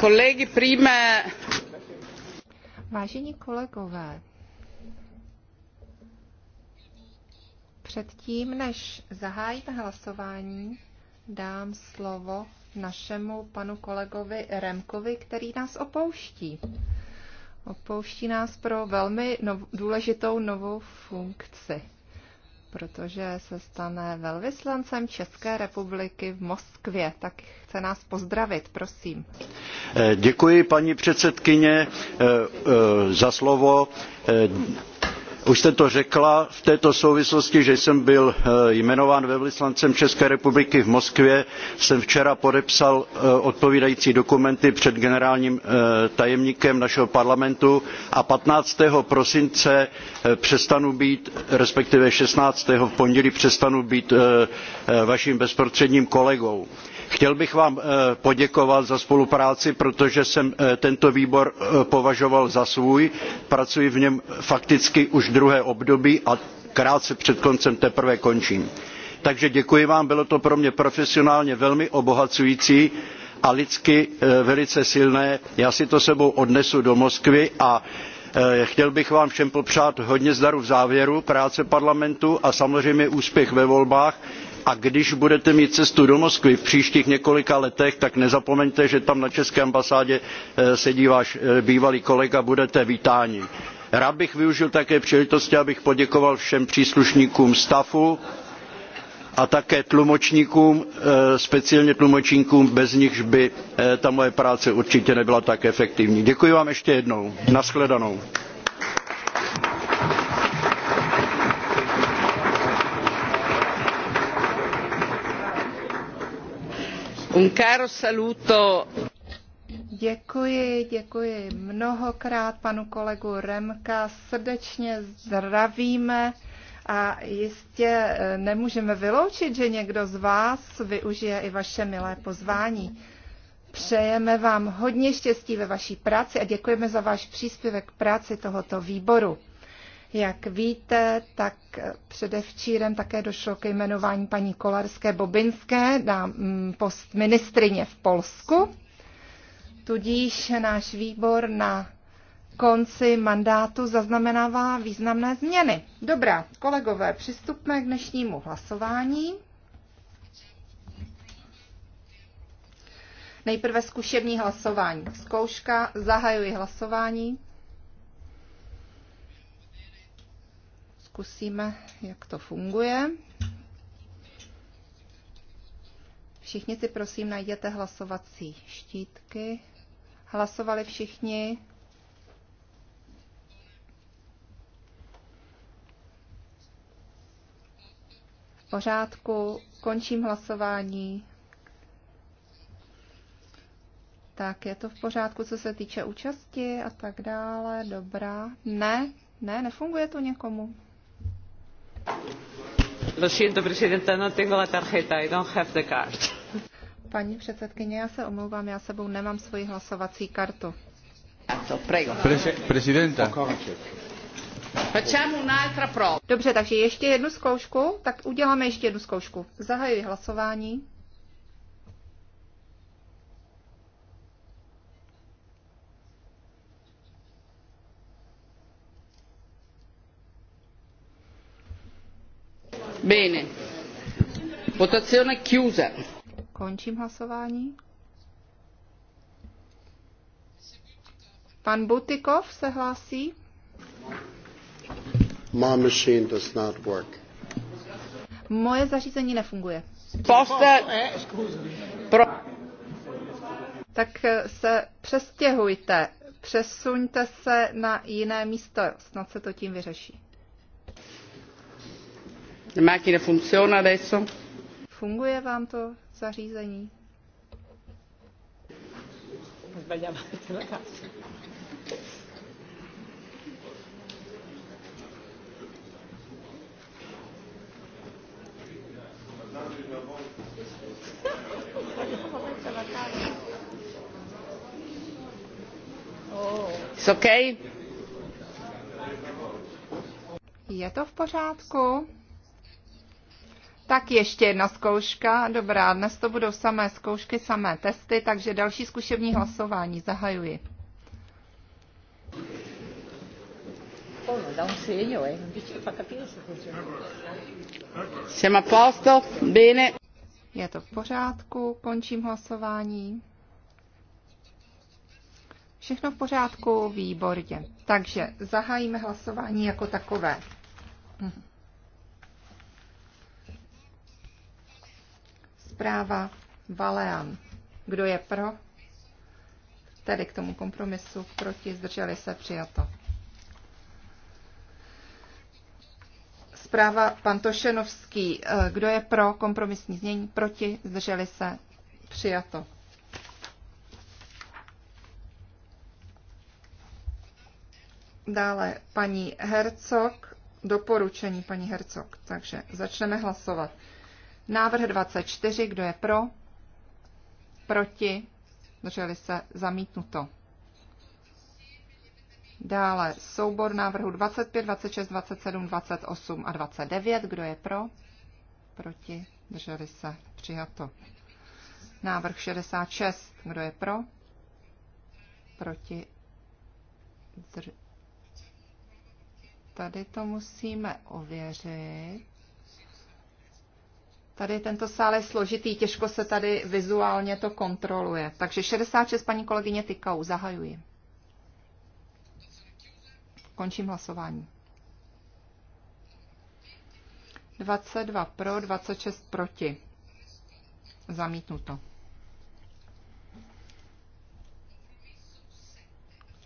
Kolegy, Vážení kolegové, předtím, než zahájíme hlasování, dám slovo našemu panu kolegovi Remkovi, který nás opouští. Opouští nás pro velmi důležitou novou funkci protože se stane velvyslancem České republiky v Moskvě. Tak chce nás pozdravit, prosím. Eh, děkuji, paní předsedkyně, eh, eh, za slovo už jste to řekla v této souvislosti že jsem byl eh, jmenován velvyslancem české republiky v moskvě jsem včera podepsal eh, odpovídající dokumenty před generálním eh, tajemníkem našeho parlamentu a fifteen prosince přestanu být respektive sixteen v pondělí přestanu být vaším bezprostředním kolegou chtěl bych vám eh, poděkovat za spolupráci protože jsem eh, tento výbor eh, považoval za svůj pracuji v něm fakticky už druhé období a krátce před koncem teprve končím. takže děkuji vám bylo to pro mě profesionálně velmi obohacující a lidsky velice silné. já si to s sebou odnesu do moskvy a chtěl bych vám všem popřát hodně zdaru v závěru práce parlamentu a samozřejmě úspěch ve volbách a když budete mít cestu do moskvy v příštích několika letech tak nezapomeňte že tam na české ambasádě eh, sedí váš eh, bývalý kolega budete vítáni. rád bych využil také příležitosti abych poděkoval všem příslušníkům stavu a také tlumočníkům eh, speciálně tlumočníkům bez nichž by ta moje práce určitě nebyla tak efektivní. děkuji vám ještě jednou. nashledanou. Děkuji, děkuji mnohokrát panu kolegu Remka. Srdečně zdravíme a jistě eh, nemůžeme vyloučit, že někdo z vás využije i vaše milé pozvání. Přejeme vám hodně štěstí ve vaší práci a děkujeme za váš příspěvek k práci tohoto výboru. Jak víte, tak předevčírem také došlo ke jmenování paní Kolarské Bobinské na mm, post ministrině v Polsku. Tudíž náš výbor na konci mandátu zaznamenává významné změny. Dobrá, kolegové, přistupme k dnešnímu hlasování. Nejprve zkušební hlasování. Zkouška, zahajuji hlasování. zkusíme, jak to funguje. Všichni si prosím najděte hlasovací štítky. Hlasovali všichni. V pořádku, končím hlasování. Tak, je to v pořádku, co se týče účasti a tak dále. Dobrá. Ne, ne, nefunguje to někomu no don't have the card. Paní předsedkyně, já se omlouvám, já sebou nemám svoji hlasovací kartu. prezidenta. Dobře, takže ještě jednu zkoušku, tak uděláme ještě jednu zkoušku. Zahajuji hlasování. Bene. Votazione chiusa. Končím hlasování. Pan Butikov se hlásí. My machine does not work. Moje zařízení nefunguje. Poste... Pro... Tak eh, se přestěhujte, přesuňte se na jiné místo, snad se to tím vyřeší. Funguje vám to zařízení? It's okay? Je to v pořádku? Tak ještě jedna zkouška. Dobrá, dnes to budou samé zkoušky, samé testy, takže další zkušební hlasování. Zahajuji. Siamo a bene. Je to v pořádku, končím hlasování. Všechno v pořádku, výborně. Takže zahájíme hlasování jako takové. Mhm. Zpráva Valean. Kdo je pro? Tedy k tomu kompromisu proti zdrželi se přijato. Zpráva Pantošenovský. Eh, kdo je pro kompromisní znění? Proti? Zdrželi se? Přijato. Dále paní Hercog, doporučení paní Hercog. Takže začneme hlasovat. Návrh 24, kdo je pro? Proti? Drželi se zamítnuto. Dále soubor návrhu 25, 26, 27, 28 a 29. Kdo je pro? Proti? Drželi se. Přijato. Návrh 66. Kdo je pro? Proti? Dr... Tady to musíme ověřit. Tady tento sál je složitý, těžko se tady vizuálně to kontroluje. Takže 66 paní kolegyně Tykau, zahajuji. Končím hlasování. 22 pro, 26 proti. Zamítnuto.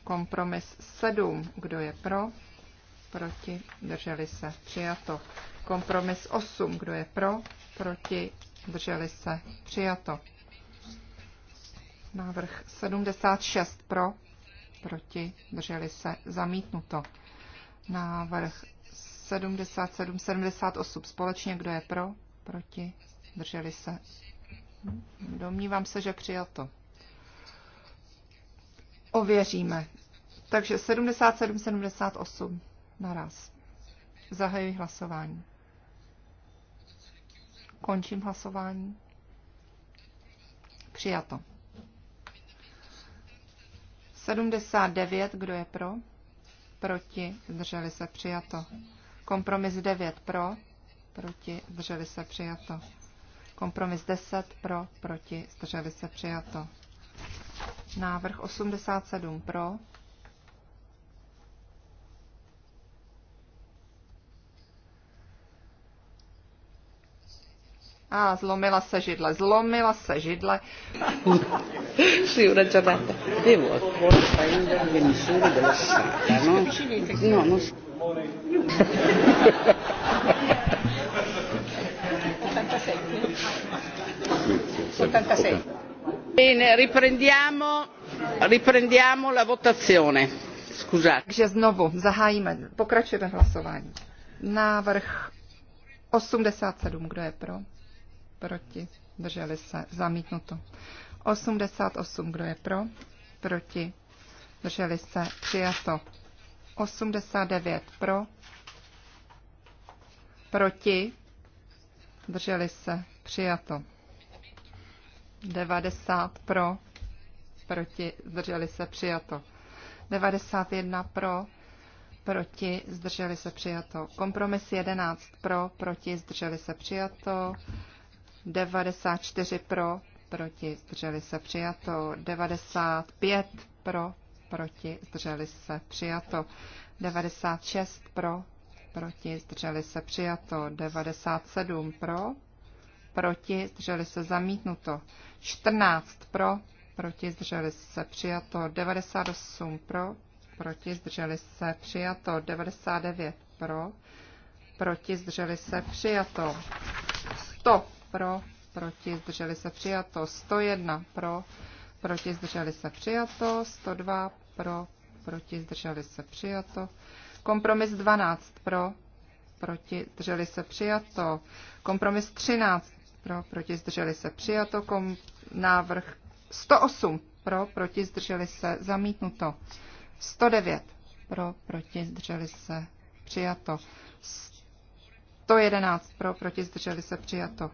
Kompromis 7. Kdo je pro? Proti. Drželi se. Přijato. Kompromis 8. Kdo je pro? proti, drželi se, přijato. Návrh 76 pro, proti, drželi se, zamítnuto. Návrh 77, 78 společně, kdo je pro, proti, drželi se. Domnívám se, že přijato. Ověříme. Takže 77, 78 naraz. Zahajuji hlasování. Končím hlasování. Přijato. 79, kdo je pro? Proti, zdrželi se, přijato. Kompromis 9 pro, proti, zdrželi se, přijato. Kompromis 10 pro, proti, zdrželi se, přijato. Návrh 87 pro, A ah, zlomila se židle, zlomila se židle. sì, una giornata. Devo ancora prendere le misure della strada, no? No, non si... Bene, riprendiamo, riprendiamo la votazione. Scusate. Takže znovu zahájíme, pokračujeme hlasování. Návrh 87, kdo je pro? proti, drželi se, zamítnuto. 88, kdo je pro, proti, drželi se, přijato. 89 pro, proti, drželi se, přijato. 90 pro, proti, zdrželi se, přijato. 91 pro, proti, zdrželi se, přijato. Kompromis 11 pro, proti, zdrželi se, přijato. 94 pro, proti, zdrželi se přijato. 95 pro, proti, zdrželi se přijato. 96 pro, proti, zdrželi se přijato. 97 pro, proti, zdrželi se zamítnuto. 14 pro, proti, zdrželi se přijato. 98 pro, proti, zdrželi se přijato. 99 pro, proti, zdrželi se přijato. 100 pro, proti, zdrželi se přijato, 101 pro, proti, zdrželi se přijato, 102 pro, proti, zdrželi se přijato, kompromis 12 pro, proti, zdrželi se přijato, kompromis 13 pro, proti, zdrželi se přijato, kom, návrh 108 pro, proti, zdrželi se zamítnuto, 109 pro, proti, zdrželi se přijato, 111 pro, proti, zdrželi se přijato.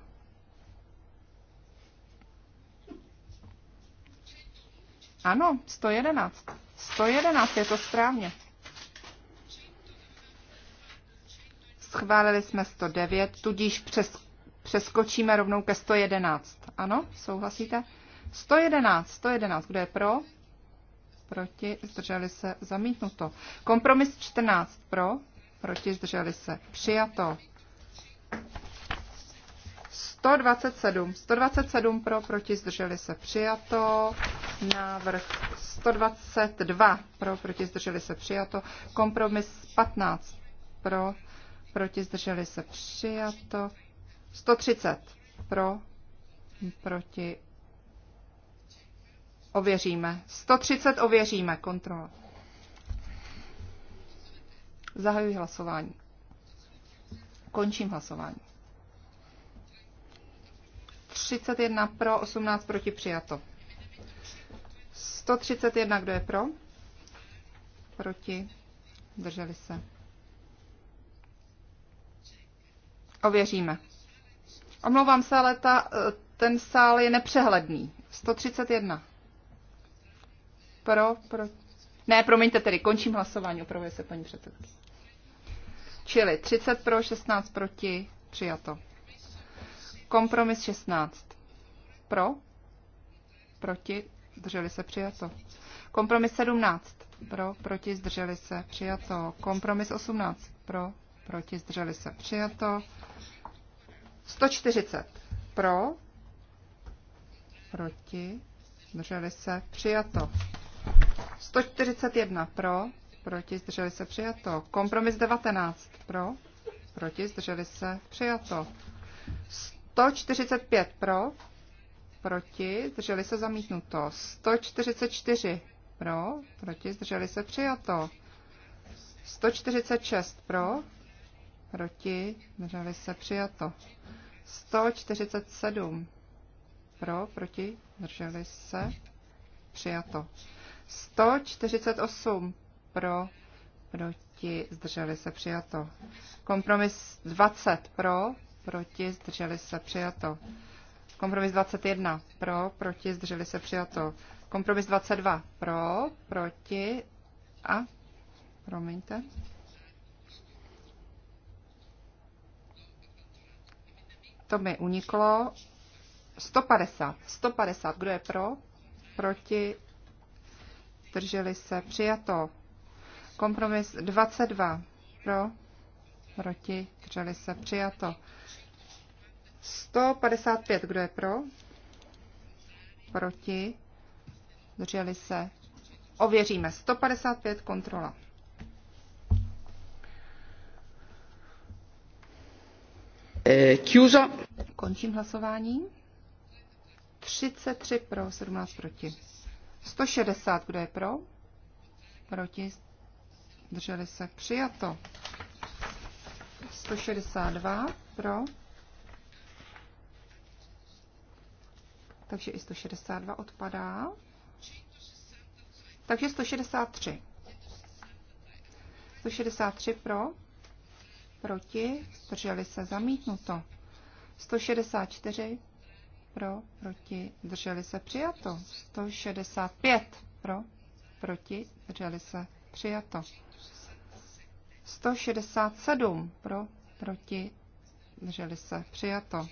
Ano, 111. 111 je to správně. Schválili jsme 109, tudíž přes, přeskočíme rovnou ke 111. Ano, souhlasíte? 111, 111, kdo je pro? Proti, zdrželi se, zamítnuto. Kompromis 14 pro, proti, zdrželi se, přijato. 127. 127 pro, proti, zdrželi se přijato. Návrh 122 pro, proti, zdrželi se přijato. Kompromis 15 pro, proti, zdrželi se přijato. 130 pro, proti, ověříme. 130 ověříme, kontrola. Zahajuji hlasování. Končím hlasování. 31 pro, 18 proti přijato. 131, kdo je pro? Proti. Drželi se. Ověříme. Omlouvám se, ale ta, eh, ten sál je nepřehledný. 131. Pro, pro. Ne, promiňte tedy, končím hlasování, opravuje se paní předsedkyně. Čili 30 pro, 16 proti, přijato. Kompromis 16. Pro? Proti? Zdrželi se přijato. Kompromis 17. Pro? Proti? Zdrželi se přijato. Kompromis 18. Pro? Proti? Zdrželi se přijato. 140. Pro? Proti? Zdrželi se přijato. 141 pro, proti zdrželi se přijato. Kompromis 19 pro, proti zdrželi se přijato. 145 pro, proti, zdrželi se zamítnuto. 144 pro, proti, zdrželi se přijato. 146 pro, proti, zdrželi se přijato. 147 pro, proti, zdrželi se přijato. 148 pro, proti, zdrželi se přijato. Kompromis 20 pro, proti, zdrželi se, přijato. Kompromis 21, pro, proti, zdrželi se, přijato. Kompromis 22, pro, proti a, promiňte, to mi uniklo, 150, 150, kdo je pro, proti, zdrželi se, přijato. Kompromis 22, pro, proti, zdrželi se, přijato. 155, kdo je pro, proti, zdrželi se, ověříme. 155, kontrola. Kjuzo. Eh, Končím hlasování. 33 pro, 17 proti. 160, kdo je pro? Proti, drželi se, přijato. 162 pro. Takže i 162 odpadá. Takže 163. 163 pro, proti, Drželi se zamítnuto. 164 pro, proti, Drželi se přijato. 165 pro, proti, Drželi se přijato. 167 pro, proti, drželi se, přijato.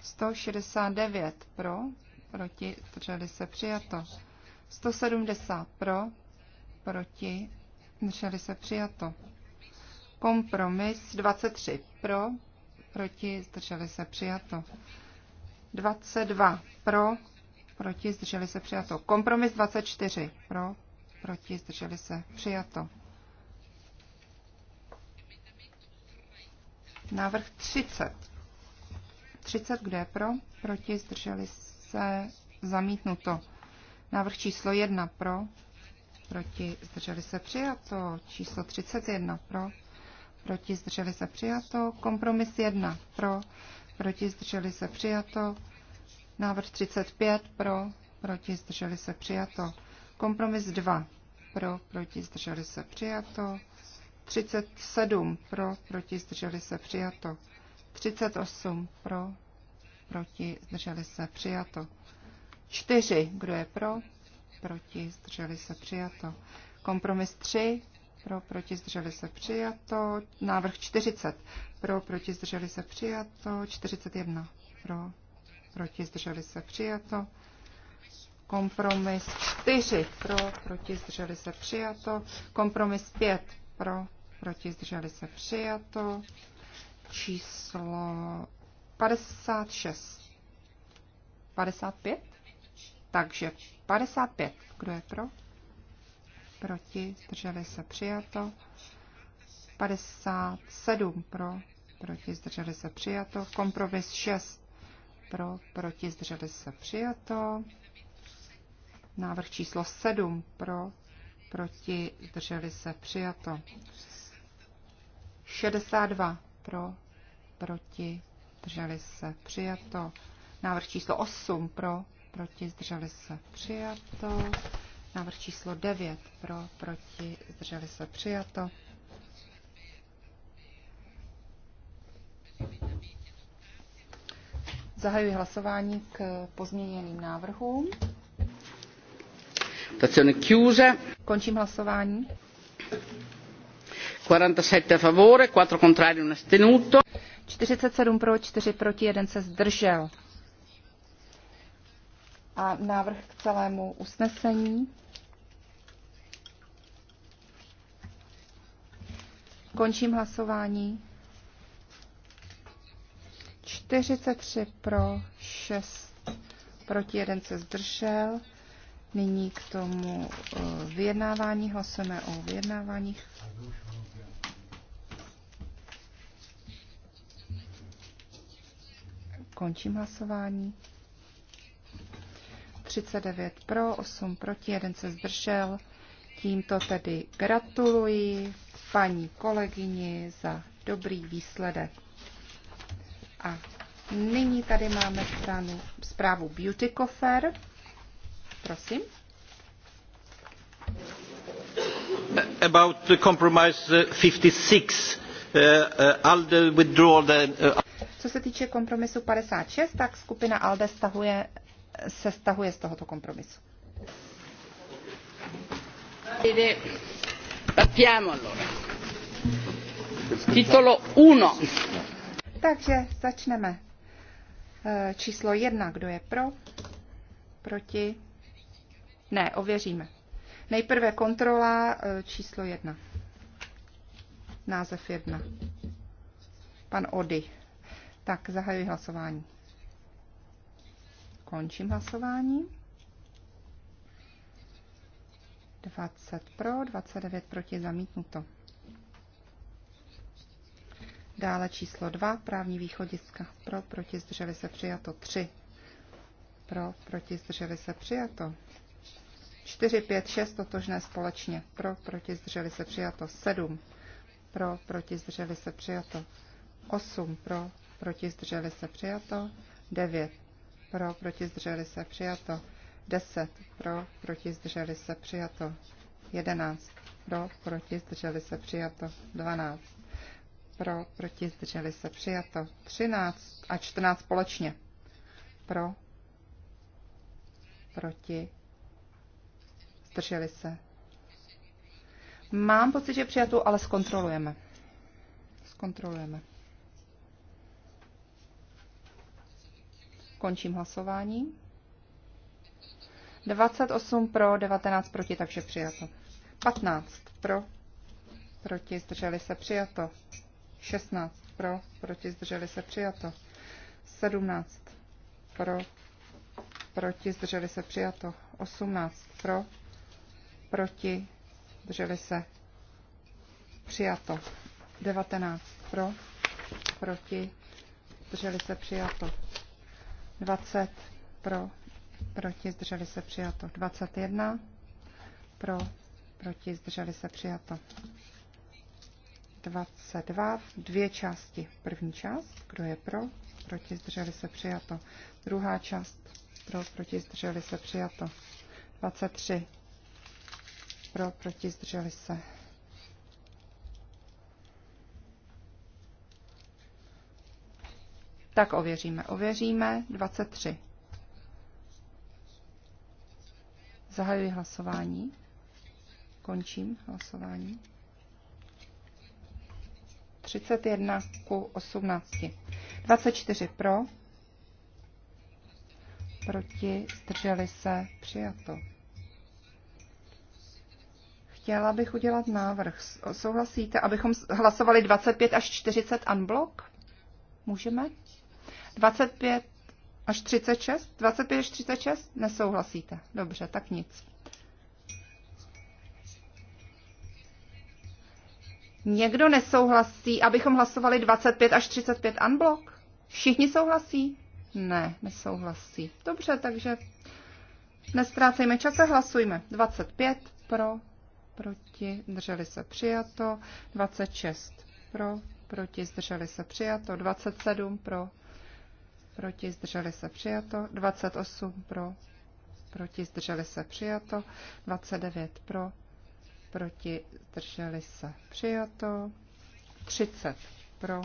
169 pro, proti, drželi se, přijato. 170 pro, proti, drželi se, přijato. Kompromis 23 pro, proti, zdrželi se, přijato. 22 pro, proti, zdrželi se, přijato. Kompromis 24 pro, proti, zdrželi se, přijato. Návrh 30. 30, kde je pro? Proti, zdrželi se, zamítnuto. Návrh číslo 1 pro, proti, zdrželi se, přijato. Číslo 31 pro, proti, zdrželi se, přijato. Kompromis 1 pro, proti, zdrželi se, přijato. Návrh 35 pro, proti, zdrželi se, přijato. Kompromis 2 pro, proti, zdrželi se, přijato. 37 pro, proti, zdrželi se, přijato. 38 pro, proti, zdrželi se, přijato. 4, kdo je pro, proti, zdrželi se, přijato. Kompromis 3, pro, proti, zdrželi se, přijato. Návrh 40, pro, proti, zdrželi se, přijato. 41, pro, proti, zdrželi se, přijato. Kompromis 4, pro, proti, zdrželi se, přijato. Kompromis 5, pro, proti, zdrželi se přijato. Číslo 56. 55? Takže 55. Kdo je pro? Proti, zdrželi se přijato. 57 pro, proti, zdrželi se přijato. Kompromis 6 pro, proti, zdrželi se přijato. Návrh číslo 7 pro, proti, zdrželi se, přijato. 62 pro, proti, zdrželi se, přijato. Návrh číslo 8 pro, proti, zdrželi se, přijato. Návrh číslo 9 pro, proti, zdrželi se, přijato. Zahajuji hlasování k pozměněným návrhům. Končím hlasování. 47 favore, 4 contrari, 47 pro, 4 proti, 1 se zdržel. A návrh k celému usnesení. Končím hlasování. 43 pro, 6 proti, 1 se zdržel. Nyní k tomu eh, vyjednávání. Hlasujeme o vyjednávání. Končím hlasování. 39 pro, 8 proti, 1 se zdržel. Tímto tedy gratuluji paní kolegyni za dobrý výsledek. A nyní tady máme stranu, zprávu Beauty Coffer prosím. About the compromise 56, uh, uh, uh, Co se týče kompromisu 56, tak skupina ALDE stahuje, se stahuje z tohoto kompromisu. Partiamo allora. Titolo 1. Takže začneme. Eh, číslo 1, kdo je pro? Proti? Ne, ověříme. Nejprve kontrola e, číslo jedna. Název jedna. Pan Ody. Tak, zahajuji hlasování. Končím hlasování. 20 pro, 29 proti, zamítnuto. Dále číslo 2, právní východiska. Pro, proti, zdrželi se přijato. 3. Pro, proti, zdrželi se přijato. 4, 5, 6 totožné společně. Pro, proti, zdrželi se přijato. 7. Pro, proti, zdrželi se přijato. 8. Pro, proti, zdrželi se přijato. 9. Pro, proti, zdrželi se přijato. 10. Pro, proti, zdrželi se přijato. 11. Pro, proti, zdrželi se přijato. 12. Pro, proti, zdrželi se přijato. 13 a 14 společně. Pro, proti, zdrželi se. Mám pocit, že přijatou, ale zkontrolujeme. Zkontrolujeme. Končím hlasování. 28 pro, 19 proti, takže přijato. 15 pro, proti, zdrželi se přijato. 16 pro, proti, zdrželi se přijato. 17 pro, proti, zdrželi se přijato. 18 pro, proti, drželi se, přijato. 19 pro, proti, zdrželi se přijato. 20 pro, proti, zdrželi se přijato. 21 pro, proti, zdrželi se přijato. 22, dvě části. První část, kdo je pro, proti, zdrželi se přijato. Druhá část, pro, proti, zdrželi se přijato. 23 pro, proti, zdrželi se. Tak ověříme. Ověříme 23. Zahajuji hlasování. Končím hlasování. 31 ku 18. 24 pro. Proti zdrželi se přijato chtěla bych udělat návrh. Souhlasíte, abychom hlasovali 25 až 40 unblock? Můžeme? 25 až 36? 25 až 36? Nesouhlasíte. Dobře, tak nic. Někdo nesouhlasí, abychom hlasovali 25 až 35 unblock? Všichni souhlasí? Ne, nesouhlasí. Dobře, takže nestrácejme čas a hlasujme. 25 pro, proti, zdrželi se přijato, 26 pro, proti, zdrželi se přijato, 27 pro, proti, zdrželi se přijato, 28 pro, proti, zdrželi se přijato, 29 pro, proti, zdrželi se přijato, 30 pro,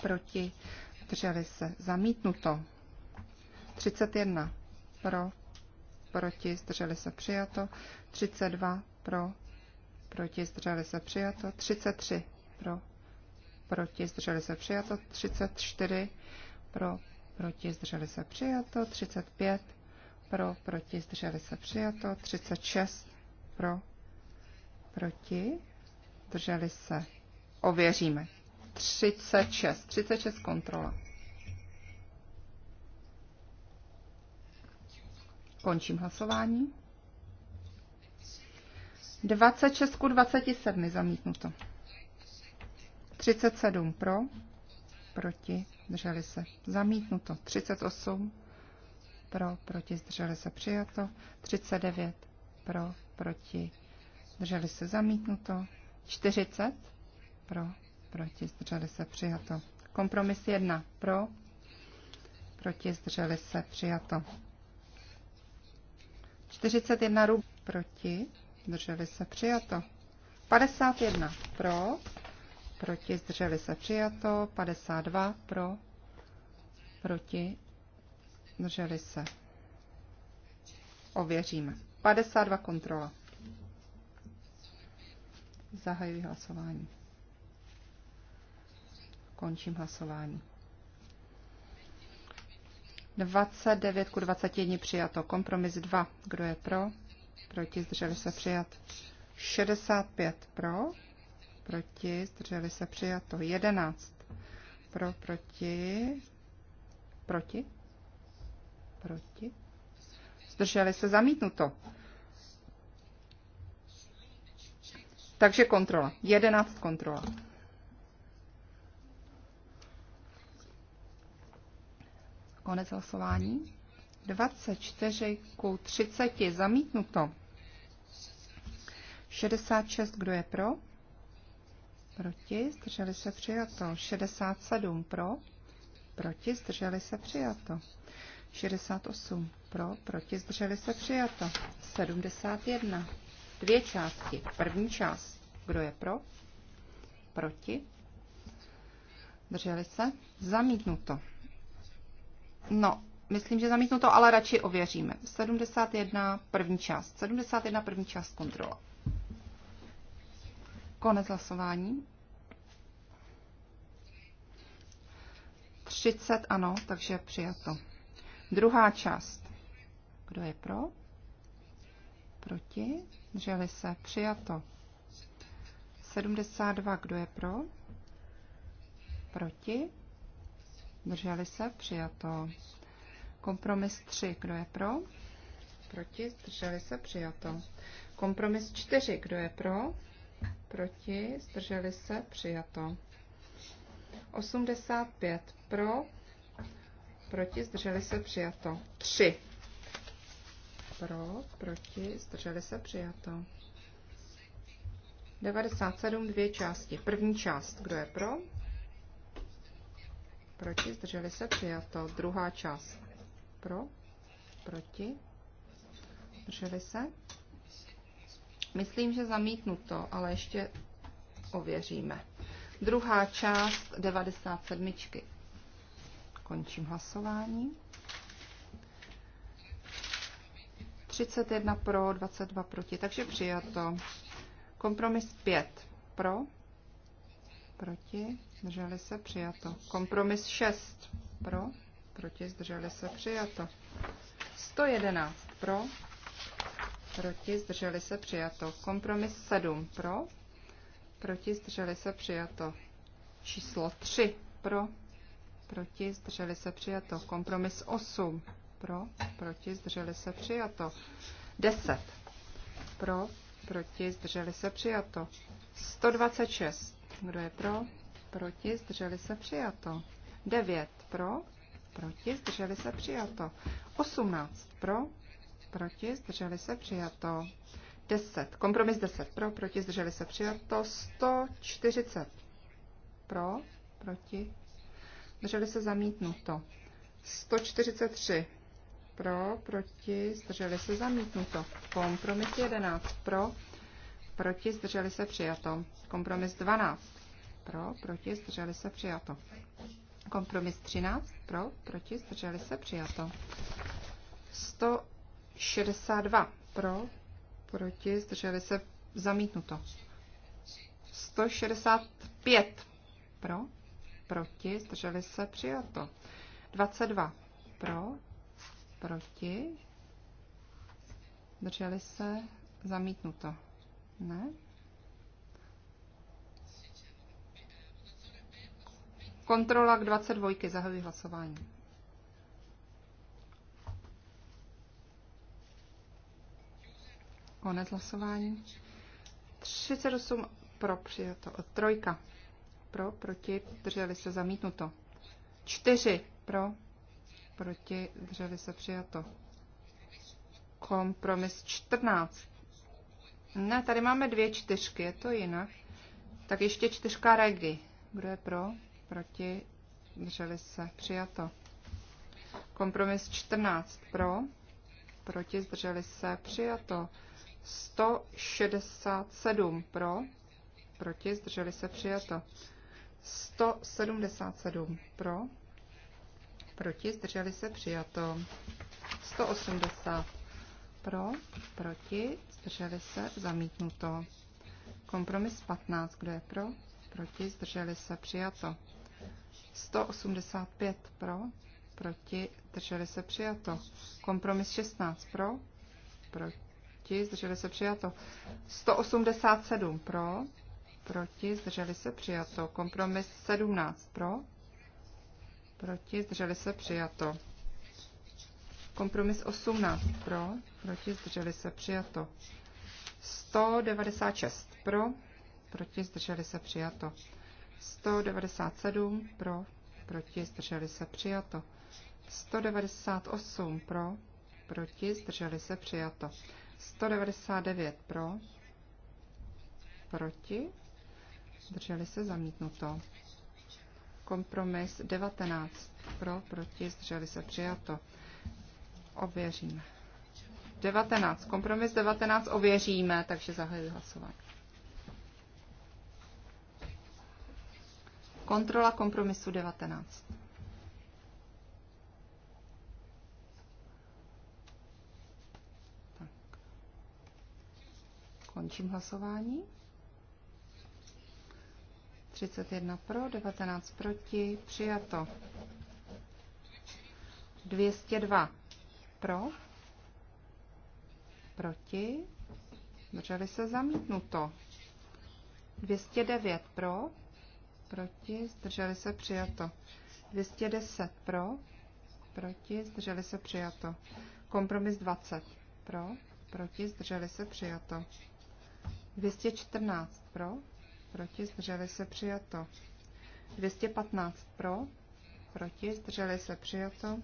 proti, zdrželi se zamítnuto, 31 pro, proti, zdrželi se přijato, 32 pro, proti, zdrželi se přijato, 33 pro, proti, zdrželi se přijato, 34 pro, proti, zdrželi se přijato, 35 pro, proti, zdrželi se přijato, 36 pro, proti, zdrželi se, ověříme, 36, 36 kontrola. Končím hlasování. 26 ku 27 zamítnuto. 37 pro, proti, zdrželi se. Zamítnuto. 38 pro, proti, zdrželi se. Přijato. 39 pro, proti, zdrželi se. Zamítnuto. 40 pro, proti, zdrželi se. Přijato. Kompromis 1 pro, proti, zdrželi se. Přijato. 41 rub proti, zdrželi se přijato. 51 pro, proti, zdrželi se přijato. 52 pro, proti, zdrželi se. Ověříme. 52 kontrola. Zahajuji hlasování. Končím hlasování. 29 ku 21 přijato. Kompromis 2. Kdo je pro? Proti zdrželi se přijat. 65 pro. Proti zdrželi se přijato. 11 pro, proti. Proti? Proti? Zdrželi se zamítnuto. Takže kontrola. 11 kontrola. Konec hlasování. 24 ku 30 zamítnuto. 66, kdo je pro? Proti, zdrželi se přijato. 67 pro, proti, zdrželi se přijato. 68 pro, proti, zdrželi se přijato. 71. Dvě části. První část. Kdo je pro? Proti. Drželi se. Zamítnuto. No, myslím, že zamítnu to, ale radši ověříme. 71 první část. 71 první část kontrola. Konec hlasování. 30 ano, takže přijato. Druhá část. Kdo je pro? Proti? Drželi se. Přijato. 72. Kdo je pro? Proti? Zdrželi se? Přijato. Kompromis 3. Kdo je pro? Proti? Zdrželi se? Přijato. Kompromis 4. Kdo je pro? Proti? Zdrželi se? Přijato. 85 pro, proti, zdrželi se, přijato. 3 pro, proti, zdrželi se, přijato. 97 dvě části. První část, kdo je pro, Proti? Zdrželi se? Přijato. Druhá část. Pro? Proti? Zdrželi se? Myslím, že zamítnuto, ale ještě ověříme. Druhá část 97. Končím hlasování. 31 pro, 22 proti, takže přijato. Kompromis 5 pro, proti, zdrželi se, přijato. Kompromis 6, pro, proti, zdrželi se, přijato. 111, pro, proti, zdrželi se, přijato. Kompromis 7, pro, proti, zdrželi se, přijato. Číslo 3, pro, proti, zdrželi se, přijato. Kompromis 8, pro, proti, zdrželi se, přijato. 10, pro, proti, zdrželi se, přijato. 126, kdo je pro? Proti? Zdrželi se přijato. 9 pro? Proti? Zdrželi se přijato. 18 pro? Proti? Zdrželi se přijato. 10. Kompromis 10 pro, proti, zdrželi se přijato. 140 pro, proti, zdrželi se zamítnuto. 143 pro, proti, zdrželi se zamítnuto. Kompromis 11 pro, proti, zdrželi se přijato. Kompromis 12, pro, proti, zdrželi se přijato. Kompromis 13, pro, proti, zdrželi se přijato. 162, pro, proti, zdrželi se zamítnuto. 165, pro, proti, zdrželi se přijato. 22, pro, proti, zdrželi se zamítnuto. Ne? Kontrola k 22. Zahajuji hlasování. Konec hlasování. 38 pro přijato. Trojka. Pro, proti, drželi se zamítnuto. 4 pro, proti, drželi se přijato. Kompromis 14 ne, tady máme dvě čtyřky, je to jinak. Tak ještě čtyřka regi. Kdo je pro? Proti? zdrželi se. Přijato. Kompromis 14 pro. Proti? Zdrželi se. Přijato. 167 pro. Proti? Zdrželi se. Přijato. 177 pro. Proti? Zdrželi se. Přijato. 180 pro, proti, zdrželi se, zamítnuto. Kompromis 15, kdo je pro, proti, zdrželi se, přijato. 185 pro, proti, zdrželi se, přijato. Kompromis 16 pro, proti, zdrželi se, přijato. 187 pro, proti, zdrželi se, přijato. Kompromis 17 pro, proti, zdrželi se, přijato. Kompromis 18 pro, proti zdrželi se přijato. 196 pro, proti zdrželi se přijato. 197 pro, proti zdrželi se přijato. 198 pro, proti zdrželi se přijato. 199 pro, proti zdrželi se zamítnuto. Kompromis 19 pro, proti zdrželi se přijato. Ověříme. 19. Kompromis 19 ověříme, takže zahajuji hlasování. Kontrola kompromisu 19. Končím hlasování. 31 pro, 19 proti, přijato. 202 pro, proti, zdrželi se zamítnuto. 209 pro, proti, zdrželi se přijato. 210 pro, proti, zdrželi se přijato. Kompromis 20 pro, proti, zdrželi se přijato. 214 pro, proti, zdrželi se přijato. 215 pro, proti, zdrželi se přijato.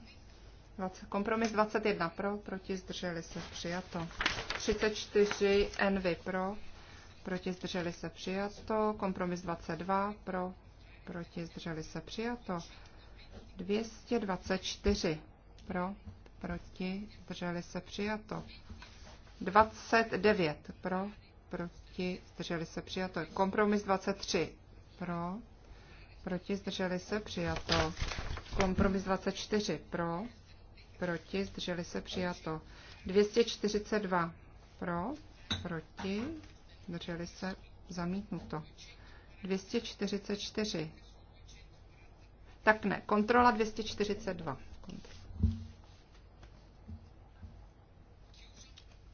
20, kompromis 21 pro, proti zdrželi se přijato. 34 NV pro, proti zdrželi se přijato. Kompromis 22 pro, proti zdrželi se přijato. 224 pro, proti zdrželi se přijato. 29 pro, proti zdrželi se přijato. Kompromis 23 pro, proti zdrželi se přijato. Kompromis 24 pro, proti, zdrželi se přijato. 242 pro, proti, zdrželi se zamítnuto. 244. Tak ne, kontrola 242.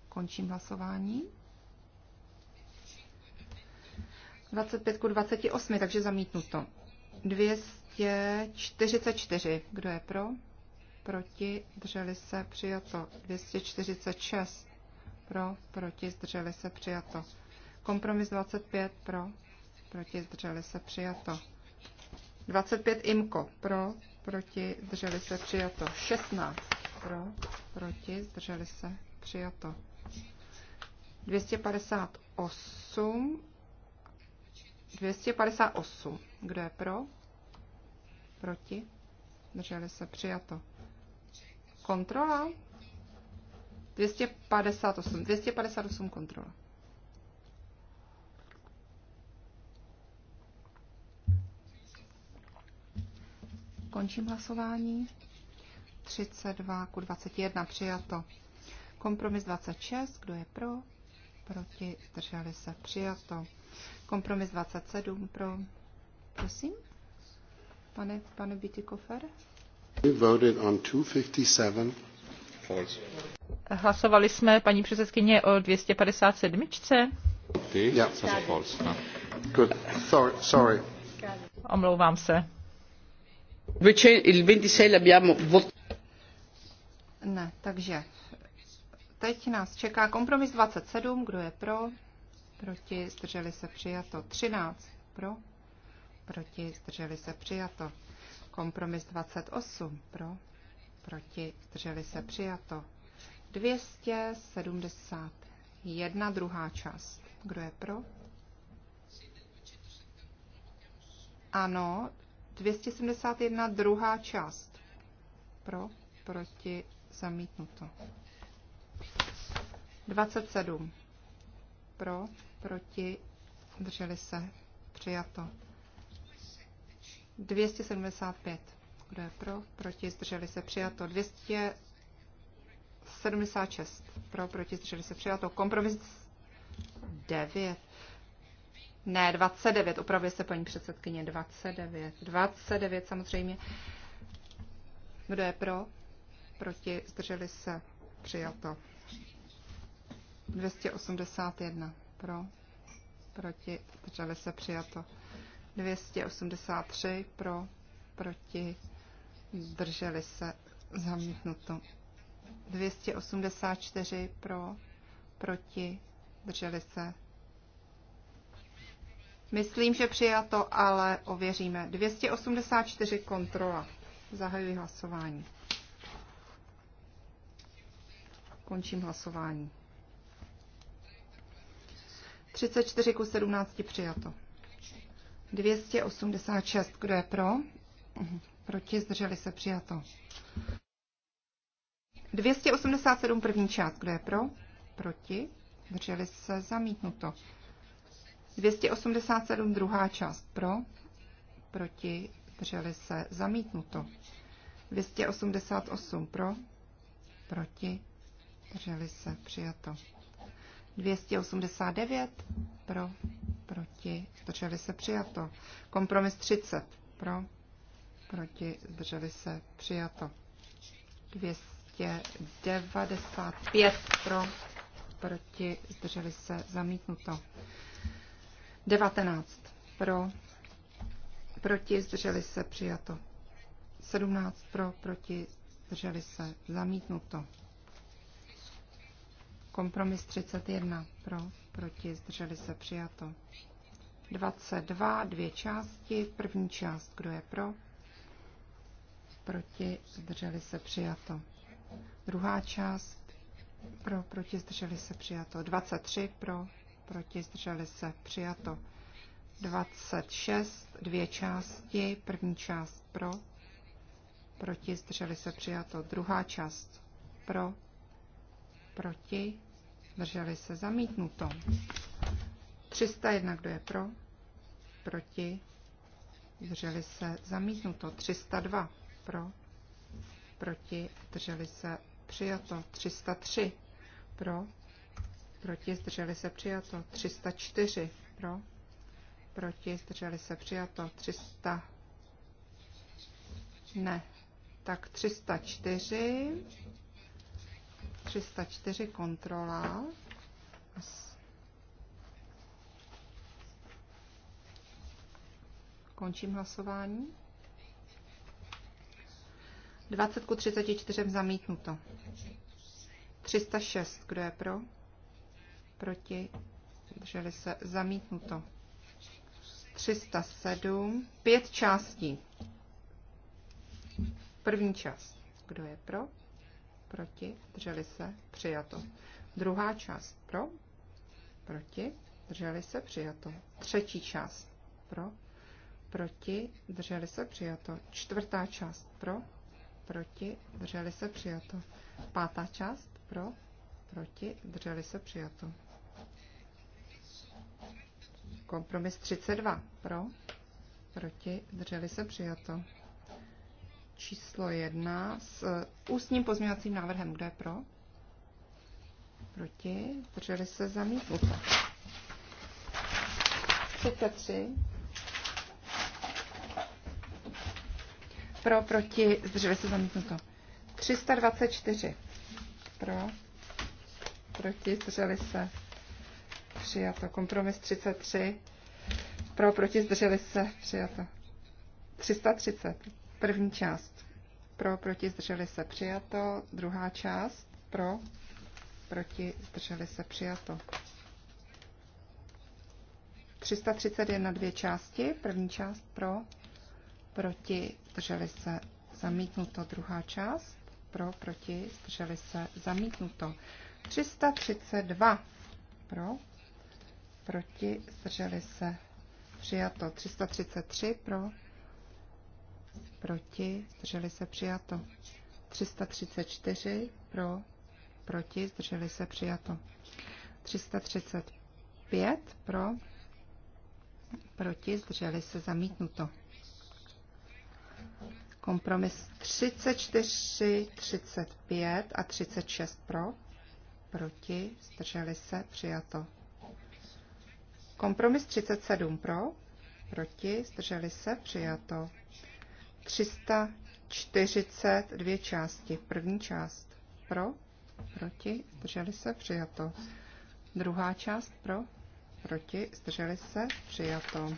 Končím hlasování. 25 ku 28, takže zamítnuto. 244. Kdo je pro? proti, zdrželi se, přijato. 246 pro, proti, zdrželi se, přijato. Kompromis 25 pro, proti, zdrželi se, přijato. 25 IMKO pro, proti, zdrželi se, přijato. 16 pro, proti, zdrželi se, přijato. 258 258. Kdo je pro? Proti? Drželi se přijato. Kontrola? 258. 258 kontrola. Končím hlasování. 32 k 21 přijato. Kompromis 26, kdo je pro? Proti, drželi se, přijato. Kompromis 27 pro. Prosím, pane, pane Byty Kofer. Hlasovali jsme, paní předsedkyně, o 257. Yeah. No. Good. Sorry. Sorry. Omlouvám se. Ne, takže teď nás čeká kompromis 27, kdo je pro, proti, zdrželi se přijato 13, pro, proti, zdrželi se přijato Kompromis 28 pro, proti, zdrželi se přijato. 271 druhá část. Kdo je pro? Ano, 271 druhá část. Pro, proti, zamítnuto. 27. Pro, proti, drželi se, přijato. 275. Kdo je pro? Proti? Zdrželi se přijato. 276. Pro? Proti? Zdrželi se přijato. Kompromis 9. Ne, 29. Upravuje se paní předsedkyně. 29. 29 samozřejmě. Kdo je pro? Proti? Zdrželi se přijato. 281. Pro? Proti? Zdrželi se přijato. 283 pro, proti, zdrželi se, zamítnuto. 284 pro, proti, zdrželi se. Myslím, že přijato, ale ověříme. 284 kontrola. Zahajuji hlasování. Končím hlasování. 34 ku 17 přijato. 286. Kdo je pro? Proti? Zdrželi se? Přijato. 287. První část. Kdo je pro? Proti? Zdrželi se? Zamítnuto. 287. Druhá část. Pro? Proti? Zdrželi se? Zamítnuto. 288. Pro? Proti? Zdrželi se? Přijato. 289. Pro? proti, zdrželi se přijato. Kompromis 30 pro, proti, zdrželi se přijato. 295 pro, proti, zdrželi se zamítnuto. 19 pro, proti, zdrželi se přijato. 17 pro, proti, zdrželi se zamítnuto. Kompromis 31 pro, proti, zdrželi se přijato. 22, dvě části, první část, kdo je pro, proti, zdrželi se přijato. Druhá část, pro, proti, zdrželi se přijato. 23, pro, proti, zdrželi se přijato. 26, dvě části, první část pro, proti, zdrželi se přijato. Druhá část pro, proti, Drželi se zamítnuto. 301, kdo je pro? Proti? Drželi se zamítnuto. 302 pro? Proti? Drželi se přijato. 303 pro? Proti? Zdrželi se přijato. 304 pro? Proti? Zdrželi se přijato. 300 ne. Tak 304 304 kontrola. Končím hlasování. 20 ku 34 zamítnuto. 306, kdo je pro? Proti? Drželi se zamítnuto. 307, pět částí. První část, kdo je pro? proti, drželi se, přijato. Druhá část pro, proti, drželi se, přijato. Třetí část pro, proti, drželi se, přijato. Čtvrtá část pro, proti, drželi se, přijato. Pátá část pro, proti, drželi se, přijato. Kompromis 32 pro, proti, drželi se, přijato číslo jedna s eh, ústním pozměňovacím návrhem. Kdo je pro? Proti? Drželi se zamítnuto. 33. Pro, proti, zdrželi se zamítnuto. 324. Pro, proti, zdrželi se. Přijato. Kompromis 33. Pro, proti, zdrželi se. Přijato. 330 První část. Pro, proti, zdrželi se přijato. Druhá část. Pro, proti, zdrželi se přijato. 331 dvě části. První část pro, proti, zdrželi se zamítnuto. Druhá část pro, proti, zdrželi se zamítnuto. 332 pro, proti, zdrželi se přijato. 333 pro, proti, zdrželi se přijato. 334 pro, proti, zdrželi se přijato. 335 pro, proti, zdrželi se zamítnuto. Kompromis 34, 35 a 36 pro, proti, zdrželi se přijato. Kompromis 37 pro, proti, zdrželi se přijato. 340, dvě části. První část pro, proti, zdrželi se, přijato. Druhá část pro, proti, zdrželi se, přijato.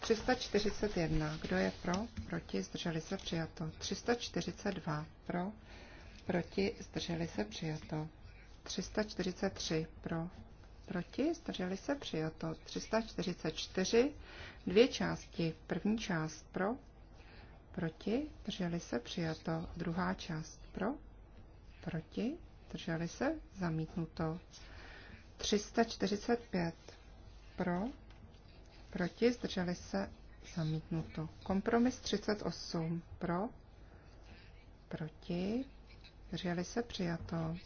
341. Kdo je pro? Proti, zdrželi se, přijato. 342. Pro, proti, zdrželi se, přijato. 343. Pro, proti, zdrželi se, přijato. 344. Dvě části. První část pro, proti, drželi se, přijato. Druhá část pro, proti, drželi se, zamítnuto. 345 pro, proti, zdrželi se, zamítnuto. Kompromis 38 pro, proti, drželi se, přijato.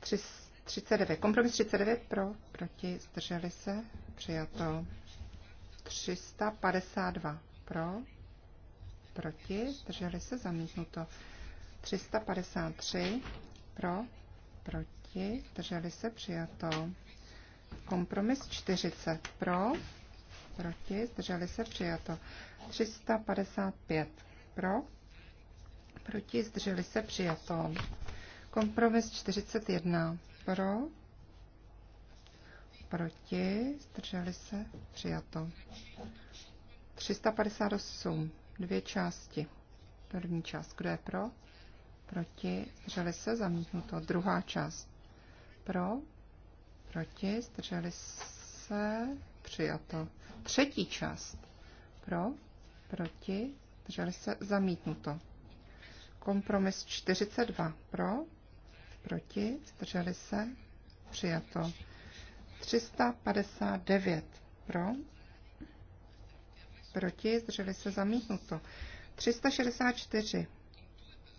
39, kompromis 39 pro, proti, zdrželi se, přijato. 352 pro, proti, zdrželi se, zamítnuto. 353 pro, proti, zdrželi se, přijato. Kompromis 40 pro, proti, zdrželi se, přijato. 355 pro, proti, zdrželi se, přijato. Kompromis 41 pro, proti, zdrželi se, přijato. 358 dvě části. První část, kdo je pro, proti, zdrželi se, zamítnuto. Druhá část, pro, proti, zdrželi se, přijato. Třetí část, pro, proti, zdrželi se, zamítnuto. Kompromis 42, pro, proti, zdrželi se, přijato. 359 pro, proti, zdrželi se zamítnuto. 364.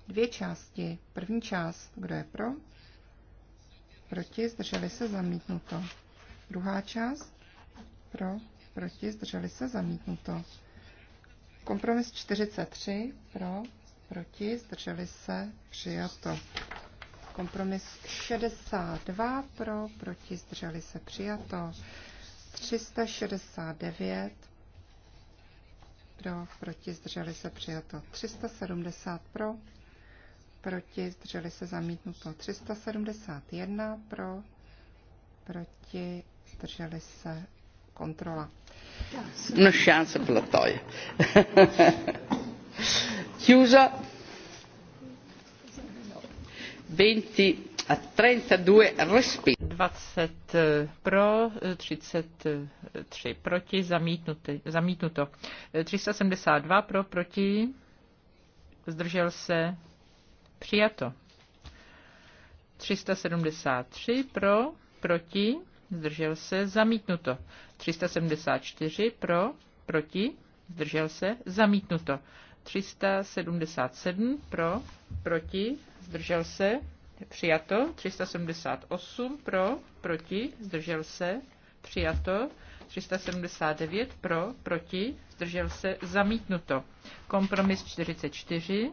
Dvě části. První část, kdo je pro, proti, zdrželi se zamítnuto. Druhá část, pro, proti, zdrželi se zamítnuto. Kompromis 43, pro, proti, zdrželi se přijato. Kompromis 62, pro, proti, zdrželi se přijato. 369 pro, proti, zdrželi se přijato 370 pro, proti, zdrželi se zamítnuto 371 pro, proti, zdrželi se kontrola. No šance bylo to je. Chiusa 20 a 32 respinto. 20 pro, 33 proti, zamítnuty, zamítnuto. 372 pro, proti, zdržel se, přijato. 373 pro, proti, zdržel se, zamítnuto. 374 pro, proti, zdržel se, zamítnuto. 377 pro, proti, zdržel se, Přijato. 378 pro, proti, zdržel se. Přijato. 379 pro, proti, zdržel se, zamítnuto. Kompromis 44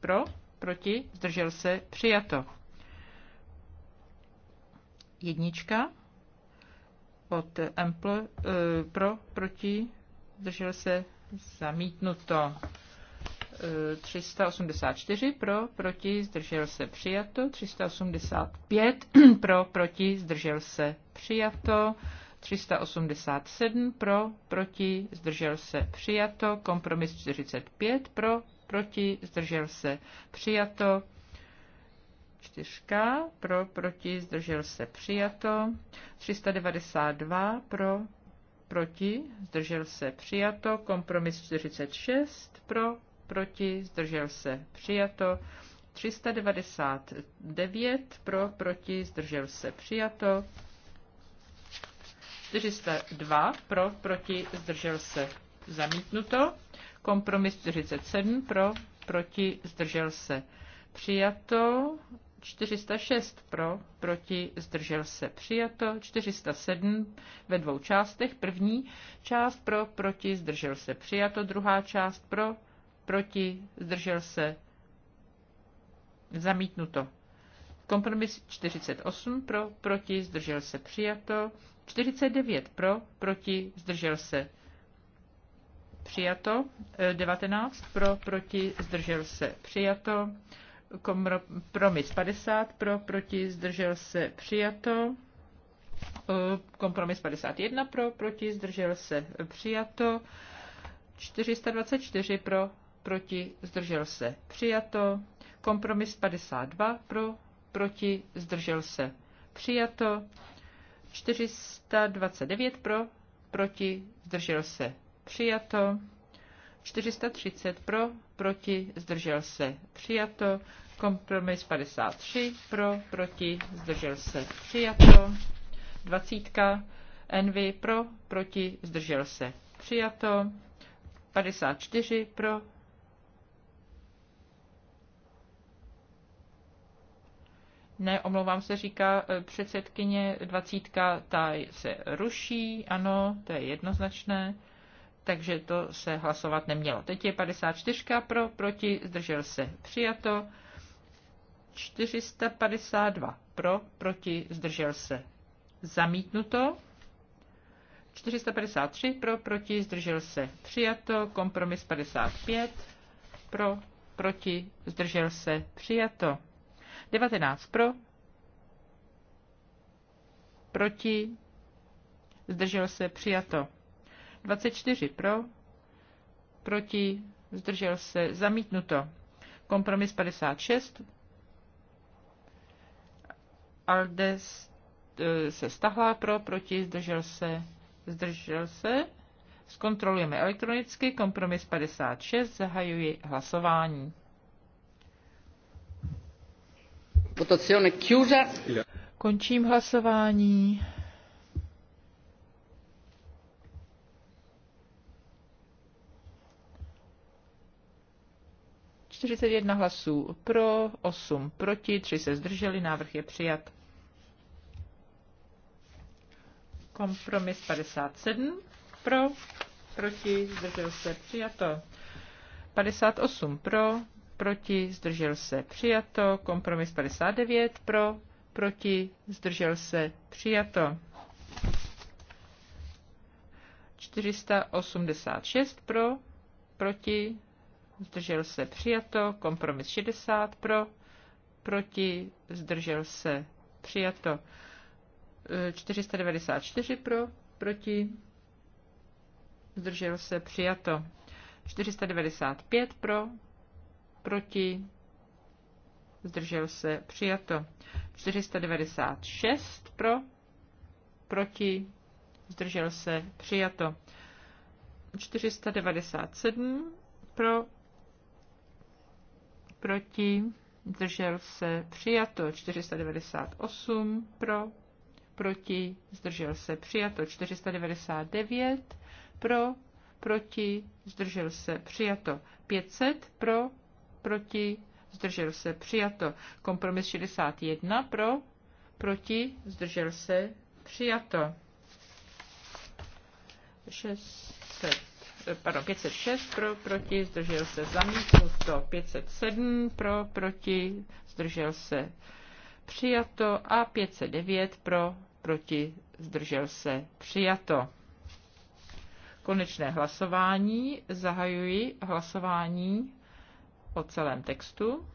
pro, proti, zdržel se, přijato. Jednička od Ample, eh, pro, proti, zdržel se, zamítnuto. 384 pro, proti, zdržel se přijato, 385 pro, proti, zdržel se přijato, 387 pro, proti, zdržel se přijato, kompromis 45 pro, proti, zdržel se přijato, čtyřka, pro, proti, zdržel se přijato, 392 pro, proti, zdržel se přijato, kompromis 46 pro, proti, zdržel se, přijato. 399 pro, proti, zdržel se, přijato. 402 pro, proti, zdržel se, zamítnuto. Kompromis 47 pro, proti, zdržel se, přijato. 406 pro, proti, zdržel se, přijato. 407 ve dvou částech. První část pro, proti, zdržel se, přijato. Druhá část pro, proti, zdržel se, zamítnuto. Kompromis 48 pro, proti, zdržel se, přijato. 49 pro, proti, zdržel se, přijato. 19 eh, pro, proti, zdržel se, přijato. Kompromis 50 pro, proti, zdržel se, přijato. Eh, kompromis 51 pro, proti, zdržel se, přijato. 424 pro, proti, zdržel se, přijato. Kompromis 52 pro, proti, zdržel se, přijato. 429 pro, proti, zdržel se, přijato. 430 pro, proti, zdržel se, přijato. Kompromis 53 pro, proti, zdržel se, přijato. 20. NV pro, proti, zdržel se, přijato. 54 pro, Ne, omlouvám se, říká e, předsedkyně, dvacítka, ta se ruší, ano, to je jednoznačné, takže to se hlasovat nemělo. Teď je 54 pro, proti, zdržel se, přijato, 452 pro, proti, zdržel se, zamítnuto, 453 pro, proti, zdržel se, přijato, kompromis 55 pro, proti, zdržel se, přijato. 19 pro, proti, zdržel se, přijato. 24 pro, proti, zdržel se, zamítnuto. Kompromis 56. Alde e, se stahla pro, proti, zdržel se, zdržel se. Zkontrolujeme elektronicky. Kompromis 56. Zahajuji hlasování. Votazione chiusa. Končím hlasování. Čtyřicet jedna hlasů pro, osm proti, tři se zdrželi, návrh je přijat. Kompromis 57 pro, proti, zdržel se, přijato. 58 pro, proti, zdržel se, přijato. Kompromis 59 pro, proti, zdržel se, přijato. 486 pro, proti, zdržel se, přijato. Kompromis 60 pro, proti, zdržel se, přijato. 494 pro, proti, zdržel se, přijato. 495 pro, proti, zdržel se, přijato. 496 pro, proti, zdržel se, přijato. 497 pro, proti, zdržel se, přijato. 498 pro, proti, zdržel se, přijato. 499 pro, proti, zdržel se, přijato. 500 pro, proti, zdržel se, přijato. Kompromis 61 pro, proti, zdržel se, přijato. 600, eh, pardon, 506 pro, proti, zdržel se, zamítnuto. 507 pro, proti, zdržel se, přijato. A 509 pro, proti, zdržel se, přijato. Konečné hlasování. Zahajuji hlasování o celém textu.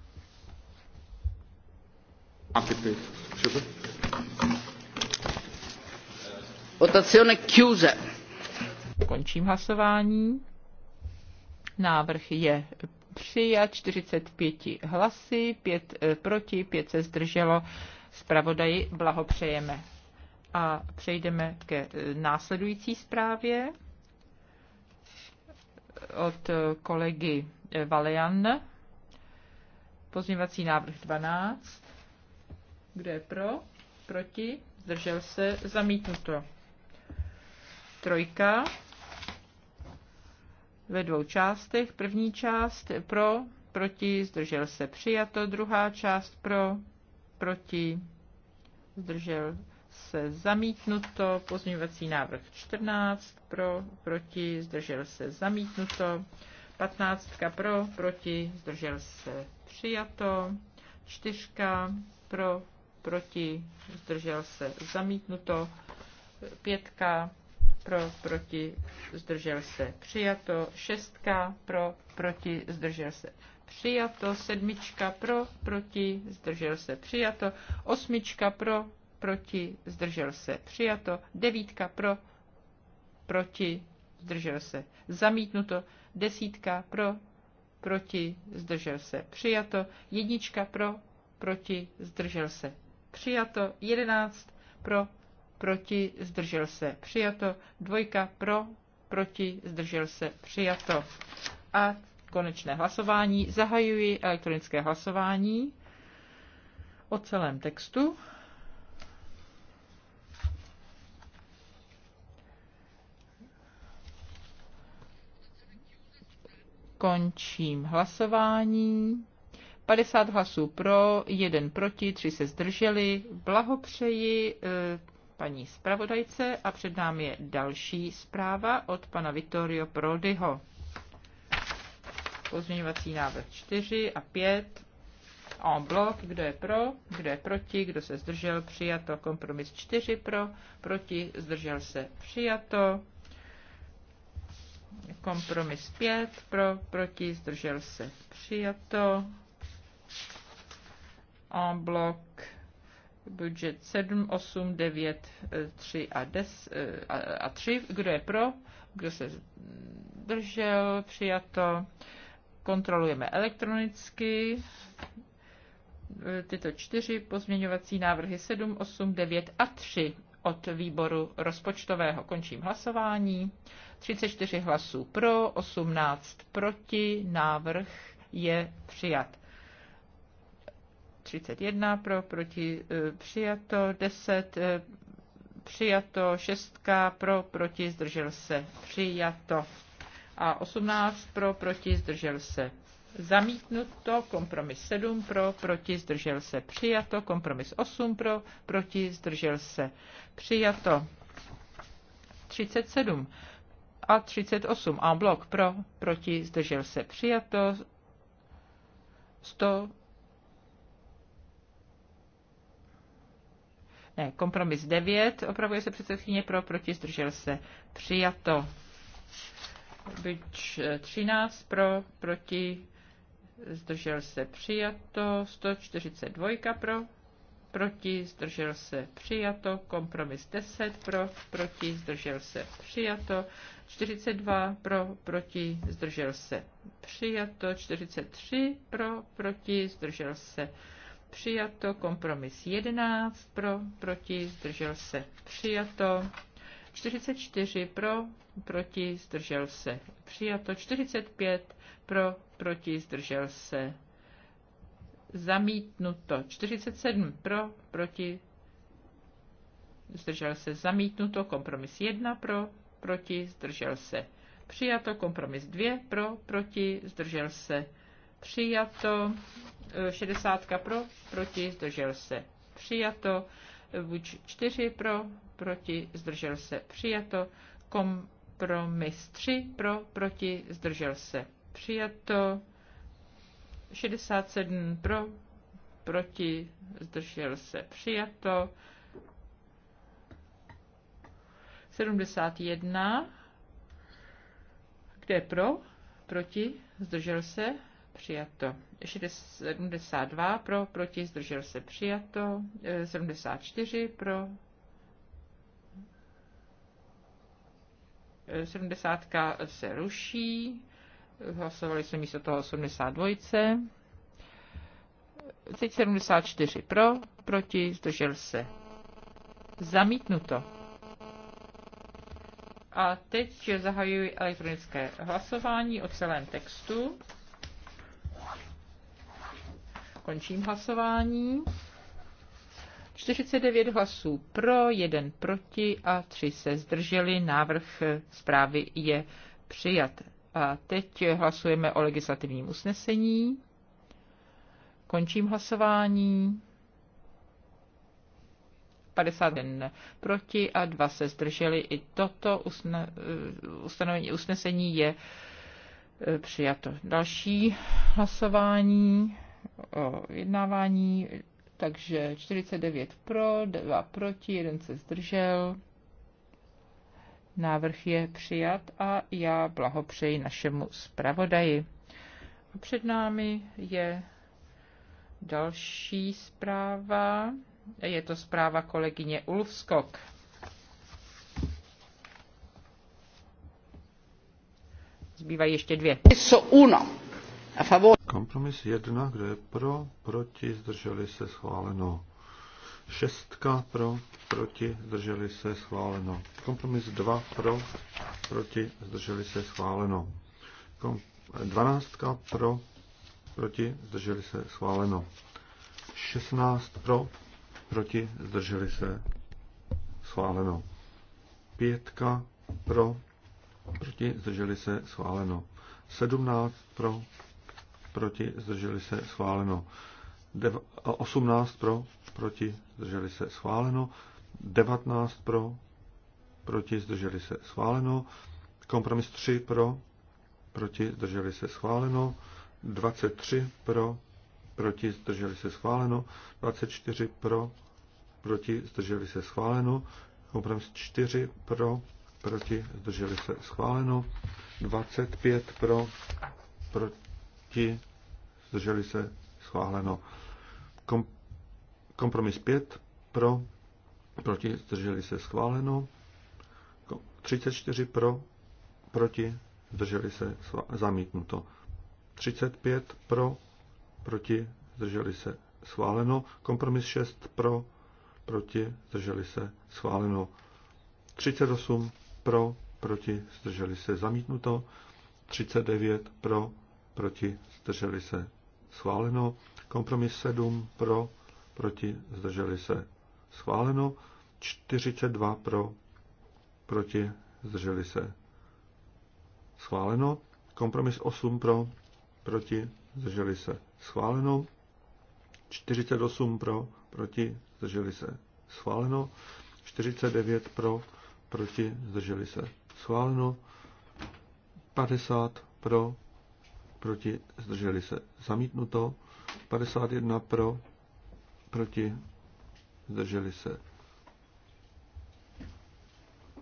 Votazione chiuse. Končím hlasování. Návrh je přijat 45 hlasy, 5 eh, proti, 5 se zdrželo. Zpravodaji blahopřejeme. A přejdeme ke eh, následující zprávě od eh, kolegy Valian. Pozměňovací návrh 12. Kdo je pro? Proti? Zdržel se? Zamítnuto. Trojka ve dvou částech. První část pro, proti, zdržel se přijato. Druhá část pro, proti, zdržel se zamítnuto. Pozměňovací návrh 14 pro, proti, zdržel se zamítnuto. 15 pro, proti, zdržel se přijato. 4 pro, proti, zdržel se zamítnuto. 5 pro, proti, zdržel se přijato. 6 pro, proti, zdržel se přijato. 7 pro, proti, zdržel se přijato. 8 pro, proti, zdržel se přijato. 9 pro, proti, zdržel se zamítnuto desítka pro, proti, zdržel se, přijato, jednička pro, proti, zdržel se, přijato, jedenáct pro, proti, zdržel se, přijato, dvojka pro, proti, zdržel se, přijato. A konečné hlasování. Zahajuji elektronické hlasování o celém textu. Končím hlasování. 50 hlasů pro, 1 proti, 3 se zdrželi. Blahopřeji eh, paní zpravodajce a před námi je další zpráva od pana Vittorio Prodyho. Pozměňovací návrh 4 a 5. En blok, kdo je pro, kdo je proti, kdo se zdržel, přijato. Kompromis 4 pro, proti, zdržel se, přijato. Kompromis 5 pro, proti, zdržel se přijato. En blok, budget 7, 8, 9, 3 a, 10, eh, a, a 3. Kdo je pro? Kdo se zdržel? Přijato. Kontrolujeme elektronicky eh, tyto čtyři pozměňovací návrhy 7, 8, 9 a 3 od výboru rozpočtového. Končím hlasování. 34 hlasů pro, 18 proti, návrh je přijat. 31 pro, proti e, přijato, 10 e, přijato, 6 pro, proti zdržel se přijato a 18 pro, proti zdržel se Zamítnuto kompromis 7 pro, proti zdržel se přijato, kompromis 8 pro, proti zdržel se přijato. 37 a 38 a blok pro, proti zdržel se přijato. 100 ne, kompromis 9, opravuje se předsedkyně pro, proti zdržel se přijato. Byč 13 pro, proti zdržel se přijato, 142 pro, proti, zdržel se přijato, kompromis 10 pro, proti, zdržel se přijato, 42 pro, proti, zdržel se přijato, 43 pro, proti, zdržel se přijato, kompromis 11 pro, proti, zdržel se přijato. 44 pro, proti, zdržel se. Přijato 45 pro, proti, zdržel se. Zamítnuto 47 pro, proti, zdržel se. Zamítnuto kompromis 1 pro, proti, zdržel se. Přijato kompromis 2 pro, proti, zdržel se. Přijato 60 eh, pro, proti, zdržel se. Přijato buď 4 pro, proti, zdržel se, přijato. Kompromis 3 pro, proti, zdržel se, přijato. 67 pro, proti, zdržel se, přijato. 71, kde je pro, proti, zdržel se, přijato. 72 pro, proti, zdržel se, přijato. 74 eh, pro, 70 se ruší, hlasovali jsme místo toho 82. Teď 74 pro, proti, zdržel se. Zamítnuto. A teď zahajuji elektronické hlasování o celém textu. Končím hlasování. 49 hlasů pro, jeden proti a tři se zdrželi. Návrh zprávy je přijat. A teď hlasujeme o legislativním usnesení. Končím hlasování. 51 proti a dva se zdrželi. I toto usne, ustanovení, usnesení je e, přijato. Další hlasování o jednávání takže 49 pro, 2 proti, 1 se zdržel. Návrh je přijat a já blahopřeji našemu zpravodaji. A před námi je další zpráva. Je to zpráva kolegyně Ulfskok. Zbývají ještě dvě. Jsou uno. A favor. Kompromis 1, kdo je pro, proti, zdrželi se, schváleno. Šestka pro, proti, zdrželi se, schváleno. Kompromis 2 pro, proti, zdrželi se, schváleno. Kom, Dvanáctka pro, proti, zdrželi se, schváleno. šestnáct pro, proti, zdrželi se, schváleno. pětka pro, proti, zdrželi se, schváleno. 17 pro, proti, zdrželi se, schváleno. 18 pro, proti, zdrželi se, schváleno. 19 pro, proti, zdrželi se, schváleno. Kompromis 3 pro, proti, zdrželi se, schváleno. 23 pro, proti, zdrželi se, schváleno. 24 pro, proti, zdrželi se, schváleno. Kompromis 4 pro, proti, zdrželi se, schváleno. 25 pro, proti, proti, zdrželi se, schváleno. Kom, kompromis 5 pro, proti, zdrželi se, schváleno. 34 pro, proti, zdrželi se, zamítnuto. 35 pro, proti, zdrželi se, schváleno. Kompromis 6 pro, proti, zdrželi se, schváleno. 38 pro, proti, zdrželi se, zamítnuto. 39 pro, proti, zdrželi se, schváleno. Kompromis 7 pro, proti, zdrželi se, schváleno. 42 pro, proti, zdrželi se, schváleno. Kompromis 8 pro, proti, zdrželi se, schváleno. 48 pro, proti, zdrželi se, schváleno. 49 pro, proti, zdrželi se, schváleno. 50 pro, proti, zdrželi se zamítnuto, 51 pro, proti, zdrželi se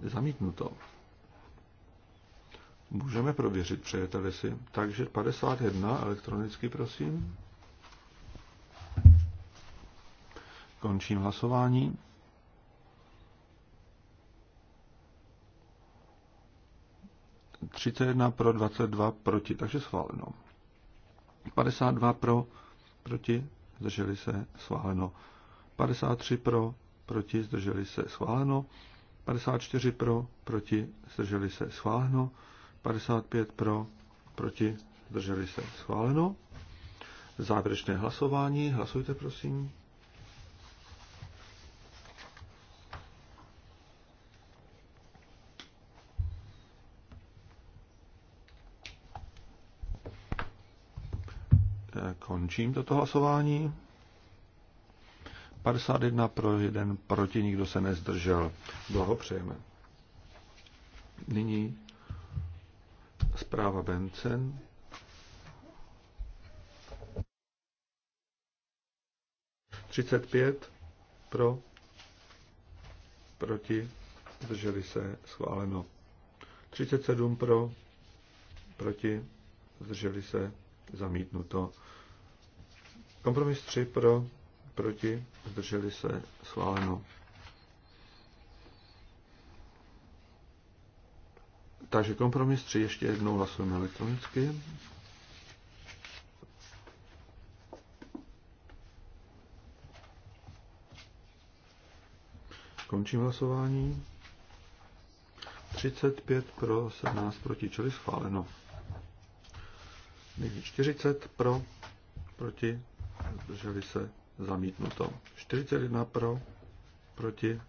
zamítnuto. Můžeme prověřit, přejeteli si. Takže 51 elektronicky, prosím. Končím hlasování. 31 pro, 22 proti, takže schváleno. 52 pro, proti, zdrželi se, schváleno. 53 pro, proti, zdrželi se, schváleno. 54 pro, proti, zdrželi se, schváleno. 55 pro, proti, zdrželi se, schváleno. Závěrečné hlasování, hlasujte prosím. Končím toto hlasování. 51 pro 1 proti, nikdo se nezdržel. Blahopřejeme. Nyní zpráva Bencen. Třicet pět pro, proti, zdrželi se, schváleno. 37 pro, proti, zdrželi se, zamítnuto. Kompromis 3 pro, proti, zdrželi se, schváleno. Takže kompromis 3 ještě jednou hlasujeme elektronicky. Končím hlasování. 35 pro, 17 proti, čili schváleno. Nyní 40 pro, proti, zdrželi se, zamítnuto. 41 pro, proti,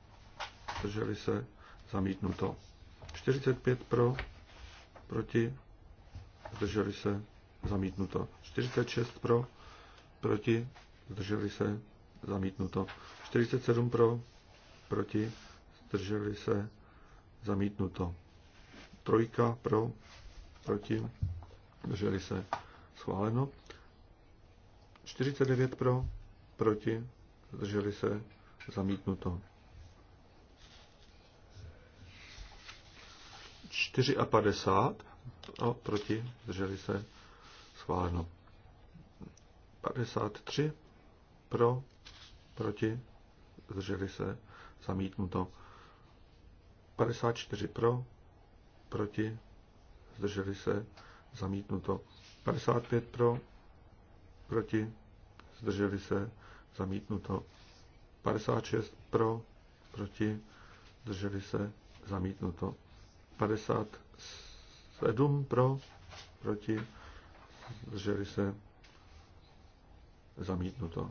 zdrželi se, zamítnuto. 45 pro, proti, zdrželi se, zamítnuto. 46 pro, proti, zdrželi se, zamítnuto. 47 pro, proti, zdrželi se, zamítnuto. Trojka pro, proti, zdrželi se, schváleno. 49 pro, proti, zdrželi se, zamítnuto. 54 a 50, proti, zdrželi se, schváleno. 53 pro, proti, zdrželi se, zamítnuto. 54 pro, proti, zdrželi se, zamítnuto. 55 pro, proti, zdrželi se, zamítnuto. 56 pro, proti, zdrželi se, zamítnuto. 57 pro, proti, zdrželi se, zamítnuto.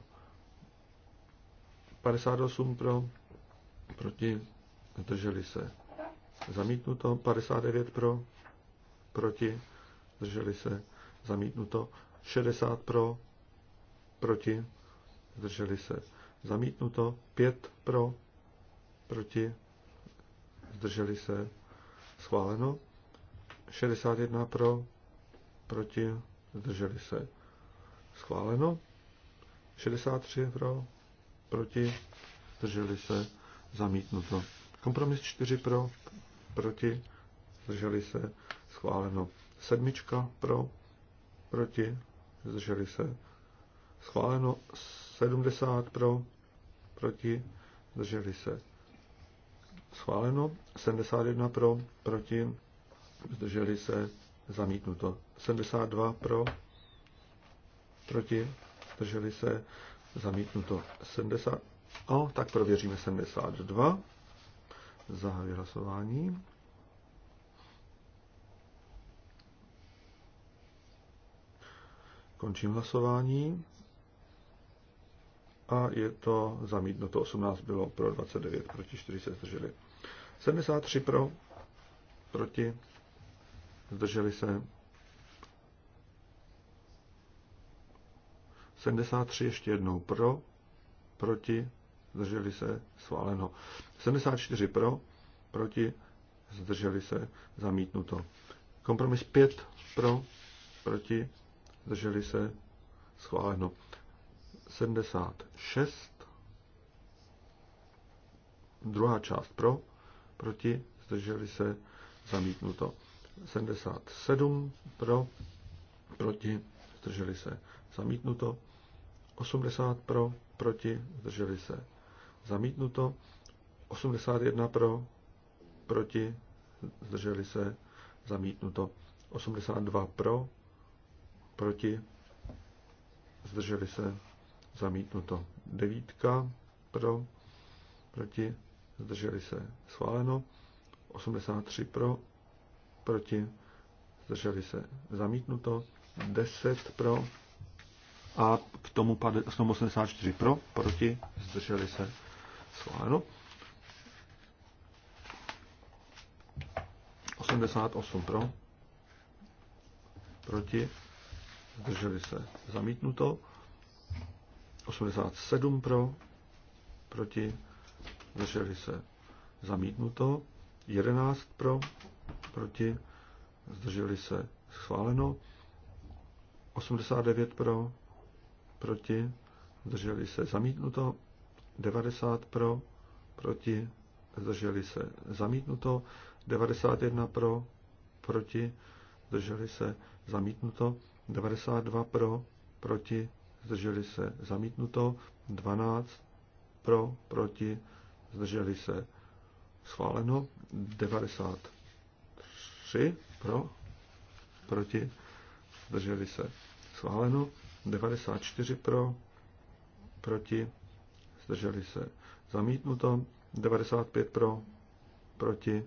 58 pro, proti, zdrželi se, zamítnuto. 59 pro, proti, zdrželi se, zamítnuto. 60 pro, proti, zdrželi se. Zamítnuto pět pro, proti, zdrželi se. Schváleno 61 pro, proti, zdrželi se. Schváleno 63 pro, proti, zdrželi se. Zamítnuto. Kompromis 4 pro, proti, zdrželi se. Schváleno sedmička pro, proti, zdrželi se Schváleno 70 pro, proti, zdrželi se. Schváleno 71 pro, proti, zdrželi se, zamítnuto. 72 pro, proti, zdrželi se, zamítnuto. 70, o, tak prověříme 72. Zahajuji hlasování. Končím hlasování a je to zamítnuto. 18 bylo pro, 29 proti, 4 se zdrželi. 73 pro, proti, zdrželi se. 73 ještě jednou pro, proti, zdrželi se, sváleno. 74 pro, proti, zdrželi se, zamítnuto. Kompromis 5 pro, proti, zdrželi se, schváleno. 76. Druhá část pro, proti, zdrželi se, zamítnuto. 77 pro, proti, zdrželi se, zamítnuto. 80 pro, proti, zdrželi se, zamítnuto. 81 pro, proti, zdrželi se, zamítnuto. 82 pro, proti, zdrželi se, zamítnuto. Devítka pro, proti, zdrželi se, schváleno. 83 pro, proti, zdrželi se, zamítnuto. 10 pro a k tomu 184 pro, proti, zdrželi se, schváleno. 88 pro, proti, zdrželi se, zamítnuto. 87 pro, proti, zdrželi se zamítnuto, 11 pro, proti, zdrželi se schváleno, 89 pro, proti, zdrželi se zamítnuto, 90 pro, proti, zdrželi se zamítnuto, 91 pro, proti, zdrželi se zamítnuto, 92 pro, proti, zdrželi se zamítnuto, 12 pro, proti, zdrželi se schváleno, 93 pro, proti, zdrželi se schváleno, 94 pro, proti, zdrželi se zamítnuto, 95 pro, proti,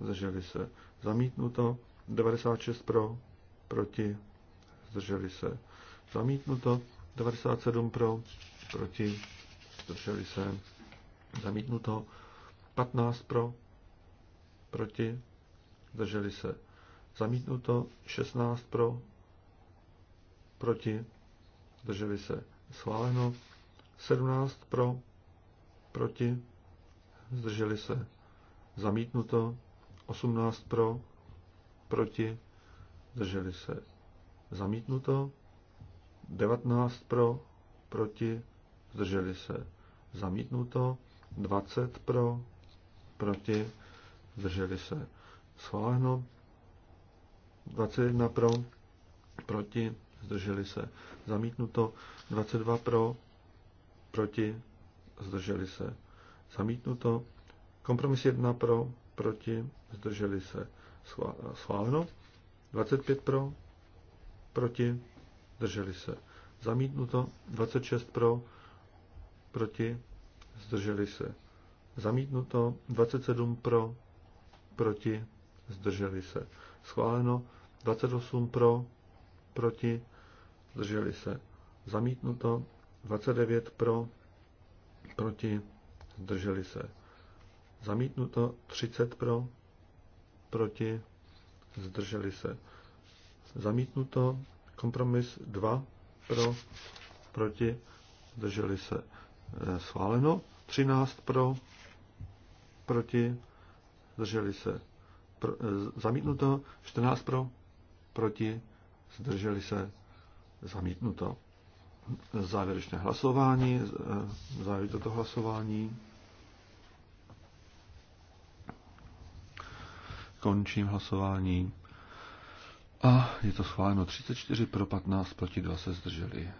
zdrželi se zamítnuto, 96 pro, proti, zdrželi se zamítnuto, 97 pro, proti, zdrželi se, zamítnuto, 15 pro, proti, zdrželi se, zamítnuto, 16 pro, proti, zdrželi se, schváleno, 17 pro, proti, zdrželi se, zamítnuto, 18 pro, proti, zdrželi se, zamítnuto, 19 pro, proti, zdrželi se zamítnuto, 20 pro, proti, zdrželi se schváleno, 21 pro, proti, zdrželi se zamítnuto, 22 pro, proti, zdrželi se zamítnuto, kompromis 1 pro, proti, zdrželi se schváleno, 25 pro, proti, zdrželi se. Zamítnuto 26 pro, proti, zdrželi se. Zamítnuto 27 pro, proti, zdrželi se. Schváleno 28 pro, proti, zdrželi se. Zamítnuto 29 pro, proti, zdrželi se. Zamítnuto 30 pro, proti, zdrželi se. Zamítnuto Kompromis 2 pro, proti, zdrželi se eh, schváleno. 13 pro, proti, zdrželi se pro, eh, zamítnuto. 14 pro, proti, zdrželi se zamítnuto. Závěrečné hlasování, eh, závěr toto hlasování. Končím hlasování. A je to schváleno 34 pro 15, proti 2 se zdrželi.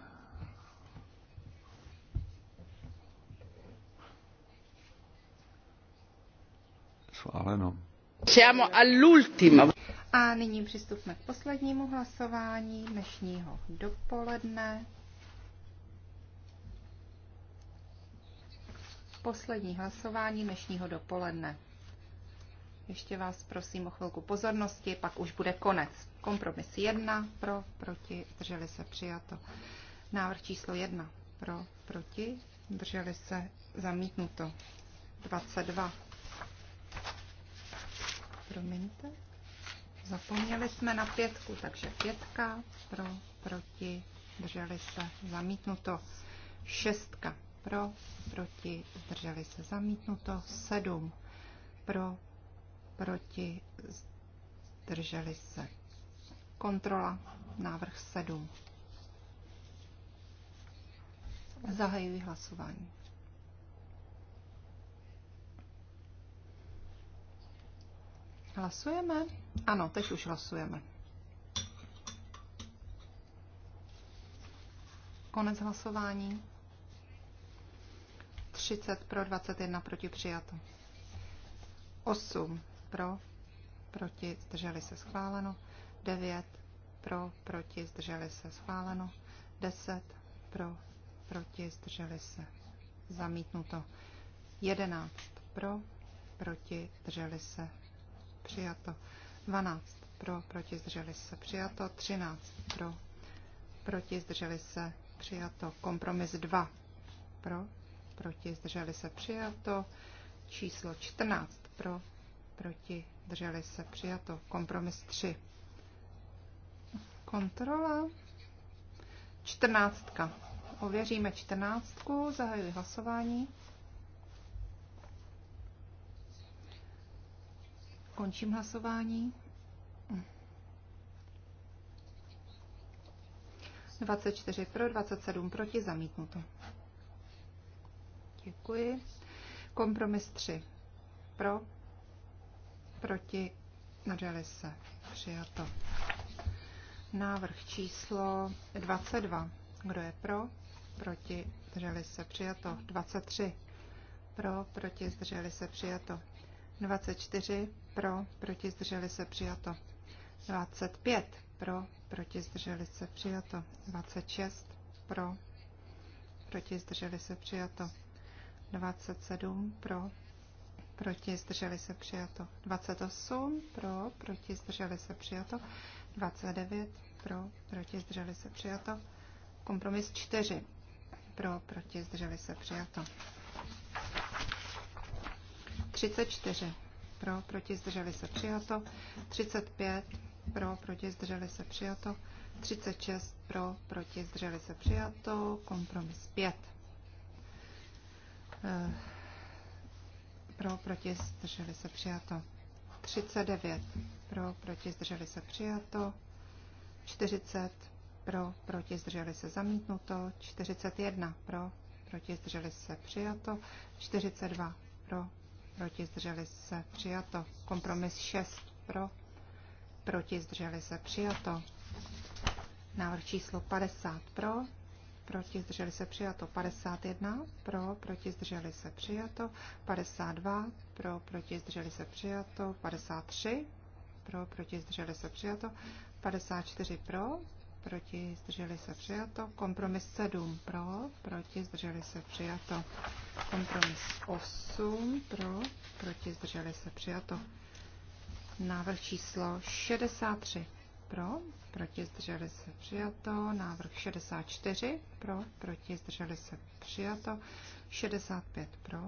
Schváleno. Siamo all'ultimo. A nyní přistupme k poslednímu hlasování dnešního dopoledne. Poslední hlasování dnešního dopoledne. Ještě vás prosím o chvilku pozornosti, pak už bude konec. Kompromis 1 pro, proti, drželi se přijato. Návrh číslo 1 pro, proti, drželi se zamítnuto. 22. Promiňte. Zapomněli jsme na pětku, takže pětka pro, proti, drželi se zamítnuto. Šestka pro, proti, Drželi se zamítnuto. Sedm pro, proti, zdrželi se. Kontrola, návrh 7. Zahajuji hlasování. Hlasujeme? Ano, teď už hlasujeme. Konec hlasování. 30 pro 21 proti přijato. 8 pro, proti, zdrželi se schváleno. 9 pro, proti, zdrželi se schváleno. 10 pro, proti, zdrželi se zamítnuto. 11 pro, proti, zdrželi se přijato. 12 pro, proti, zdrželi se přijato. 13 pro, proti, zdrželi se přijato. Kompromis 2 pro, proti, zdrželi se přijato. Číslo 14 pro, proti, drželi se, přijato. Kompromis 3. Kontrola. Čtrnáctka. Ověříme čtrnáctku, zahajuji hlasování. Končím hlasování. 24 pro, 27 proti, zamítnuto. Děkuji. Kompromis 3. Pro, proti, drželi se, přijato. Návrh číslo 22. Kdo je pro? Proti, zdrželi se, přijato. 23. Pro, proti, zdrželi se, přijato. 24. Pro, proti, zdrželi se, přijato. 25. Pro, proti, zdrželi se, přijato. 26. Pro, proti, zdrželi se, přijato. 27. Pro, proti, zdrželi se přijato. 28 pro, proti, zdrželi se přijato. 29 pro, proti, zdrželi se přijato. Kompromis 4 pro, proti, zdrželi se přijato. 34 pro, proti, zdrželi se přijato. 35 pro, proti, zdrželi se přijato. 36 pro, proti, zdrželi se přijato. Kompromis 5 pro, proti, zdrželi se přijato. 39 pro, proti, zdrželi se přijato. 40 pro, proti, zdrželi se zamítnuto. 41 pro, proti, zdrželi se přijato. 42 pro, proti, zdrželi se přijato. Kompromis 6 pro, proti, zdrželi se přijato. Návrh číslo 50 pro, proti zdrželi se přijato 51, pro, proti zdrželi se přijato 52, pro, proti zdrželi se přijato 53, pro, proti zdrželi se přijato 54 pro, proti zdrželi se přijato, kompromis 7 pro, proti zdrželi se přijato, kompromis 8 pro, proti zdrželi se přijato, návrh číslo 63 pro, proti zdrželi se přijato, návrh 64 pro, proti zdrželi se přijato, 65 pro,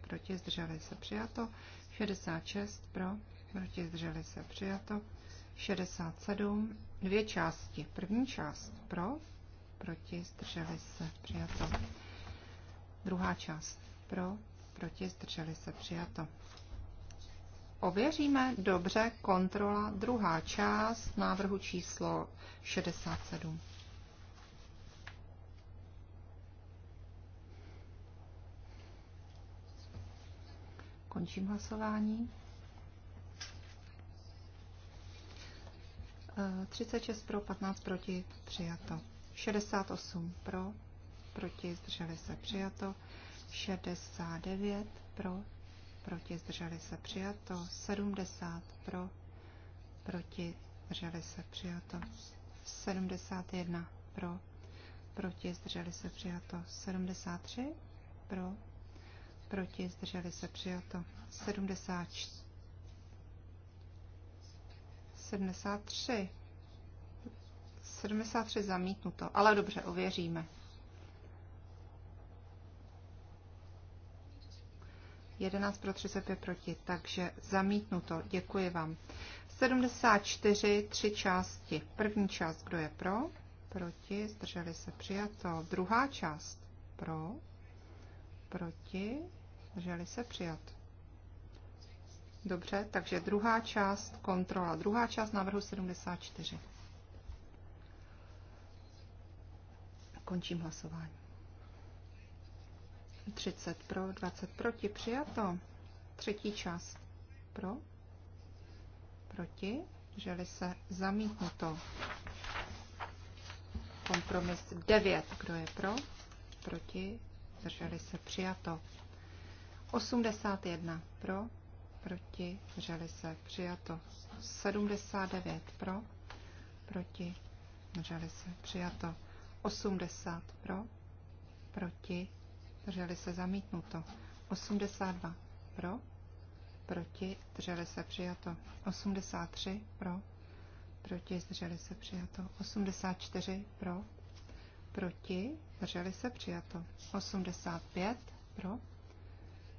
proti zdrželi se přijato, 66 pro, proti zdrželi se přijato, 67, dvě části. První část pro, proti zdrželi se přijato. Druhá část pro, proti zdrželi se přijato ověříme? Dobře, kontrola, druhá část návrhu číslo 67. Končím hlasování. 36 eh, pro, 15 proti, přijato. 68 pro, proti, zdrželi se, přijato. 69 pro, proti, zdrželi se přijato, 70 pro, proti, zdrželi se přijato, 71 pro, proti, zdrželi se přijato, 73 pro, proti, zdrželi se přijato, 73, 73 zamítnuto, ale dobře, ověříme. 11 pro 35 proti, takže zamítnuto. Děkuji vám. 74, tři části. První část, kdo je pro? Proti, zdrželi se přijato. Druhá část, pro? Proti, zdrželi se přijat. Dobře, takže druhá část, kontrola. Druhá část návrhu 74. Končím hlasování. 30 pro, 20 proti, přijato. Třetí část pro, proti, želi se, zamítnuto. Kompromis 9, kdo je pro, proti, drželi se, přijato. 81 pro, proti, drželi se, přijato. 79 pro, proti, drželi se, přijato. 80 pro, proti, drželi se zamítnuto. 82 pro, proti, Drželi se přijato. 83 pro, proti, zdrželi se přijato. 84 pro, proti, Drželi se přijato. 85 pro,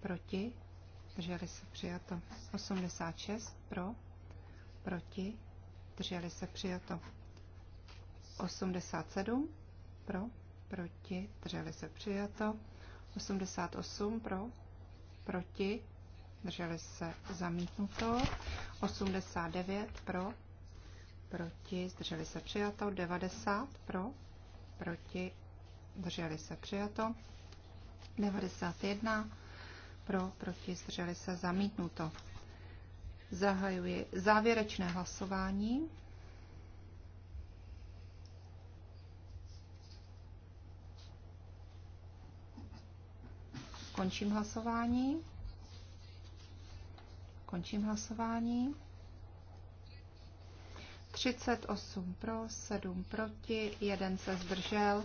proti, Drželi se přijato. 86 pro, proti, Drželi se přijato. 87 pro, proti, Drželi se přijato. 88 pro, proti, drželi se zamítnuto, 89 pro, proti, zdrželi se přijato, 90 pro, proti, zdrželi se přijato, 91 pro, proti, zdrželi se zamítnuto. Zahajuji závěrečné hlasování. Končím hlasování. Končím hlasování. 38 pro, 7 proti, 1 se zdržel.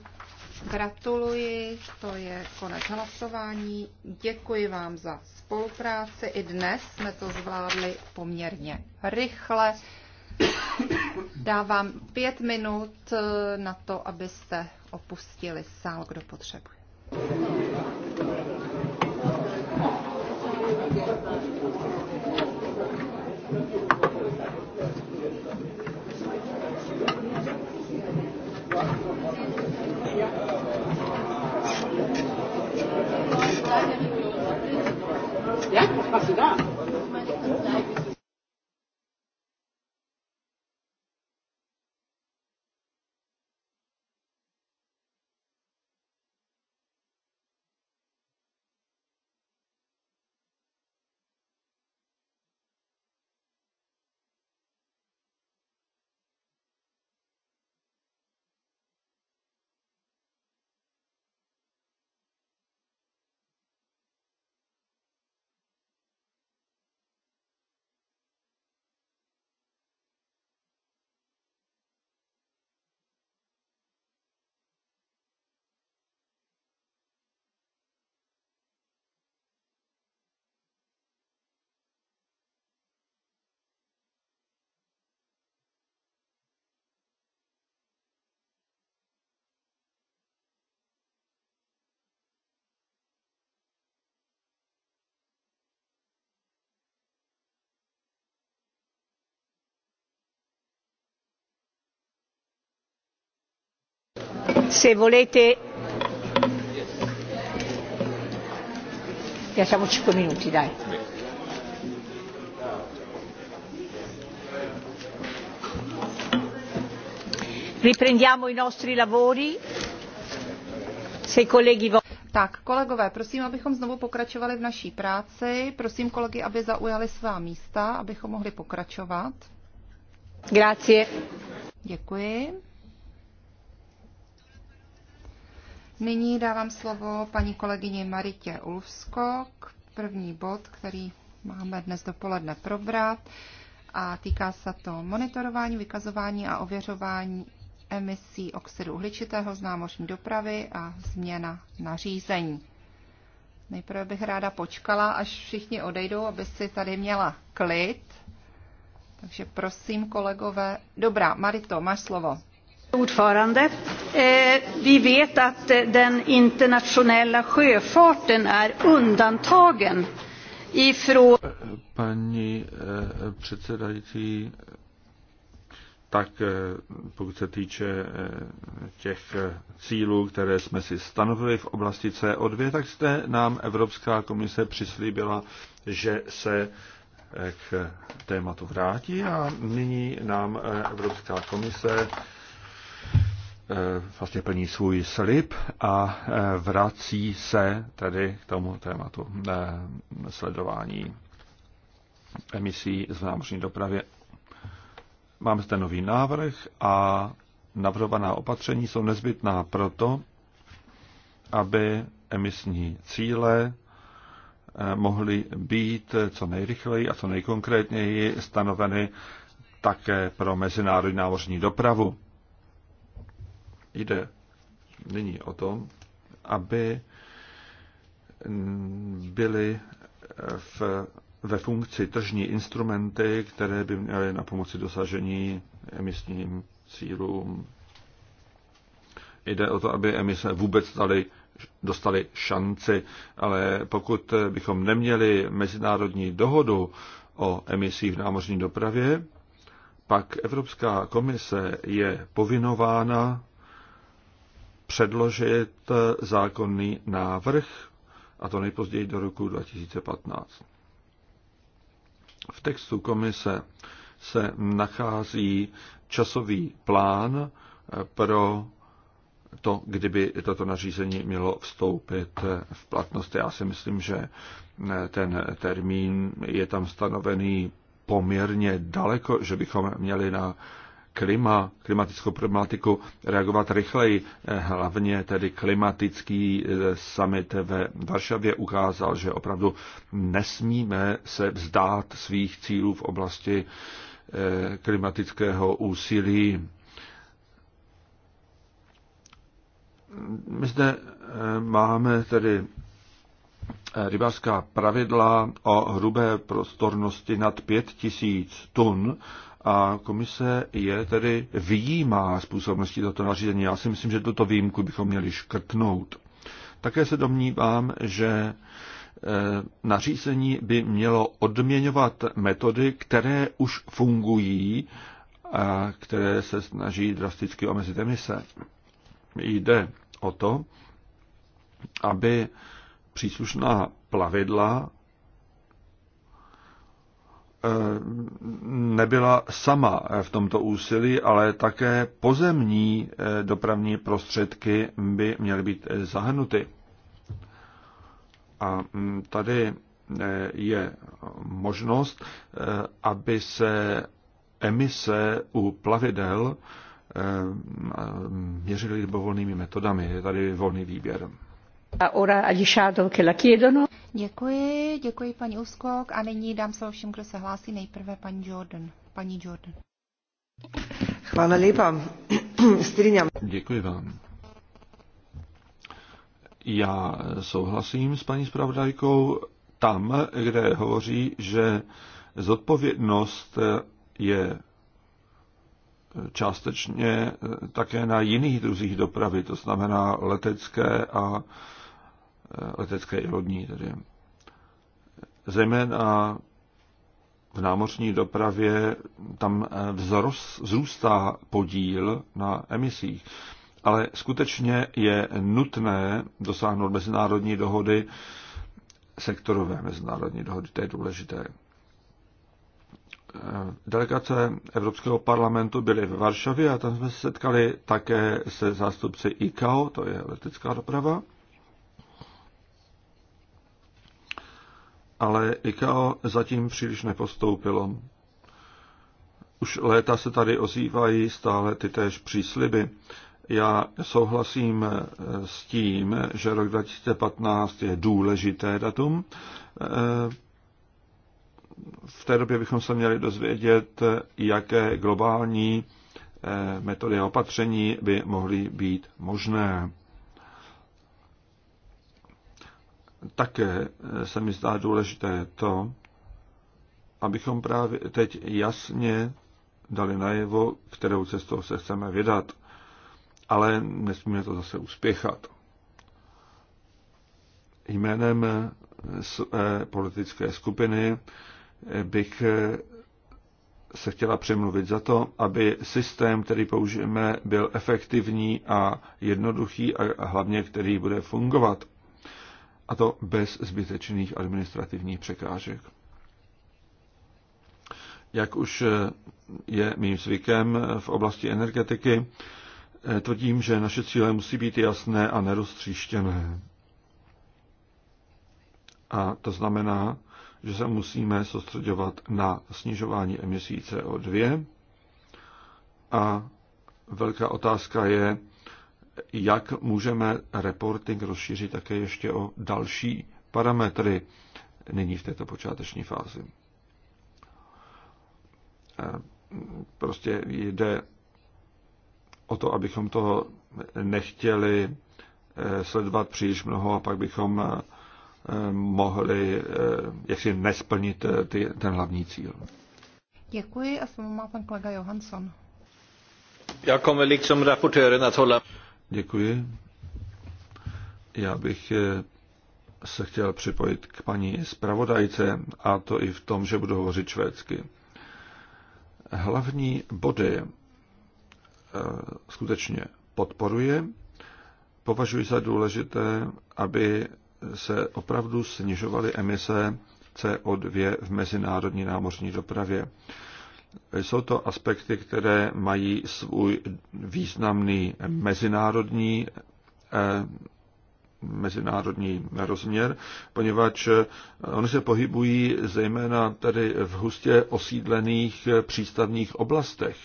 Gratuluji, to je konec hlasování. Děkuji vám za spolupráci. I dnes jsme to zvládli poměrně rychle. Dávám pět minut eh, na to, abyste opustili sál, kdo potřebuje. Jak? was machst du da? se volete lasciamo minuti dai riprendiamo i nostri lavori se i colleghi tak, kolegové, prosím, abychom znovu pokračovali v naší práci. Prosím kolegy, aby zaujali svá místa, abychom mohli pokračovat. Grazie. Děkuji. Nyní dávám slovo paní kolegyně Maritě Ulfskok, první bod, který máme dnes dopoledne probrat a týká se to monitorování, vykazování a ověřování emisí oxidu uhličitého z námořní dopravy a změna nařízení. Nejprve bych ráda počkala, až všichni odejdou, aby si tady měla klid. Takže prosím, kolegové. Dobrá, Marito, máš slovo. Ordförande. Eh, vi vet att eh, den internationella sjöfarten är undantagen ifrån... Pani eh, předsedající, tak eh, pokud se týče těch cílů, které jsme si stanovili v oblasti CO2, tak jste nám Evropská komise přislíbila, že se k tématu vrátí a nyní nám Evropská komise Eh, vlastně plní svůj slib a eh, vrací se tedy k tomu tématu eh, sledování emisí z námořní dopravě. Mám zde nový návrh a navrhovaná opatření jsou nezbytná proto, aby emisní cíle mohly být co nejrychleji a co nejkonkrétněji stanoveny také pro mezinárodní námořní dopravu. Jde nyní o to, aby byly v, ve funkci tržní instrumenty, které by měly na pomoci dosažení emisním cílům. Jde o to, aby emise vůbec staly dostali šanci, ale pokud bychom neměli mezinárodní dohodu o emisích v námořní dopravě, pak Evropská komise je povinována předložit eh, zákonný návrh, a to nejpozději do roku 2015. V textu komise se nachází časový plán eh, pro to, kdyby toto nařízení mělo vstoupit eh, v platnost. Já si myslím, že ten termín je tam stanovený poměrně daleko, že bychom měli na klima, klimatickou problematiku reagovat rychleji. Eh, hlavně tedy klimatický eh, summit ve Varšavě ukázal, že opravdu nesmíme se vzdát svých cílů v oblasti eh, klimatického úsilí. My zde máme tedy rybářská pravidla o hrubé prostornosti nad 5000 tun a komise je tedy výjímá působnosti toto nařízení. Já si myslím, že tuto výjimku bychom měli škrtnout. Také se domnívám, že e, nařízení by mělo odměňovat metody, které už fungují a které se snaží drasticky omezit emise. Jde o to, aby příslušná plavidla nebyla sama v tomto úsilí, ale také pozemní eh, dopravní prostředky by měly být eh, zahrnuty. A mm, tady eh, je možnost, aby se emise u plavidel měřily libovolnými metodami. Je tady volný výběr. A ora agli shadow che la chiedono. Děkuji, děkuji paní Uskok a nyní dám slovo všem, kdo se hlásí. Nejprve paní Jordan. Paní Jordan. Hvala lepa. Strinjam. Děkuji vám. Já souhlasím s paní zpravodajkou tam, kde hovoří, že zodpovědnost je částečně také na jiných druzích dopravy, to znamená letecké a Eh, letecké i lodní tedy. Zejména v námořní dopravě tam eh, vzrost, podíl na emisích, ale skutečně je nutné dosáhnout mezinárodní dohody, sektorové mezinárodní dohody, to je důležité. Eh, delegace Evropského parlamentu byly v Varšavě a tam jsme se setkali také se zástupci ICAO, to je letecká doprava, ale IKAO zatím příliš nepostoupilo. Už léta se tady ozývají stále ty též přísliby. Já souhlasím eh, s tím, že rok 2015 je důležité datum. Eh, v té době bychom se měli dozvědět, jaké globální eh, metody a opatření by mohly být možné. Také eh, se mi zdá důležité to, abychom právě teď jasně dali najevo, kterou cestou se chceme vydat. Ale nesmíme to zase uspěchat. Jménem eh, své politické skupiny eh, bych se chtěla přemluvit za to, aby systém, který použijeme, byl efektivní a jednoduchý a hlavně, který bude fungovat a to bez zbytečných administrativních překážek. Jak už eh, je mým zvykem v oblasti energetiky, eh, tvrdím, že naše cíle musí být jasné a neroztříštěné. A to znamená, že se musíme soustředovat na snižování emisí CO2 a velká otázka je, jak můžeme reporting rozšířit také ještě o další parametry nyní v této počáteční fázi. Eh, prostě jde o to, abychom to nechtěli eh, sledovat příliš mnoho a pak bychom eh, mohli jaksi nesplnit ty, ten hlavní cíl. Děkuji a slovo má pan kolega Johansson. Já kommer liksom rapportören na tohle. Děkuji. Já bych eh, se chtěl připojit k paní zpravodajce, a to i v tom, že budu hovořit švédsky. Hlavní body eh, skutečně podporuje. Považuji za důležité, aby se opravdu snižovaly emise CO2 v mezinárodní námořní dopravě. Jsou to aspekty, které mají svůj významný mezinárodní, eh, mezinárodní rozměr, poněvadž eh, oni se pohybují zejména tady v hustě osídlených eh, přístavních oblastech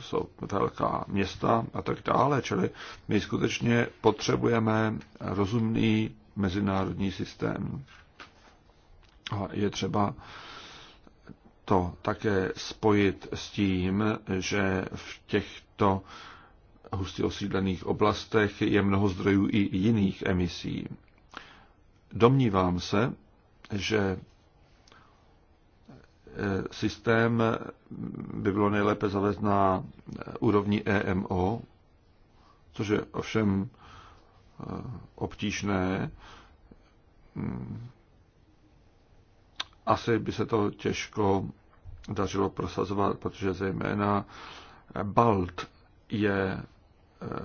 jsou velká města a tak dále, čili my skutečně potřebujeme rozumný mezinárodní systém. A je třeba to také spojit s tím, že v těchto hustě osídlených oblastech je mnoho zdrojů i jiných emisí. Domnívám se, že eh, systém by bylo nejlépe zavést na eh, úrovni EMO, což je ovšem eh, obtížné. Hmm. Asi by se to těžko dařilo prosazovat, protože zejména Balt je eh,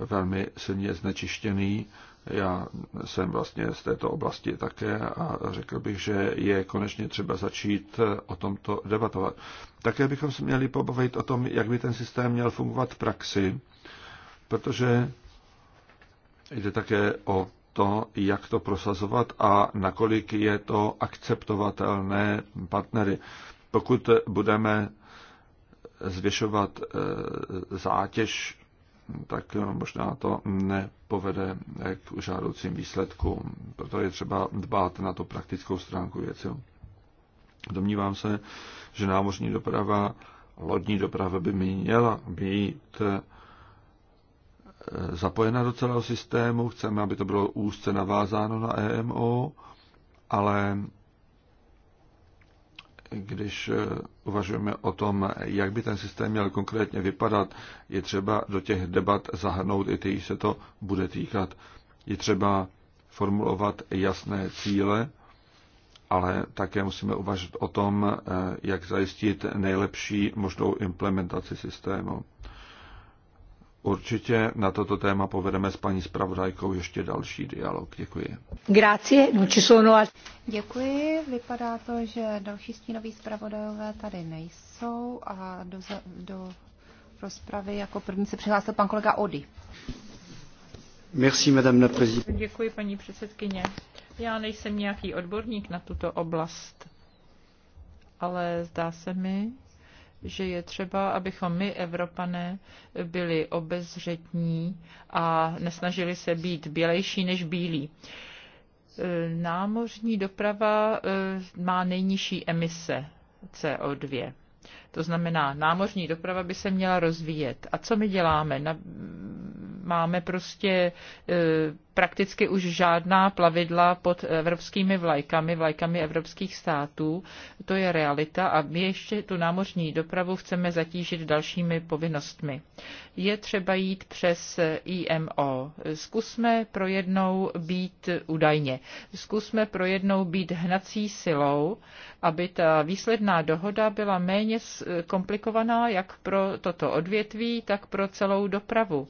velmi silně znečištěný. Já jsem vlastně z této oblasti také a řekl bych, že je konečně třeba začít eh, o tomto debatovat. Také bychom se měli pobavit o tom, jak by ten systém měl fungovat v praxi, protože jde také o to, jak to prosazovat a nakolik je to akceptovatelné partnery. Pokud budeme zvyšovat eh, zátěž, tak eh, možná to nepovede eh, k žádoucím výsledkům. Proto je třeba dbát na to praktickou stránku věci. Domnívám se, že námořní doprava, lodní doprava by měla být zapojena do celého systému. Chceme, aby to bylo úzce navázáno na EMO, ale když eh, uvažujeme o tom, jak by ten systém měl konkrétně vypadat, je třeba do těch debat zahrnout i ty, se to bude týkat. Je třeba formulovat jasné cíle, ale také musíme uvažovat o tom, eh, jak zajistit nejlepší možnou implementaci systému. Určitě na toto téma povedeme s paní zpravodajkou ještě další dialog. Děkuji. Grácie. Děkuji. Vypadá to, že další stínoví zpravodajové tady nejsou a do, do rozpravy jako první se přihlásil pan kolega Ody. Merci, madame la présidente. Děkuji, paní předsedkyně. Já nejsem nějaký odborník na tuto oblast, ale zdá se mi, že je třeba, abychom my, Evropané, byli obezřetní a nesnažili se být bělejší než bílí. E, námořní doprava e, má nejnižší emise CO2. To znamená, námořní doprava by se měla rozvíjet. A co my děláme? Máme prostě e, prakticky už žádná plavidla pod evropskými vlajkami, vlajkami evropských států. To je realita a my ještě tu námořní dopravu chceme zatížit dalšími povinnostmi. Je třeba jít přes IMO. Zkusme pro jednou být údajně. Zkusme pro jednou být hnací silou, aby ta výsledná dohoda byla méně komplikovaná jak pro toto odvětví, tak pro celou dopravu.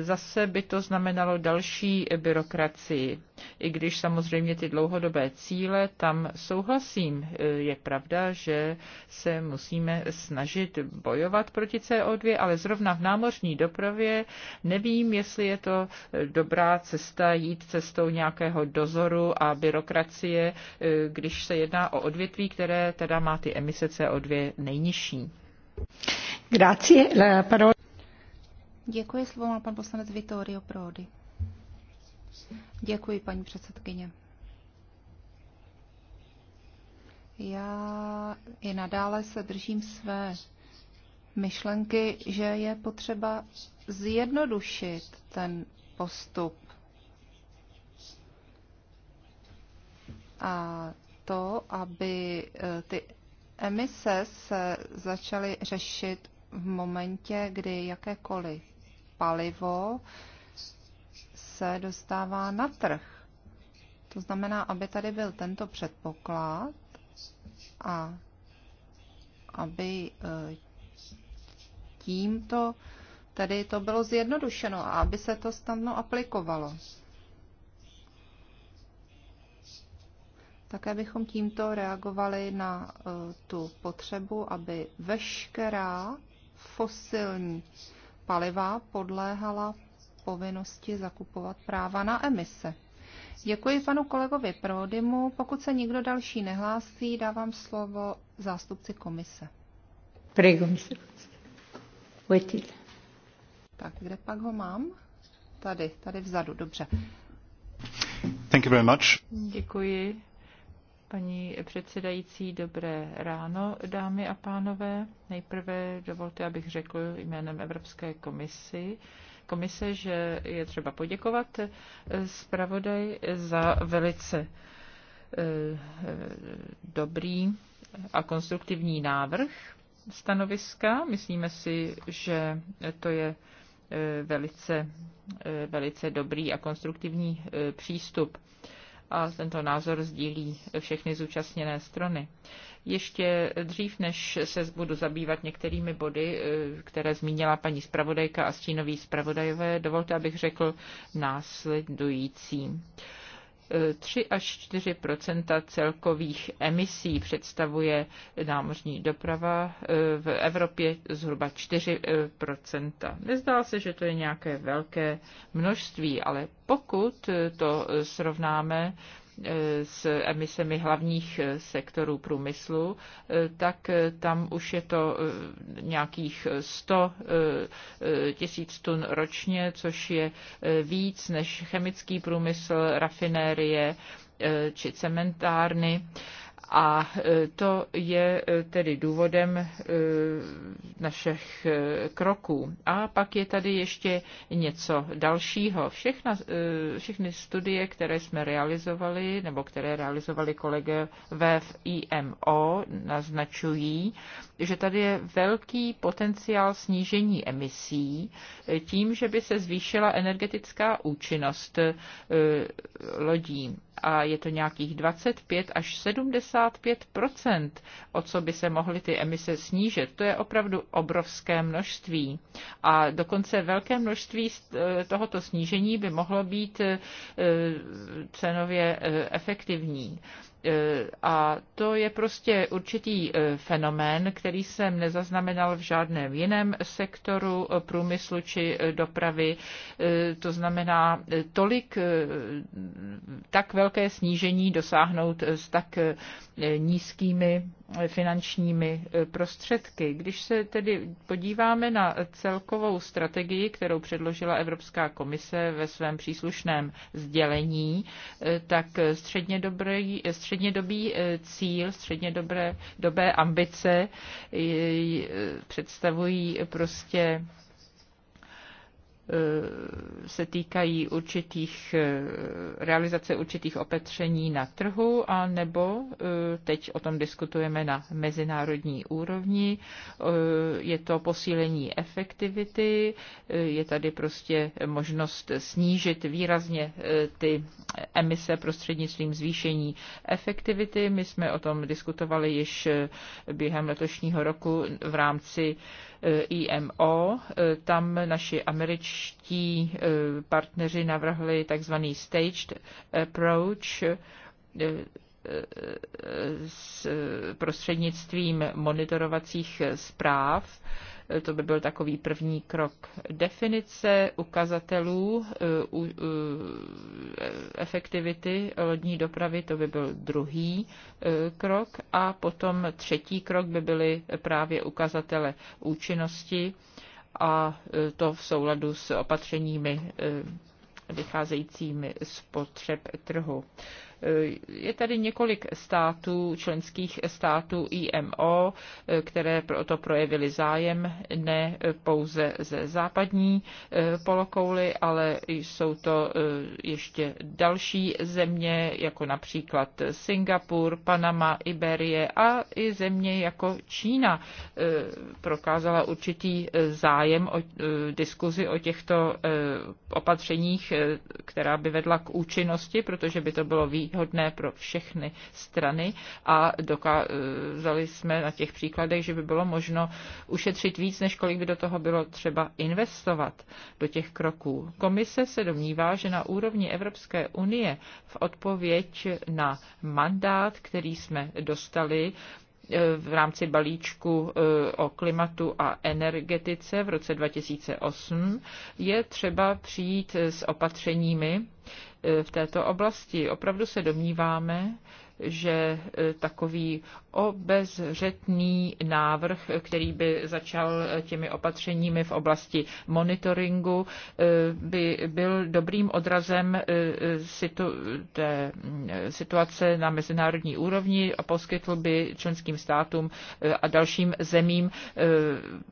Zase by to znamenalo další byrokracii. I když samozřejmě ty dlouhodobé cíle, tam souhlasím. Je pravda, že se musíme snažit bojovat proti CO2, ale zrovna v námořní dopravě nevím, jestli je to dobrá cesta jít cestou nějakého dozoru a byrokracie, když se jedná o odvětví, které teda má ty emise CO2 nejnižší. Grazie. La parola... Děkuji, slovo má pan poslanec Vittorio Prodi. Děkuji, paní předsedkyně. Já i nadále se držím své myšlenky, že je potřeba zjednodušit ten postup. A to, aby e, ty emise se začaly řešit v momentě, kdy jakékoliv palivo se dostává na trh. To znamená, aby tady byl tento předpoklad a aby e, tímto tedy to bylo zjednodušeno a aby se to snadno aplikovalo. Také bychom tímto reagovali na e, tu potřebu, aby veškerá fosilní paliva podléhala povinnosti zakupovat práva na emise. Děkuji panu kolegovi Prodymu. Pokud se nikdo další nehlásí, dávám slovo zástupci komise. Tak, kde pak ho mám? Tady, tady vzadu, dobře. Thank you very much. Děkuji paní předsedající, dobré ráno, dámy a pánové. Nejprve dovolte, abych řekl jménem Evropské komisi, komise, že je třeba poděkovat eh, zpravodaj za velice eh, dobrý a konstruktivní návrh stanoviska. Myslíme si, že to je eh, velice, velice dobrý a konstruktivní přístup a tento názor sdílí všechny zúčastněné strany. Ještě dřív, než se budu zabývat některými body, eh, které zmínila paní zpravodajka a stínový zpravodajové, dovolte, abych řekl následující. 3 až 4 celkových emisí představuje námořní doprava, e, v Evropě zhruba 4 e, Nezdá se, že to je nějaké velké množství, ale pokud to srovnáme s emisemi hlavních eh, sektorů průmyslu, eh, tak eh, tam už je to nějakých 100 tisíc tun ročně, což je víc než chemický průmysl, rafinérie či cementárny. A e, to je e, tedy důvodem e, našich kroků. A pak je tady ještě něco dalšího. Všechna, všechny studie, které jsme realizovali, nebo které realizovali kolegové v IMO, naznačují, že tady je velký potenciál snížení emisí tím, že by se zvýšila energetická účinnost lodí a je to nějakých 25 až 75 o co by se mohly ty emise snížit. To je opravdu obrovské množství. A dokonce velké množství e, tohoto snížení by mohlo být e, e, cenově efektivní. A to je prostě určitý e, fenomén, který jsem nezaznamenal v žádném jiném sektoru e, průmyslu či e, dopravy. To znamená tolik tak velké snížení dosáhnout s tak nízkými finančními e, prostředky. Když se tedy podíváme na celkovou strategii, kterou předložila Evropská komise ve svém příslušném sdělení, e, tak střednědobý, e, cíl, střednědobé dobré ambice představují prostě se týkají určitých, eh, realizace určitých opatření na trhu, a nebo eh, teď o tom diskutujeme na mezinárodní úrovni, eh, je to posílení efektivity, je tady prostě možnost snížit výrazně ty emise prostřednictvím zvýšení efektivity. My jsme o tom diskutovali již během letošního roku v rámci IMO. E, tam naši američtí e, partneři navrhli takzvaný staged approach e, s prostřednictvím monitorovacích zpráv to by byl takový první krok. Definice ukazatelů eh, eh, efektivity lodní dopravy, to by byl druhý eh, krok. A potom třetí krok by byly právě ukazatele účinnosti a to v souladu s opatřeními vycházejícími z potřeb trhu. Je tady několik států, členských států IMO, které proto projevily zájem ne pouze ze západní eh, polokouly, ale jsou to eh, ještě další země, jako například Singapur, Panama, Iberie a i země jako Čína eh, prokázala určitý zájem o diskuzi o těchto opatřeních, která by vedla k účinnosti, protože by to bylo výhodné výhodné pro všechny strany a dokázali jsme na těch příkladech, že by bylo možno ušetřit víc, než kolik by do toho bylo třeba investovat do těch kroků. Komise se domnívá, že na úrovni Evropské unie v odpověď na mandát, který jsme dostali, Eh, v rámci balíčku eh, o klimatu a energetice v roce 2008, je třeba přijít s opatřeními eh, v této oblasti. Opravdu se domníváme, že takový obezřetný návrh, který by začal těmi opatřeními v oblasti monitoringu, eh, by byl dobrým odrazem eh, situ, té eh, situace na mezinárodní úrovni a poskytl by členským státům a dalším zemím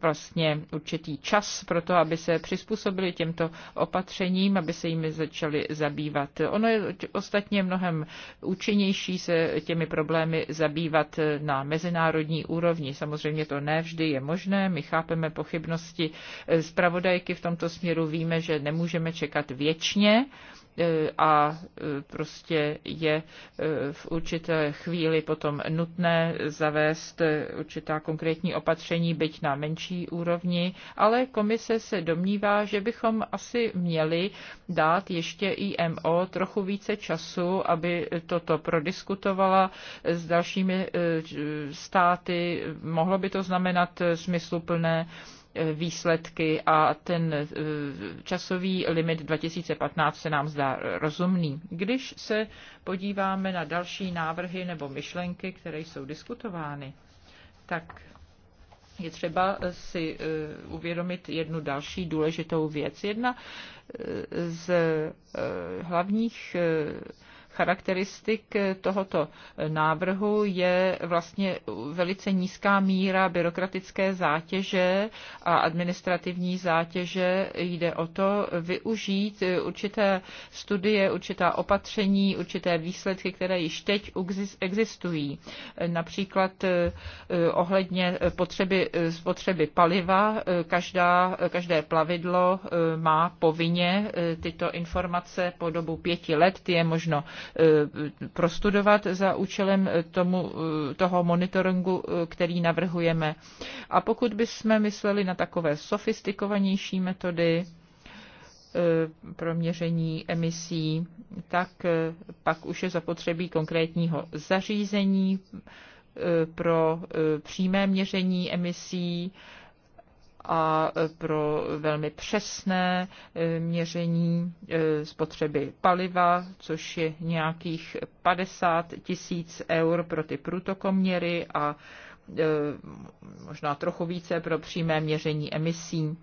vlastně určitý čas pro to, aby se přizpůsobili těmto opatřením, aby se jimi začali zabývat. Ono je ostatně mnohem účinnější se těmi problémy zabývat na mezinárodní úrovni. Samozřejmě to ne vždy je možné. My chápeme pochybnosti eh, zpravodajky v tomto směru. Víme, že nemůžeme čekat věčně E, a e, prostě je e, v určité chvíli potom nutné zavést určitá konkrétní opatření, byť na menší úrovni, ale komise se domnívá, že bychom asi měli dát ještě IMO trochu více času, aby toto prodiskutovala s dalšími státy. Mohlo by to znamenat smysluplné výsledky a ten e, časový limit 2015 se nám zdá rozumný. Když se podíváme na další návrhy nebo myšlenky, které jsou diskutovány, tak je třeba si e, uvědomit jednu další důležitou věc. Jedna e, z hlavních charakteristik eh, tohoto eh, návrhu je vlastně velice nízká míra byrokratické zátěže a administrativní zátěže. Jde o to využít eh, určité studie, určitá opatření, určité výsledky, které již teď existují. Například ohledně potřeby, potřeby paliva, každá, každé plavidlo má povinně tyto informace po dobu pěti let, ty je možno Eh, prostudovat za účelem tomu, eh, toho monitoringu, eh, který navrhujeme. A pokud bychom mysleli na takové sofistikovanější metody, pro měření emisí, tak pak už je zapotřebí konkrétního zařízení pro přímé měření emisí a pro velmi přesné eh, měření eh, spotřeby paliva, což je nějakých 50 tisíc eur pro ty průtokoměry a eh, možná trochu více pro přímé měření emisí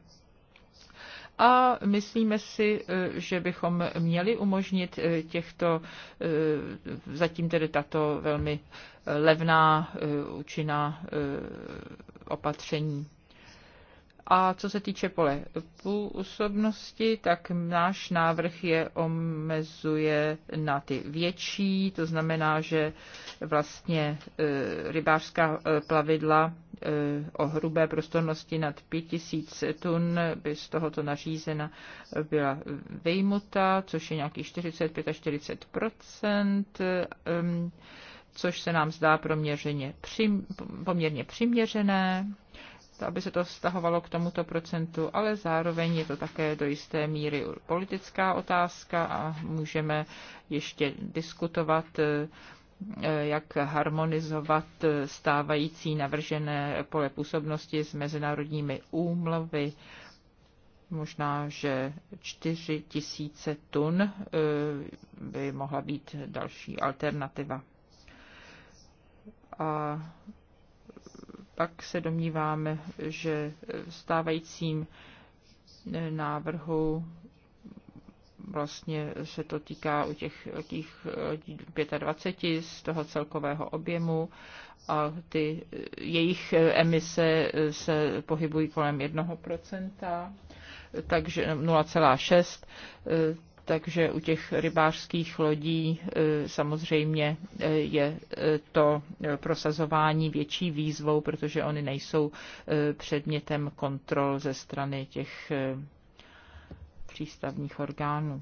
a myslíme si, že bychom měli umožnit těchto, zatím tedy tato velmi levná účinná opatření. A co se týče pole působnosti, tak náš návrh je omezuje na ty větší, to znamená, že vlastně e, rybářská e, plavidla e, o hrubé prostornosti nad 5000 tun by z tohoto nařízena byla vejmuta, což je nějakých 45 až 40 což se nám zdá proměřeně při, poměrně přiměřené aby se to vztahovalo k tomuto procentu, ale zároveň je to také do jisté míry politická otázka a můžeme ještě diskutovat, eh, jak harmonizovat stávající navržené pole působnosti s mezinárodními úmluvy. Možná, že 4 tisíce tun eh, by mohla být další alternativa. A pak se domníváme, že v stávajícím eh, návrhu vlastně se to týká u těch těch 25 eh, z toho celkového objemu a ty eh, jejich emise se pohybují kolem 1%, takže 0,6, takže u těch rybářských lodí e, samozřejmě e, je e, to prosazování větší výzvou, protože oni nejsou předmětem kontrol ze strany těch přístavních orgánů.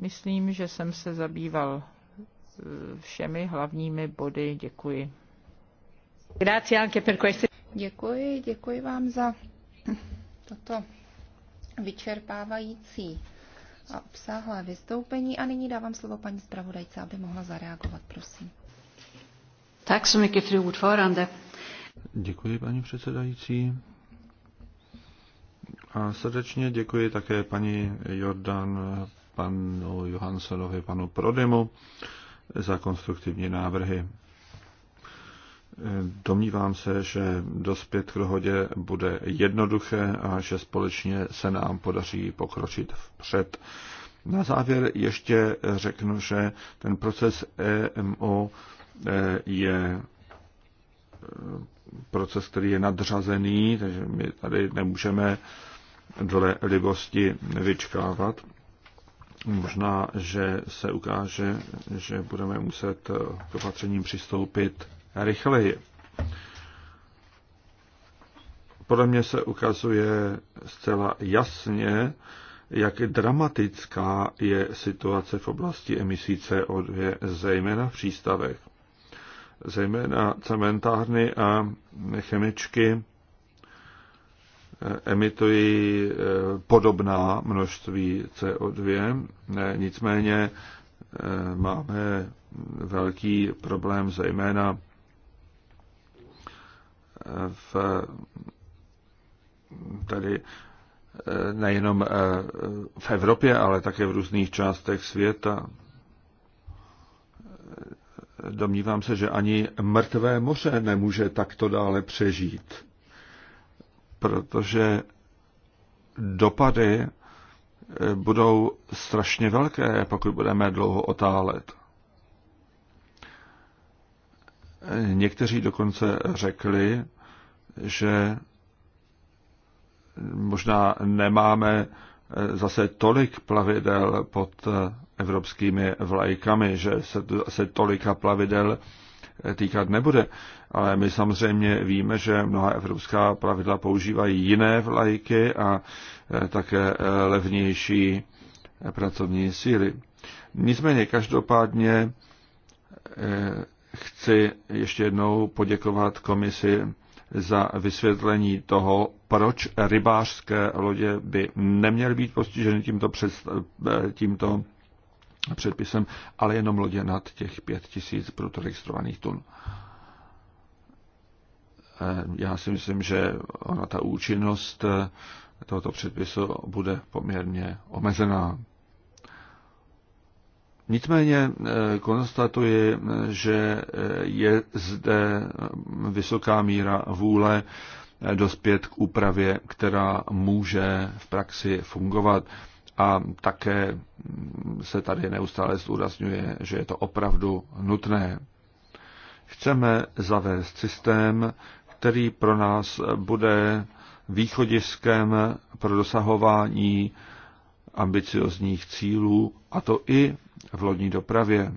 Myslím, že jsem se zabýval všemi hlavními body. Děkuji. Děkuji, děkuji vám za toto vyčerpávající a obsáhlé vystoupení a nyní dávám slovo paní zpravodajce, aby mohla zareagovat, prosím. Tak så mycket, fru Děkuji, paní předsedající. A srdečně děkuji také paní Jordan, panu Johanssonovi, panu Prodemu za konstruktivní návrhy. Domnívám se, že dospět k dohodě bude jednoduché a že společně se nám podaří pokročit vpřed. Na závěr ještě řeknu, že ten proces EMO e, je e, proces, který je nadřazený, takže my tady nemůžeme dle libosti vyčkávat. Možná, že se ukáže, že budeme muset k opatřením přistoupit rychleji. Podle mě se ukazuje zcela jasně, jak dramatická je situace v oblasti emisí CO2, zejména v přístavech. Zejména cementárny a chemičky eh, emitují eh, podobná množství CO2, eh, nicméně máme velký problém zejména v tady eh, nejenom eh, v Evropě, ale také v různých částech světa. Eh, domnívám se, že ani mrtvé moře nemůže takto dále přežít, protože dopady budou strašně velké, pokud budeme dlouho otálet. Někteří dokonce řekli, že možná nemáme eh, zase tolik plavidel pod eh, evropskými vlajkami, že se, se tolika plavidel eh, týkat nebude. Ale my samozřejmě víme, že mnoha evropská plavidla používají jiné vlajky a také levnější pracovní síly. Nicméně každopádně chci ještě jednou poděkovat komisi za vysvětlení toho, proč rybářské lodě by neměly být postiženy tímto, před, eh, tímto předpisem, ale jenom lodě nad těch 5000 bruto registrovaných tun. Eh, já si myslím, že ona ta účinnost eh, tohoto předpisu bude poměrně omezená. Nicméně eh, konstatuji, eh, že eh, je zde vysoká míra vůle dospět k úpravě, která může v praxi fungovat. A také mm, se tady neustále zdůrazňuje, že je to opravdu nutné. Chceme zavést systém, který pro nás bude východiskem pro dosahování ambiciozních cílů, a to i v lodní dopravě.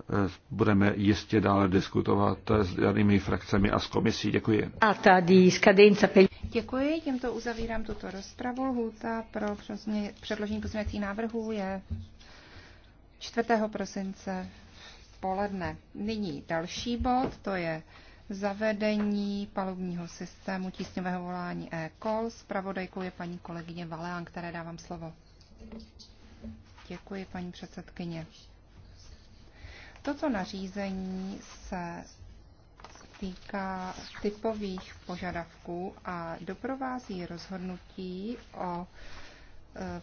Eh, budeme jistě dále diskutovat eh, s danými frakcemi a s komisí. Děkuji. A tady skadenca Děkuji, tímto uzavírám tuto rozpravu. Lhůta pro předložení pozměňovacích návrhů je 4. prosince v poledne. Nyní další bod, to je zavedení palubního systému tísňového volání e-call. Spravodajkou je paní kolegyně Valean, které dávám slovo. Děkuji, paní předsedkyně. Toto nařízení se týká typových požadavků a doprovází rozhodnutí o e,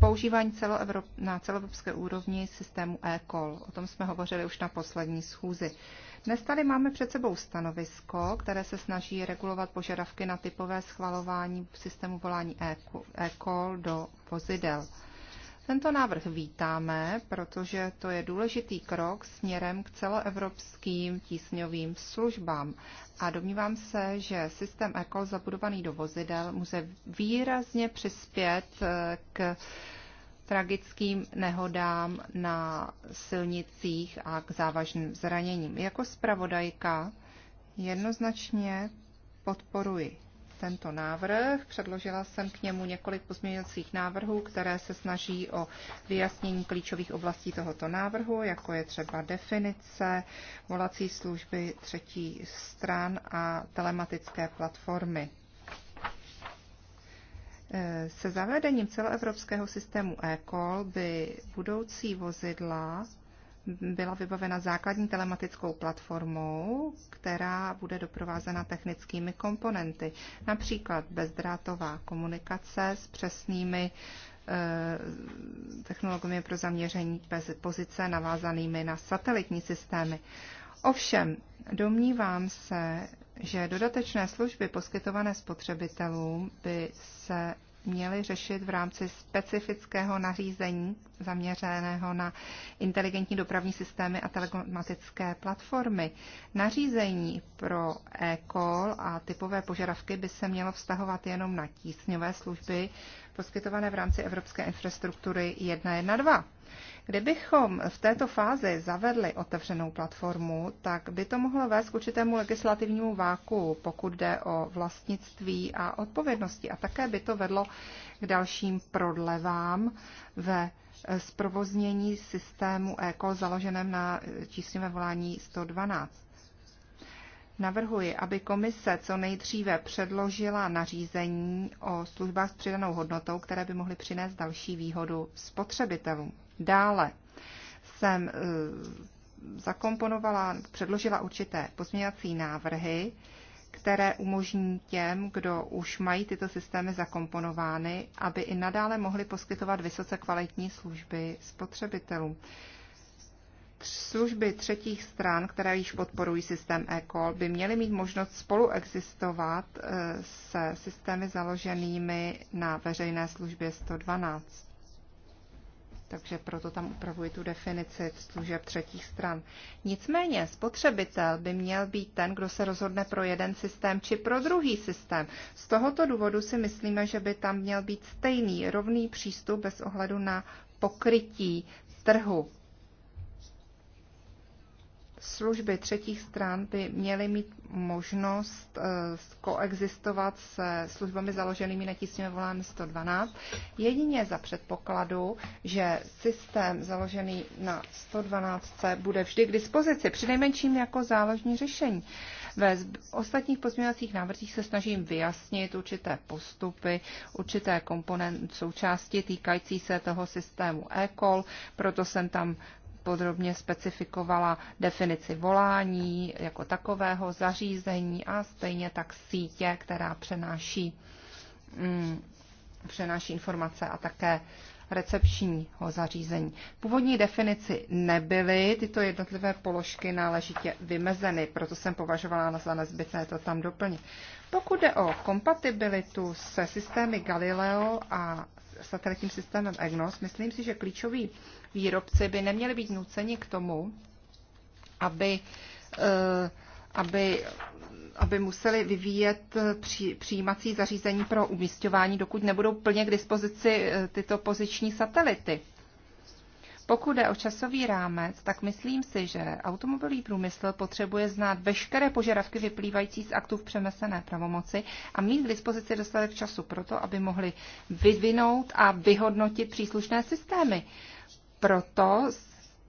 používání celoevro... na celoevropské úrovni systému e-call. O tom jsme hovořili už na poslední schůzi. Dnes tady máme před sebou stanovisko, které se snaží regulovat požadavky na typové schvalování systému volání e-call do vozidel. Tento návrh vítáme, protože to je důležitý krok směrem k celoevropským tísňovým službám a domnívám se, že systém ECO zabudovaný do vozidel může výrazně přispět eh, k tragickým nehodám na silnicích a k závažným zraněním. Jako zpravodajka jednoznačně podporuji tento návrh. Předložila jsem k němu několik pozměňovacích návrhů, které se snaží o vyjasnění klíčových oblastí tohoto návrhu, jako je třeba definice, volací služby třetí stran a telematické platformy. Se zavedením celoevropského systému e by budoucí vozidla byla vybavena základní telematickou platformou, která bude doprovázena technickými komponenty, například bezdrátová komunikace s přesnými eh, technologiemi pro zaměření pozice navázanými na satelitní systémy. Ovšem, domnívám se, že dodatečné služby poskytované spotřebitelům by se měli řešit v rámci specifického nařízení zaměřeného na inteligentní dopravní systémy a telematické platformy. Nařízení pro e-call a typové požadavky by se mělo vztahovat jenom na tísňové služby, poskytované v rámci Evropské infrastruktury 112. Kdybychom v této fázi zavedli otevřenou platformu, tak by to mohlo vést k určitému legislativnímu váku, pokud jde o vlastnictví a odpovědnosti. A také by to vedlo k dalším prodlevám ve zprovoznění systému ECO založeném na tísňové volání 112. Navrhuji, aby komise co nejdříve předložila nařízení o službách s přidanou hodnotou, které by mohly přinést další výhodu spotřebitelům. Dále jsem e, zakomponovala, předložila určité pozměňovací návrhy, které umožní těm, kdo už mají tyto systémy zakomponovány, aby i nadále mohli poskytovat vysoce kvalitní služby spotřebitelům. Služby třetích stran, které již podporují systém e-call, by měly mít možnost spoluexistovat eh, se systémy založenými na veřejné službě 112. Takže proto tam upravuji tu definici služeb třetích stran. Nicméně spotřebitel by měl být ten, kdo se rozhodne pro jeden systém či pro druhý systém. Z tohoto důvodu si myslíme, že by tam měl být stejný, rovný přístup bez ohledu na pokrytí trhu služby třetích stran by měly mít možnost eh, koexistovat se službami založenými na tísňovém volání 112 jedině za předpokladu, že systém založený na 112 bude vždy k dispozici, přinejmenším jako záložní řešení. Ve ostatních pozměňovacích návrzích se snažím vyjasnit určité postupy, určité komponent součásti týkající se toho systému e proto jsem tam podrobně specifikovala definici volání jako takového zařízení a stejně tak sítě, která přenáší, mm, přenáší informace a také recepčního zařízení. V původní definici nebyly tyto jednotlivé položky náležitě vymezeny, proto jsem považovala za nezbytné to tam doplnit. Pokud jde o kompatibilitu se systémy Galileo a satelitním systémem EGNOS, myslím si, že klíčový výrobci by neměli být nuceni k tomu, aby, eh, aby, aby museli vyvíjet eh, při, přijímací zařízení pro umístování, dokud nebudou plně k dispozici eh, tyto poziční satelity. Pokud jde o časový rámec, tak myslím si, že automobilový průmysl potřebuje znát veškeré požadavky vyplývající z aktů v přemesené pravomoci a mít k dispozici dostatek času pro to, aby mohli vyvinout a vyhodnotit příslušné systémy proto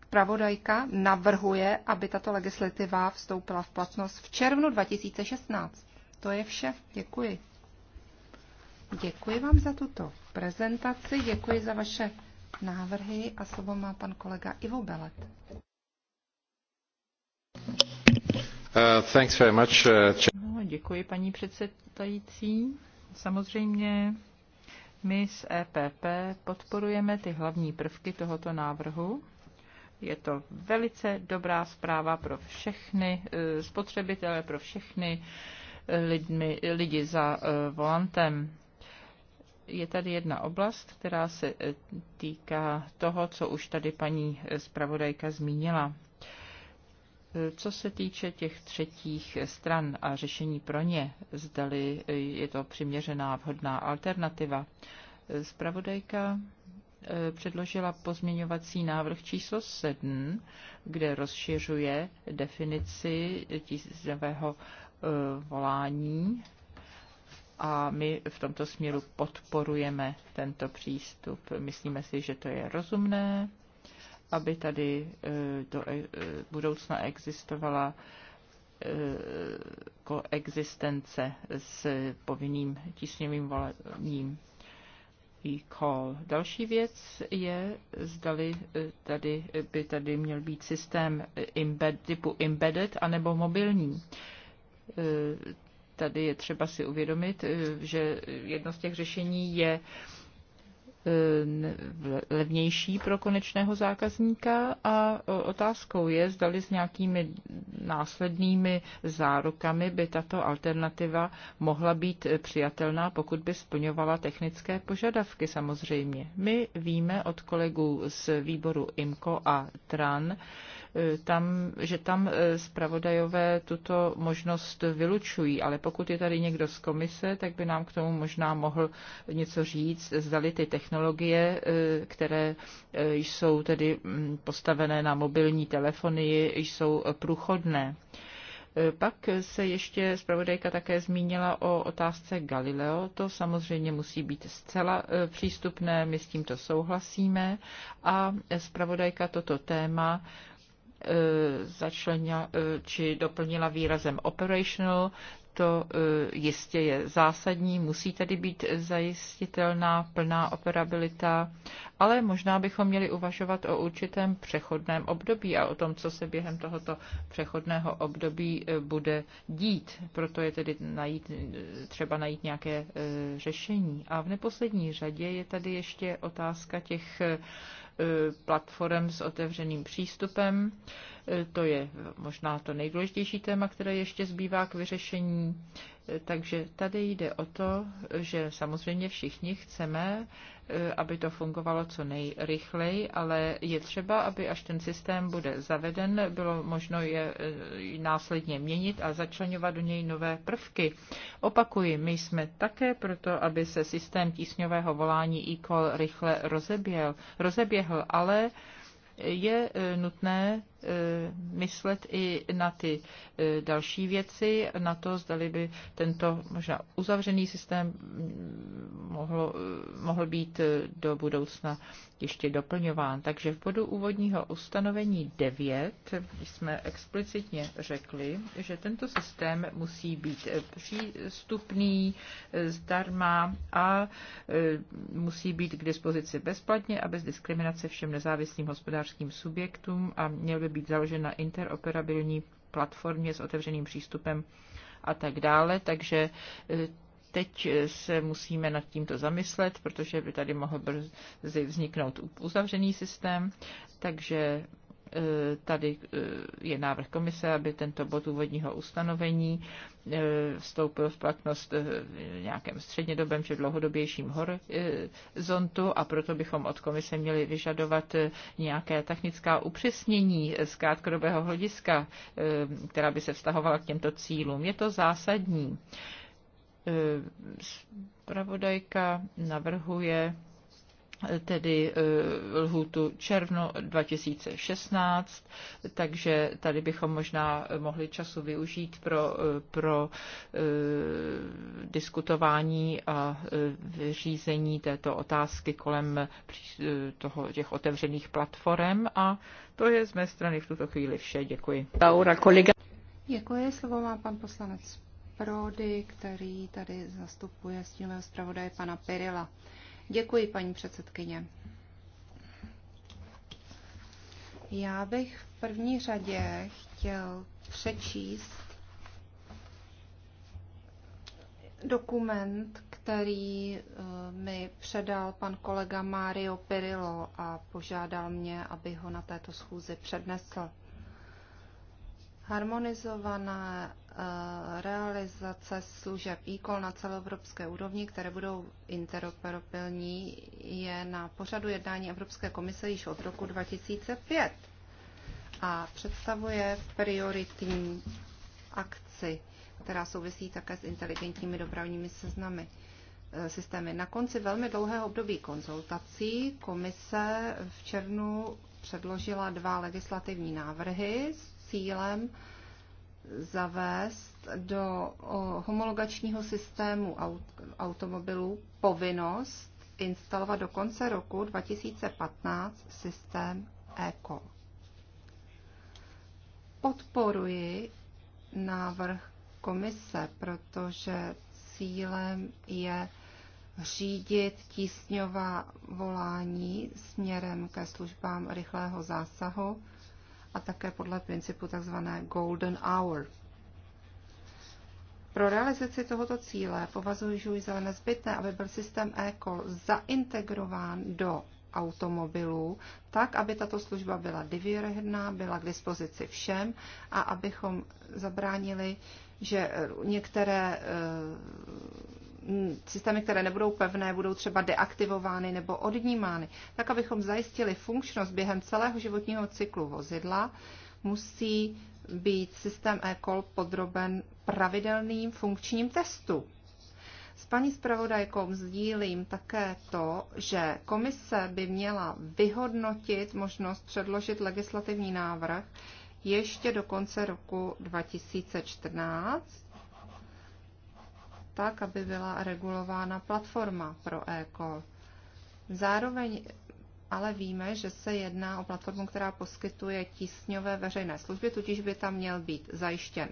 zpravodajka navrhuje, aby tato legislativa vstoupila v platnost v červnu 2016. To je vše. Děkuji. Děkuji vám za tuto prezentaci, děkuji za vaše návrhy a slovo má pan kolega Ivo Belet. Uh, thanks very much, uh, no, děkuji, paní předsedající. Samozřejmě my z EPP podporujeme ty hlavní prvky tohoto návrhu. Je to velice dobrá zpráva pro všechny e, spotřebitele, pro všechny e, lidmi, lidi za e, volantem. Je tady jedna oblast, která se týká toho, co už tady paní zpravodajka zmínila. Co se týče těch třetích stran a řešení pro ně, zdali je to přiměřená vhodná alternativa, zpravodajka eh, předložila pozměňovací návrh číslo 7, kde rozšiřuje definici tisícového eh, volání a my v tomto směru podporujeme tento přístup. Myslíme si, že to je rozumné, aby tady eh, do eh, budoucna existovala eh, koexistence s povinným tísňovým volením e-call. Další věc je, zdali tady by tady měl být systém embed, typu embedded anebo mobilní. Tady je třeba si uvědomit, že jedno z těch řešení je Eh, levnější pro konečného zákazníka a eh, otázkou je, zdali s nějakými následnými zárukami by tato alternativa mohla být eh, přijatelná, pokud by splňovala technické požadavky samozřejmě. My víme od kolegů z výboru IMCO a TRAN, Eh, tam, že tam eh, zpravodajové tuto možnost vylučují, ale pokud je tady někdo z komise, tak by nám k tomu možná mohl něco říct, zdali ty technologie, eh, které jsou tedy mm, postavené na mobilní telefony, jsou průchodné. Pak se ještě zpravodajka také zmínila o otázce Galileo. To samozřejmě musí být zcela přístupné, my s tímto souhlasíme a zpravodajka toto téma Eh, začlenila eh, či doplnila výrazem operational, to eh, jistě je zásadní, musí tedy být zajistitelná plná operabilita, ale možná bychom měli uvažovat o určitém přechodném období a o tom, co se během tohoto přechodného období bude dít. Proto je tedy najít, třeba najít nějaké řešení. A v neposlední řadě je tady ještě otázka těch platform s otevřeným přístupem. To je možná to nejdůležitější téma, které ještě zbývá k vyřešení. Takže tady jde o to, že samozřejmě všichni chceme, eh, aby to fungovalo co nejrychleji, ale je třeba, aby až ten systém bude zaveden, bylo možno je eh, následně měnit a začlenovat do něj nové prvky. Opakuji, my jsme také proto, aby se systém tísňového volání e-call rychle rozeběhl, rozeběhl ale je eh, nutné Eh, myslet i na ty eh, další věci, na to, zdali by tento možná uzavřený systém mm, mohlo, eh, mohl být do budoucna ještě doplňován. Takže v bodu úvodního ustanovení 9 jsme explicitně řekli, že tento systém musí být přístupný zdarma a musí být k dispozici bezplatně a bez diskriminace všem nezávislým hospodářským subjektům a měl by být založen na interoperabilní platformě s otevřeným přístupem a tak dále. Takže e, teď se musíme nad tímto zamyslet, protože by tady mohl brzy vzniknout uzavřený systém. Takže Eh, tady eh, je návrh komise, aby tento bod úvodního ustanovení eh, vstoupil v platnost v nějakém střednědobém či dlouhodobějším horizontu a proto bychom od komise měli vyžadovat nějaké technická upřesnění z krátkodobého hlediska, která by se vztahovala k těmto cílům. Je to zásadní. Pravodajka navrhuje tedy eh, lhůtu červnu 2016, takže tady bychom možná mohli času využít pro, eh, pro eh, diskutování a vyřízení této otázky kolem toho, těch otevřených platform a to je z mé strany v tuto chvíli vše. Děkuji. Laura, kolega. Děkuji, slovo má pan poslanec Prody, který tady zastupuje stínového zpravodaje pana Pirila. Děkuji, paní předsedkyně. Já bych v první řadě chtěl přečíst dokument, který eh, mi předal pan kolega Mario Pirillo a požádal mě, aby ho na této schůzi přednesl harmonizovaná eh, realizace služeb e-call na celoevropské úrovni, které budou interoperabilní, je na pořadu jednání Evropské komise již od roku 2005 a představuje prioritní akci, která souvisí také s inteligentními dopravními seznamy eh, systémy. Na konci velmi dlouhého období konzultací komise v červnu předložila dva legislativní návrhy s cílem zavést do homologačního systému automobilů povinnost instalovat do konce roku 2015 systém ECO. Podporuji návrh komise, protože cílem je řídit tísňová volání směrem ke službám rychlého zásahu a také podle principu tzv. golden hour. Pro realizaci tohoto cíle považuji za nezbytné, aby byl systém e-call zaintegrován do automobilů, tak, aby tato služba byla divěryhodná, byla k dispozici všem a abychom zabránili, že některé eh, Mm, systémy, které nebudou pevné, budou třeba deaktivovány nebo odnímány. Tak, abychom zajistili funkčnost během celého životního cyklu vozidla, musí být systém e-call podroben pravidelným funkčním testu. S paní zpravodajkou sdílím také to, že komise by měla vyhodnotit možnost předložit legislativní návrh ještě do konce roku 2014 tak, aby byla regulována platforma pro e-call. Zároveň ale víme, že se jedná o platformu, která poskytuje tísňové veřejné služby, tudíž by tam měl být zajištěn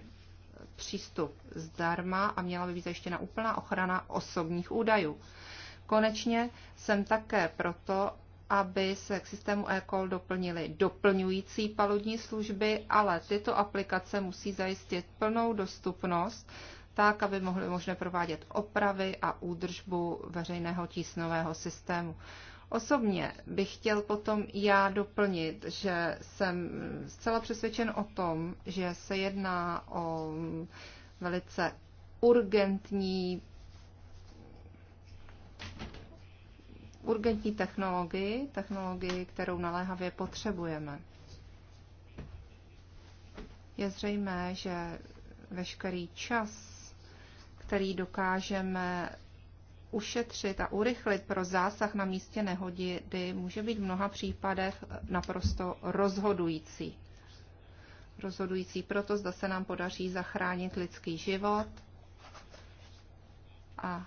přístup zdarma a měla by být zajištěna úplná ochrana osobních údajů. Konečně jsem také proto, aby se k systému e-call doplnili doplňující paludní služby, ale tyto aplikace musí zajistit plnou dostupnost tak, aby mohly možné provádět opravy a údržbu veřejného tísnového systému. Osobně bych chtěl potom já doplnit, že jsem zcela přesvědčen o tom, že se jedná o velice urgentní urgentní technologii, technologii, kterou naléhavě potřebujeme. Je zřejmé, že veškerý čas který dokážeme ušetřit a urychlit pro zásah na místě nehody, kdy může být v mnoha případech naprosto rozhodující. Rozhodující proto, zda se nám podaří zachránit lidský život a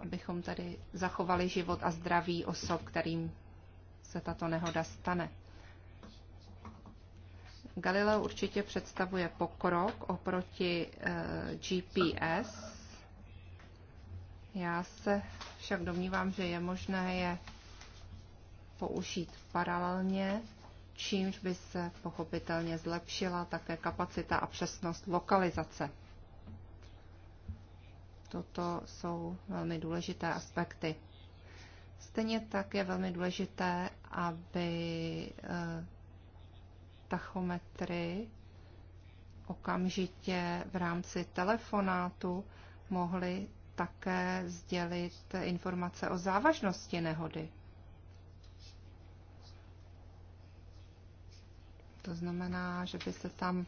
abychom tady zachovali život a zdraví osob, kterým se tato nehoda stane. Galileo určitě představuje pokrok oproti eh, GPS. Já se však domnívám, že je možné je použít paralelně, čímž by se pochopitelně zlepšila také kapacita a přesnost lokalizace. Toto jsou velmi důležité aspekty. Stejně tak je velmi důležité, aby eh, tachometry okamžitě v rámci telefonátu mohli také sdělit informace o závažnosti nehody. To znamená, že by se tam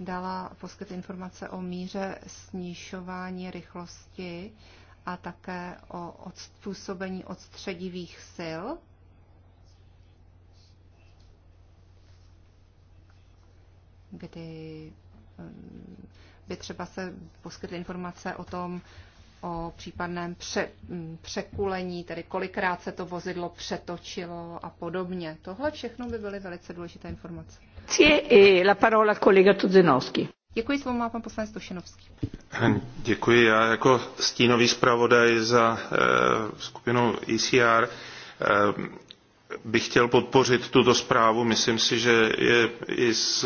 dala poskyt informace o míře snižování rychlosti a také o odpůsobení odstředivých sil kdy by třeba se poskytly informace o tom, o případném pře, překulení, tedy kolikrát se to vozidlo přetočilo a podobně. Tohle všechno by byly velice důležité informace. E la parola kolega Děkuji, slovo má pan poslanec Tošenovský. Děkuji. Já jako stínový zpravodaj za eh, skupinu ECR eh, bych chtěl podpořit tuto zprávu. Myslím si, že je i s,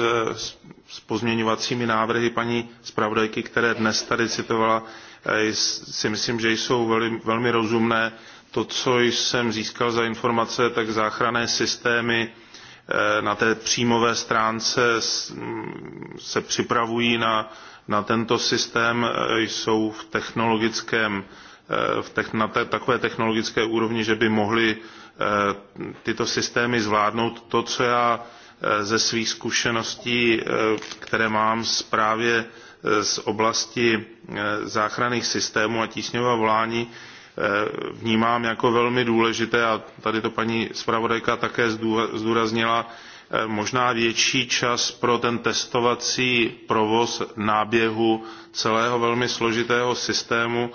s pozměňovacími návrhy paní zpravodajky, které dnes tady citovala, eh, si myslím, že jsou velmi, velmi rozumné. To, co jsem získal za informace, tak záchranné systémy eh, na té příjmové stránce mm, se připravují na, na tento systém, eh, jsou v technologickém Eh, na té, takové technologické úrovni, že by mohly eh, tyto systémy zvládnout. To, co já eh, ze svých zkušeností, které mám právě z oblasti záchranných systémů a tísňového volání, vnímám jako velmi důležité, a tady to paní zpravodajka také zdůraznila, možná větší čas pro ten testovací provoz náběhu celého velmi složitého systému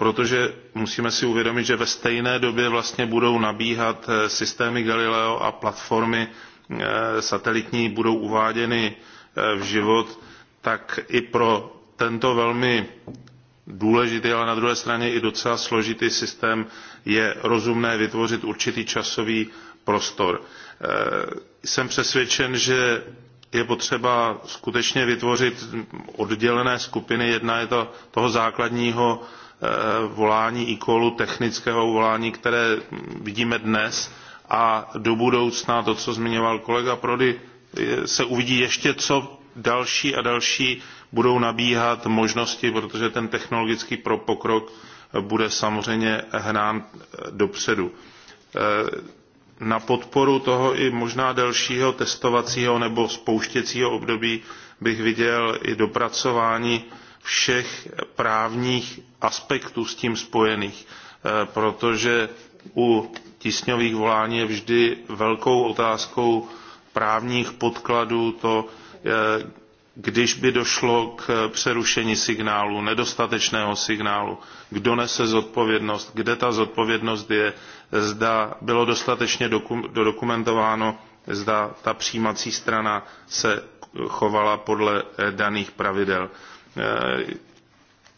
protože musíme si uvědomit, že ve stejné době vlastně budou nabíhat eh, systémy Galileo a platformy eh, satelitní budou uváděny eh, v život, tak i pro tento velmi důležitý, ale na druhé straně i docela složitý systém je rozumné vytvořit určitý časový prostor. Jsem přesvědčen, že je potřeba skutečně vytvořit oddělené skupiny. Jedna je to toho základního Eh, volání e technického volání, které vidíme dnes a do budoucna, to, co zmiňoval kolega Prodi, se uvidí ještě, co další a další budou nabíhat možnosti, protože ten technologický pokrok bude samozřejmě hnán eh, dopředu. Eh, na podporu toho i možná delšího testovacího nebo spouštěcího období bych viděl i dopracování všech právních aspektů s tím spojených, eh, protože u tísňových volání je vždy velkou otázkou právních podkladů to, eh, když by došlo k přerušení signálu, nedostatečného signálu, kdo nese zodpovědnost, kde ta zodpovědnost je, zda bylo dostatečně dokumentováno, zda ta přijímací strana se chovala podle eh, daných pravidel. Eh,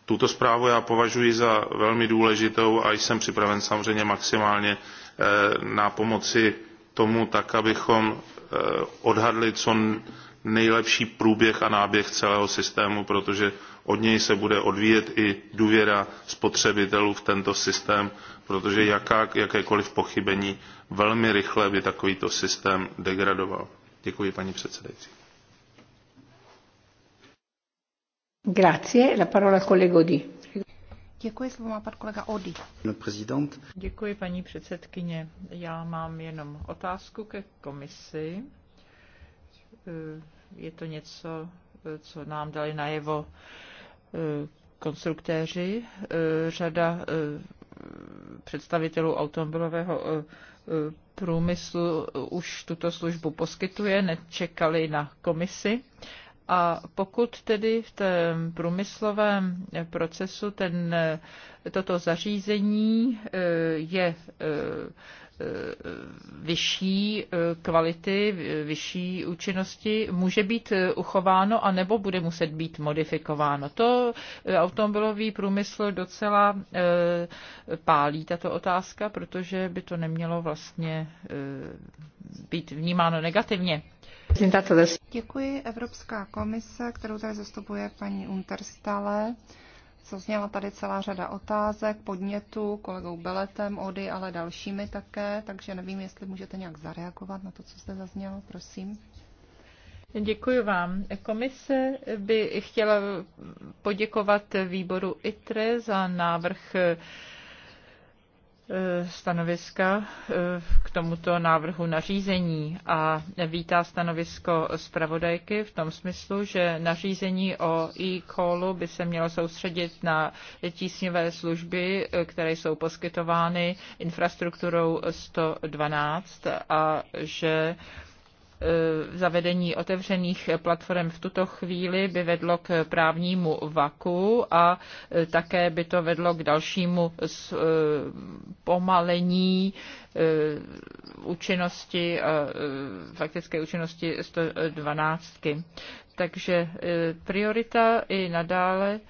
tuto zprávu já považuji za velmi důležitou a jsem připraven samozřejmě maximálně eh, na pomoci tomu, tak abychom eh, odhadli co nejlepší průběh a náběh celého systému, protože od něj se bude odvíjet i důvěra spotřebitelů v tento systém, protože jaká, jakékoliv pochybení velmi rychle by takovýto systém degradoval. Děkuji, paní předsedající. Grazie, la parola kolega Odi. Děkuji, slovo má pan kolega Odi. Děkuji, paní předsedkyně. Já mám jenom otázku ke komisi. Je to něco, co nám dali najevo eh, konstruktéři. Eh, řada eh, představitelů automobilového průmyslu už tuto službu poskytuje, nečekali na komisi a pokud tedy v tom průmyslovém procesu ten, toto zařízení eh, je eh, vyšší eh, kvality, vyšší účinnosti může být eh, uchováno a nebo bude muset být modifikováno. To eh, automobilový průmysl docela pálí tato otázka, protože by to nemělo vlastně být vnímáno negativně. Děkuji. Evropská komise, kterou tady zastupuje paní Unterstale, Zazněla tady celá řada otázek, podnětů, kolegou Beletem, Ody, ale dalšími také, takže nevím, jestli můžete nějak zareagovat na to, co zde zaznělo, prosím. Děkuji vám. Komise by chtěla poděkovat výboru ITRE za návrh Eh, stanoviska eh, k tomuto návrhu nařízení a vítá stanovisko zpravodajky v tom smyslu, že nařízení o e-callu by se mělo soustředit na tísňové služby, eh, které jsou poskytovány infrastrukturou 112 a že Eh, zavedení otevřených platform v tuto chvíli by vedlo k právnímu vaku a eh, také by to vedlo k dalšímu eh, pomalení účinnosti, faktické účinnosti 112. Takže priorita i nadále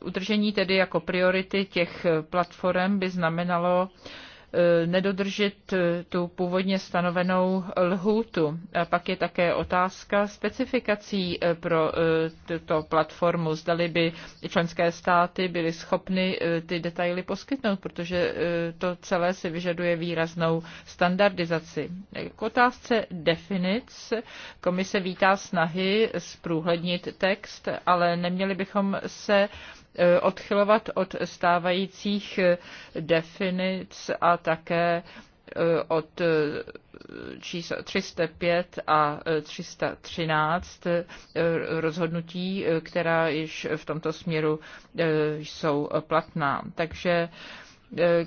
udržení tedy jako priority těch platform by znamenalo Eh, nedodržet eh, tu původně stanovenou lhůtu. A pak je také otázka specifikací eh, pro tuto platformu. Zdali by členské státy byly schopny ty detaily poskytnout, protože to celé si vyžaduje výraznou standardizaci. K otázce definic komise vítá snahy zprůhlednit text, ale neměli bychom se Eh, odchylovat od stávajících eh, definic a také eh, od číslo 305 a 313 rozhodnutí, která již v tomto směru jsou platná. Takže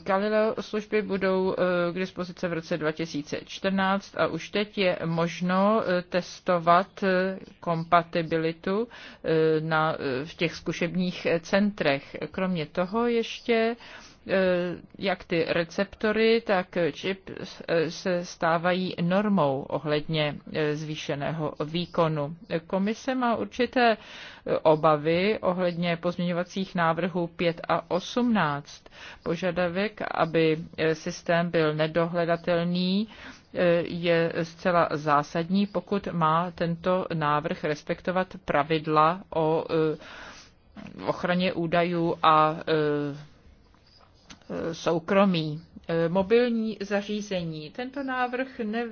Galileo eh, služby budou eh, k dispozici v roce 2014 a už teď je možno eh, testovat kompatibilitu na, v těch zkušebních centrech. Kromě toho ještě Eh, jak ty receptory, tak čip eh, se stávají normou ohledně eh, zvýšeného výkonu. Komise má určité obavy ohledně pozměňovacích návrhů 5 a 18. Požadavek, aby systém byl nedohledatelný, je zcela zásadní, pokud má tento návrh respektovat pravidla o ochraně údajů a soukromí. E, mobilní zařízení. Tento návrh ne,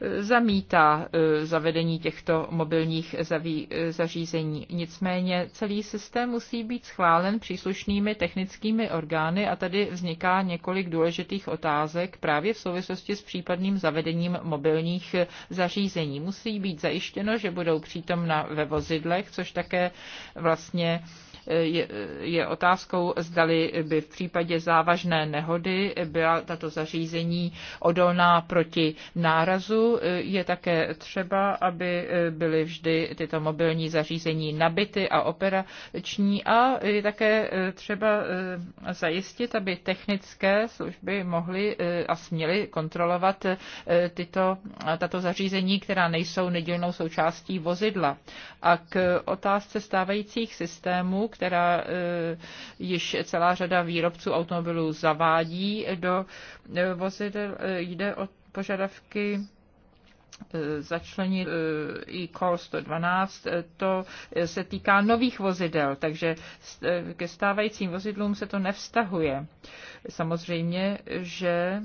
e, zamítá e, zavedení těchto mobilních zaví, zařízení. Nicméně celý systém musí být schválen příslušnými technickými orgány a tady vzniká několik důležitých otázek právě v souvislosti s případným zavedením mobilních zařízení. Musí být zajištěno, že budou přítomna ve vozidlech, což také vlastně je, je otázkou, zdali by v případě závažné nehody byla tato zařízení odolná proti nárazu. Je také třeba, aby byly vždy tyto mobilní zařízení nabity a operační a je také eh, třeba eh, zajistit, aby technické služby mohly eh, a směly kontrolovat tyto, tato zařízení, která nejsou nedělnou součástí vozidla. A k otázce stávajících systémů, která eh, již celá řada výrobců automobilů zavádí do eh, vozidel. Eh, jde o požadavky začlenit e-call 112, to se týká nových vozidel, takže ke stávajícím vozidlům se to nevztahuje. Samozřejmě, že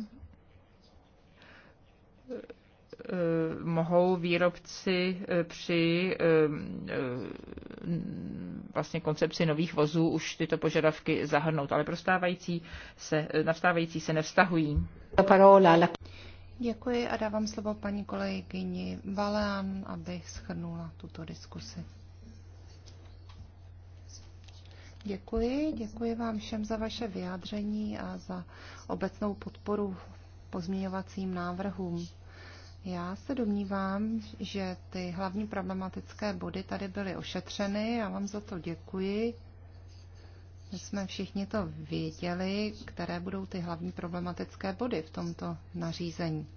Eh, mohou výrobci eh, při eh, vlastně koncepci nových vozů už tyto požadavky zahrnout, ale prostávající se, navstávající se nevztahují. Děkuji a dávám slovo paní kolegyni Balean, aby schrnula tuto diskusi. Děkuji, děkuji vám všem za vaše vyjádření a za obecnou podporu pozměňovacím návrhům. Já se domnívám, že ty hlavní problematické body tady byly ošetřeny. Já vám za to děkuji. My jsme všichni to věděli, které budou ty hlavní problematické body v tomto nařízení.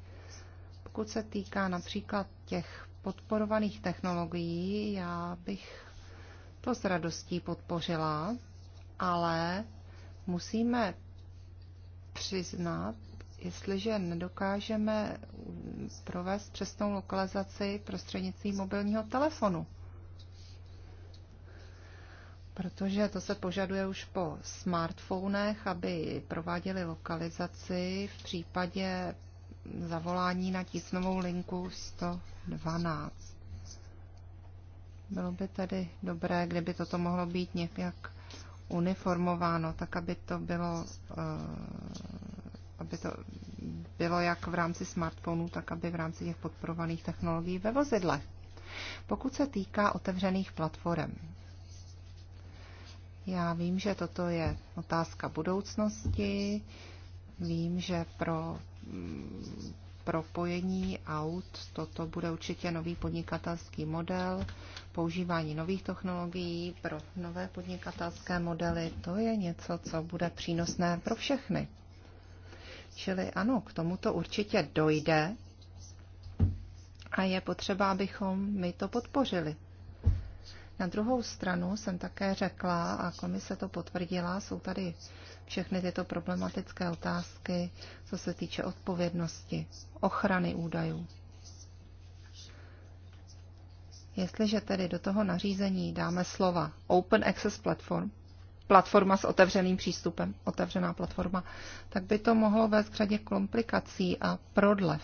Pokud se týká například těch podporovaných technologií, já bych to s radostí podpořila, ale musíme přiznat, jestliže nedokážeme provést přesnou lokalizaci prostřednictvím mobilního telefonu. Protože to se požaduje už po smartfonech, aby prováděli lokalizaci v případě zavolání na tísnovou linku 112. Bylo by tedy dobré, kdyby toto mohlo být nějak uniformováno, tak aby to bylo uh, aby to bylo jak v rámci smartphonů, tak aby v rámci těch podporovaných technologií ve vozidlech. Pokud se týká otevřených platform, já vím, že toto je otázka budoucnosti, vím, že pro mm, propojení aut toto bude určitě nový podnikatelský model, používání nových technologií pro nové podnikatelské modely, to je něco, co bude přínosné pro všechny. Čili ano, k tomuto určitě dojde a je potřeba, abychom my to podpořili. Na druhou stranu jsem také řekla, a komise to potvrdila, jsou tady všechny tyto problematické otázky, co se týče odpovědnosti, ochrany údajů. Jestliže tedy do toho nařízení dáme slova Open Access Platform, platforma s otevřeným přístupem, otevřená platforma, tak by to mohlo vést k řadě komplikací a prodlev.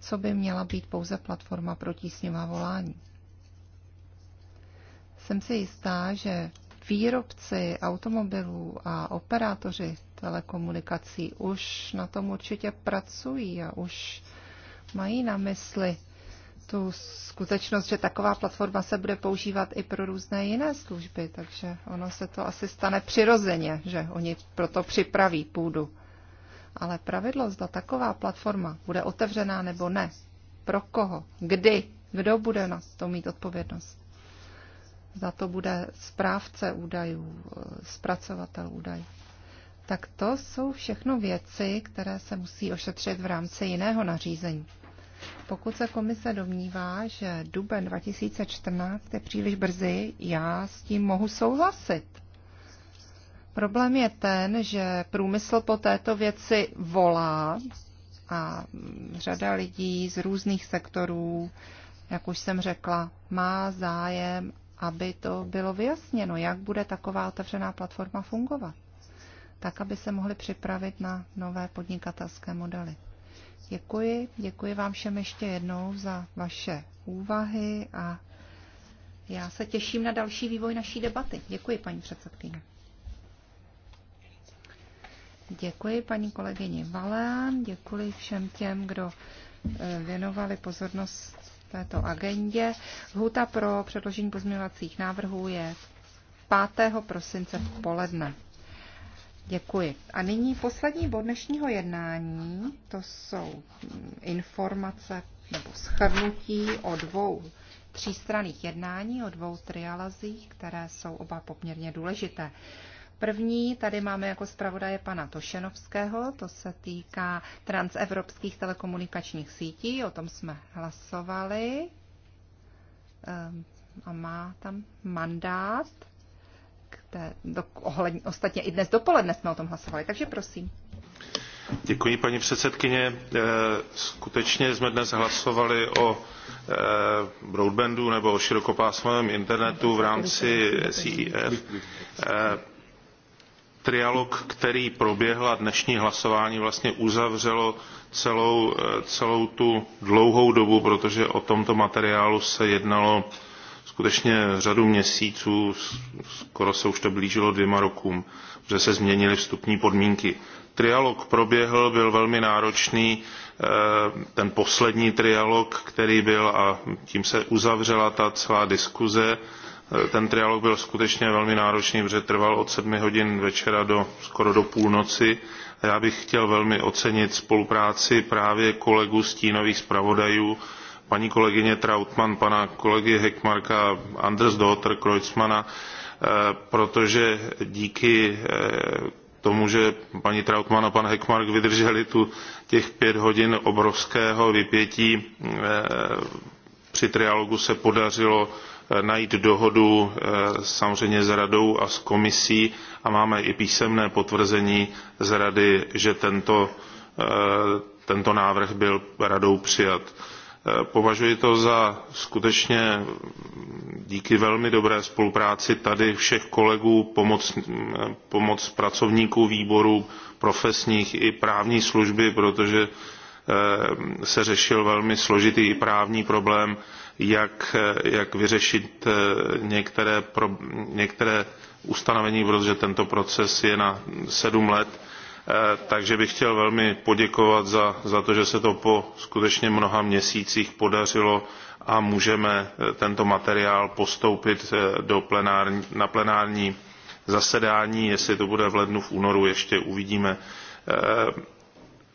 Co by měla být pouze platforma pro tísňová volání? Jsem si jistá, že výrobci automobilů a operátoři telekomunikací už na tom určitě pracují a už mají na mysli tu skutečnost, že taková platforma se bude používat i pro různé jiné služby, takže ono se to asi stane přirozeně, že oni proto připraví půdu. Ale pravidlo, zda taková platforma bude otevřená nebo ne, pro koho, kdy, kdo bude na to mít odpovědnost. za to bude správce údajů, eh, zpracovatel údajů. Tak to jsou všechno věci, které se musí ošetřit v rámci jiného nařízení. Pokud se komise domnívá, že duben 2014 je příliš brzy, já s tím mohu souhlasit. Problém je ten, že průmysl po této věci volá a řada lidí z různých sektorů, jak už jsem řekla, má zájem, aby to bylo vyjasněno, jak bude taková otevřená platforma fungovat, tak aby se mohli připravit na nové podnikatelské modely. Děkuji, děkuji vám všem ještě jednou za vaše úvahy a já se těším na další vývoj naší debaty. Děkuji, paní předsedkyně. Děkuji paní kolegyni Valán, děkuji všem těm, kdo eh, věnovali pozornost této agendě. Hůta pro předložení pozměňovacích návrhů je 5. prosince v poledne. Děkuji. A nyní poslední bod dnešního jednání, to jsou informace nebo schrnutí o dvou třístranných jednání, o dvou trialazích, které jsou oba poměrně důležité. První tady máme jako zpravodaje pana Tošenovského, to se týká transevropských telekomunikačních sítí, o tom jsme hlasovali ehm, a má tam mandát té, do, ohledně, ostatně i dnes dopoledne jsme o tom hlasovali, takže prosím. Děkuji, paní předsedkyně. Eh, skutečně jsme dnes hlasovali o eh, broadbandu nebo o širokopásmovém internetu v rámci CIF. Eh, trialog, který proběhl a dnešní hlasování vlastně uzavřelo celou, celou tu dlouhou dobu, protože o tomto materiálu se jednalo skutečně řadu měsíců, skoro se už to blížilo dvěma rokům, že se změnily vstupní podmínky. Trialog proběhl, byl velmi náročný, eh, ten poslední trialog, který byl a tím se uzavřela ta celá diskuze, eh, ten trialog byl skutečně velmi náročný, protože trval od sedmi hodin večera do skoro do půlnoci. A já bych chtěl velmi ocenit spolupráci právě kolegů stínových zpravodajů, paní kolegyně Trautmann, pana kolegy Heckmarka, Anders creutzmanna eh, protože díky eh, tomu, že paní Trautmann a pan Heckmark vydrželi tu těch pět hodin obrovského vypětí, eh, při trialogu se podařilo najít dohodu samozřejmě s radou a s komisí a máme i písemné potvrzení z rady, že tento, tento návrh byl radou přijat Eh, považuji to za skutečně díky velmi dobré spolupráci tady všech kolegů pomoc, pomoc pracovníků výboru profesních i právní služby protože eh, se řešil velmi složitý i právní problém jak, eh, jak vyřešit některé, pro, některé ustanovení protože tento proces je na sedm let Eh, takže bych chtěl velmi poděkovat za, za to že se to po skutečně mnoha měsících podařilo a můžeme eh, tento materiál postoupit eh, plenární, na plenární zasedání jestli to bude v lednu v únoru ještě uvidíme.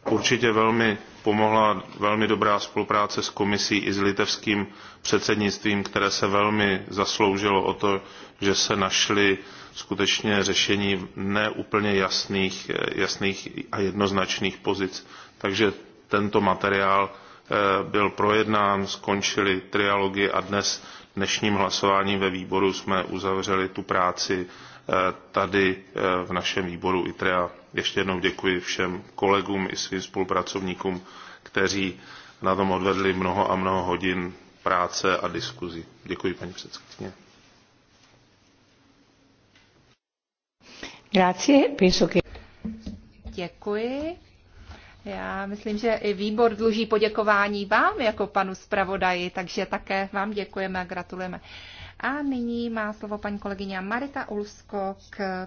určitě velmi pomohla velmi dobrá spolupráce s komisí i s litevským předsednictvím které se velmi zasloužilo o to že se našly skutečně řešení neúplně jasných, jasných a jednoznačných pozic. Takže tento materiál eh, byl projednán, skončili trialogy a dnes dnešním hlasováním ve výboru jsme uzavřeli tu práci eh, tady eh, v našem výboru ITREA. Ještě jednou děkuji všem kolegům i svým spolupracovníkům, kteří na tom odvedli mnoho a mnoho hodin práce a diskuzi. Děkuji, paní předsedkyně. Grazie, penso che... Děkuji. Já myslím, že i výbor dluží poděkování vám jako panu zpravodaji, takže také vám děkujeme a gratulujeme. A nyní má slovo paní kolegyně Marita Ulskok,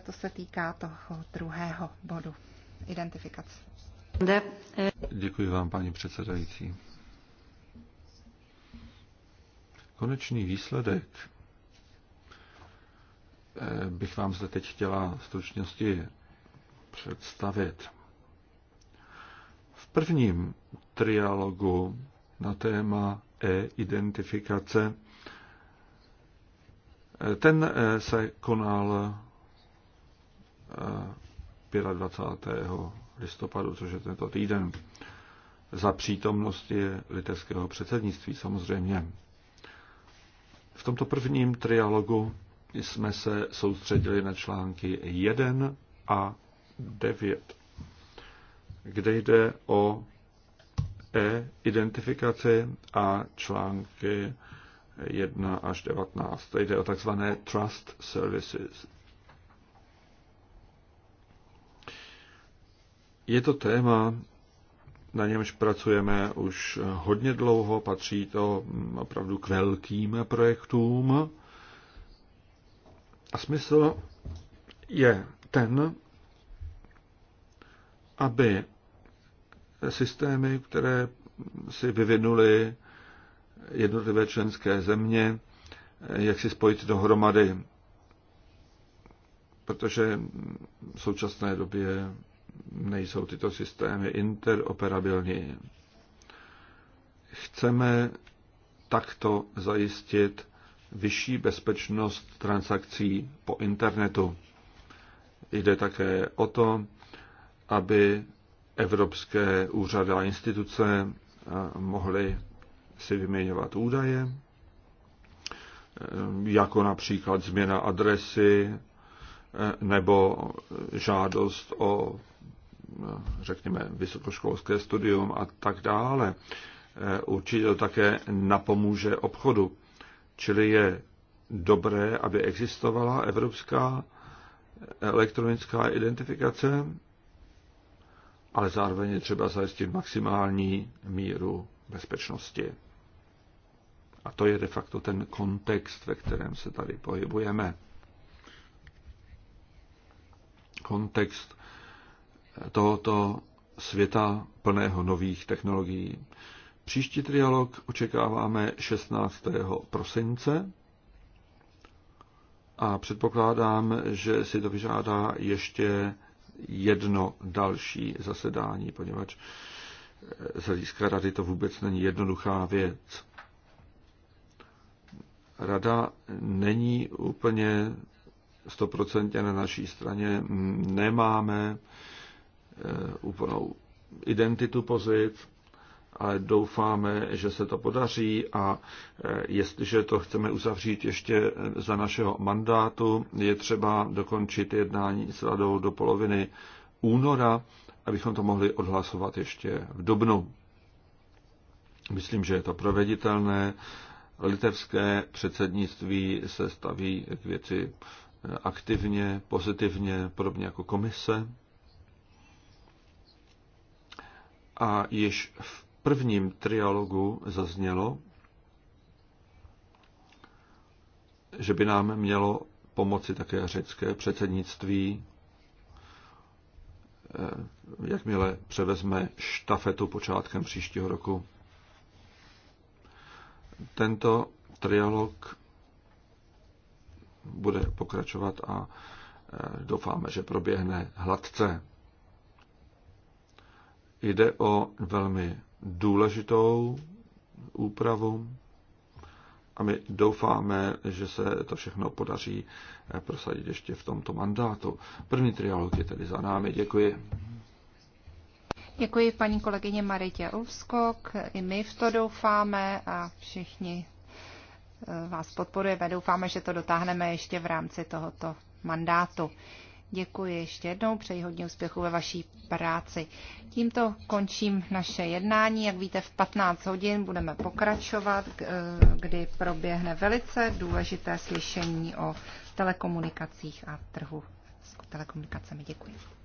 to se týká toho druhého bodu identifikace. Eh, Děkuji vám, paní předsedající. Konečný výsledek Eh, bych vám zde teď chtěla v stručnosti představit. V prvním trialogu na téma e-identifikace eh, ten eh, se konal 25. listopadu, což je tento týden, za přítomnosti litevského předsednictví samozřejmě. V tomto prvním trialogu jsme se soustředili na články 1 a 9, kde jde o e-identifikaci a články 1 až 19. To jde o takzvané trust services. Je to téma, na němž pracujeme už hodně dlouho, patří to opravdu k velkým projektům a smysl je ten, aby systémy, které si vyvinuly jednotlivé členské země, jak si spojit dohromady. Protože v současné době nejsou tyto systémy interoperabilní. Chceme takto zajistit vyšší bezpečnost transakcí po internetu. Jde také o to, aby evropské úřady a instituce eh, mohly si vyměňovat údaje, eh, jako například změna adresy eh, nebo žádost o, řekněme, vysokoškolské studium a tak dále. Určitě to také napomůže obchodu. Čili je dobré, aby existovala evropská elektronická identifikace, ale zároveň je třeba zajistit maximální míru bezpečnosti. A to je de facto ten kontext, ve kterém se tady pohybujeme. Kontext tohoto světa plného nových technologií. Příští trialog očekáváme 16. prosince a předpokládám, že si to vyžádá ještě jedno další zasedání, poněvadž eh, z hlediska rady to vůbec není jednoduchá věc. Rada není úplně stoprocentně na naší straně, nemáme eh, úplnou identitu pozic, ale doufáme, že se to podaří a e, jestliže to chceme uzavřít ještě e, za našeho mandátu, je třeba dokončit jednání s radou do poloviny února, abychom to mohli odhlasovat ještě v dubnu. Myslím, že je to proveditelné. Litevské předsednictví se staví k věci e, aktivně, pozitivně, podobně jako komise. A již v prvním trialogu zaznělo, že by nám mělo pomoci také řecké předsednictví, eh, jakmile převezme štafetu počátkem příštího roku. Tento trialog bude pokračovat a eh, doufáme, že proběhne hladce. Jde o velmi důležitou úpravu a my doufáme, že se to všechno podaří eh, prosadit ještě v tomto mandátu. První trialog je tedy za námi. Děkuji. Děkuji paní kolegyně Maritě Uvskok. I my v to doufáme a všichni eh, vás podporujeme. Doufáme, že to dotáhneme ještě v rámci tohoto mandátu. Děkuji ještě jednou, přeji hodně úspěchu ve vaší práci. Tímto končím naše jednání. Jak víte, v 15 hodin budeme pokračovat, eh, kdy proběhne velice důležité slyšení o telekomunikacích a trhu s telekomunikacemi. Děkuji.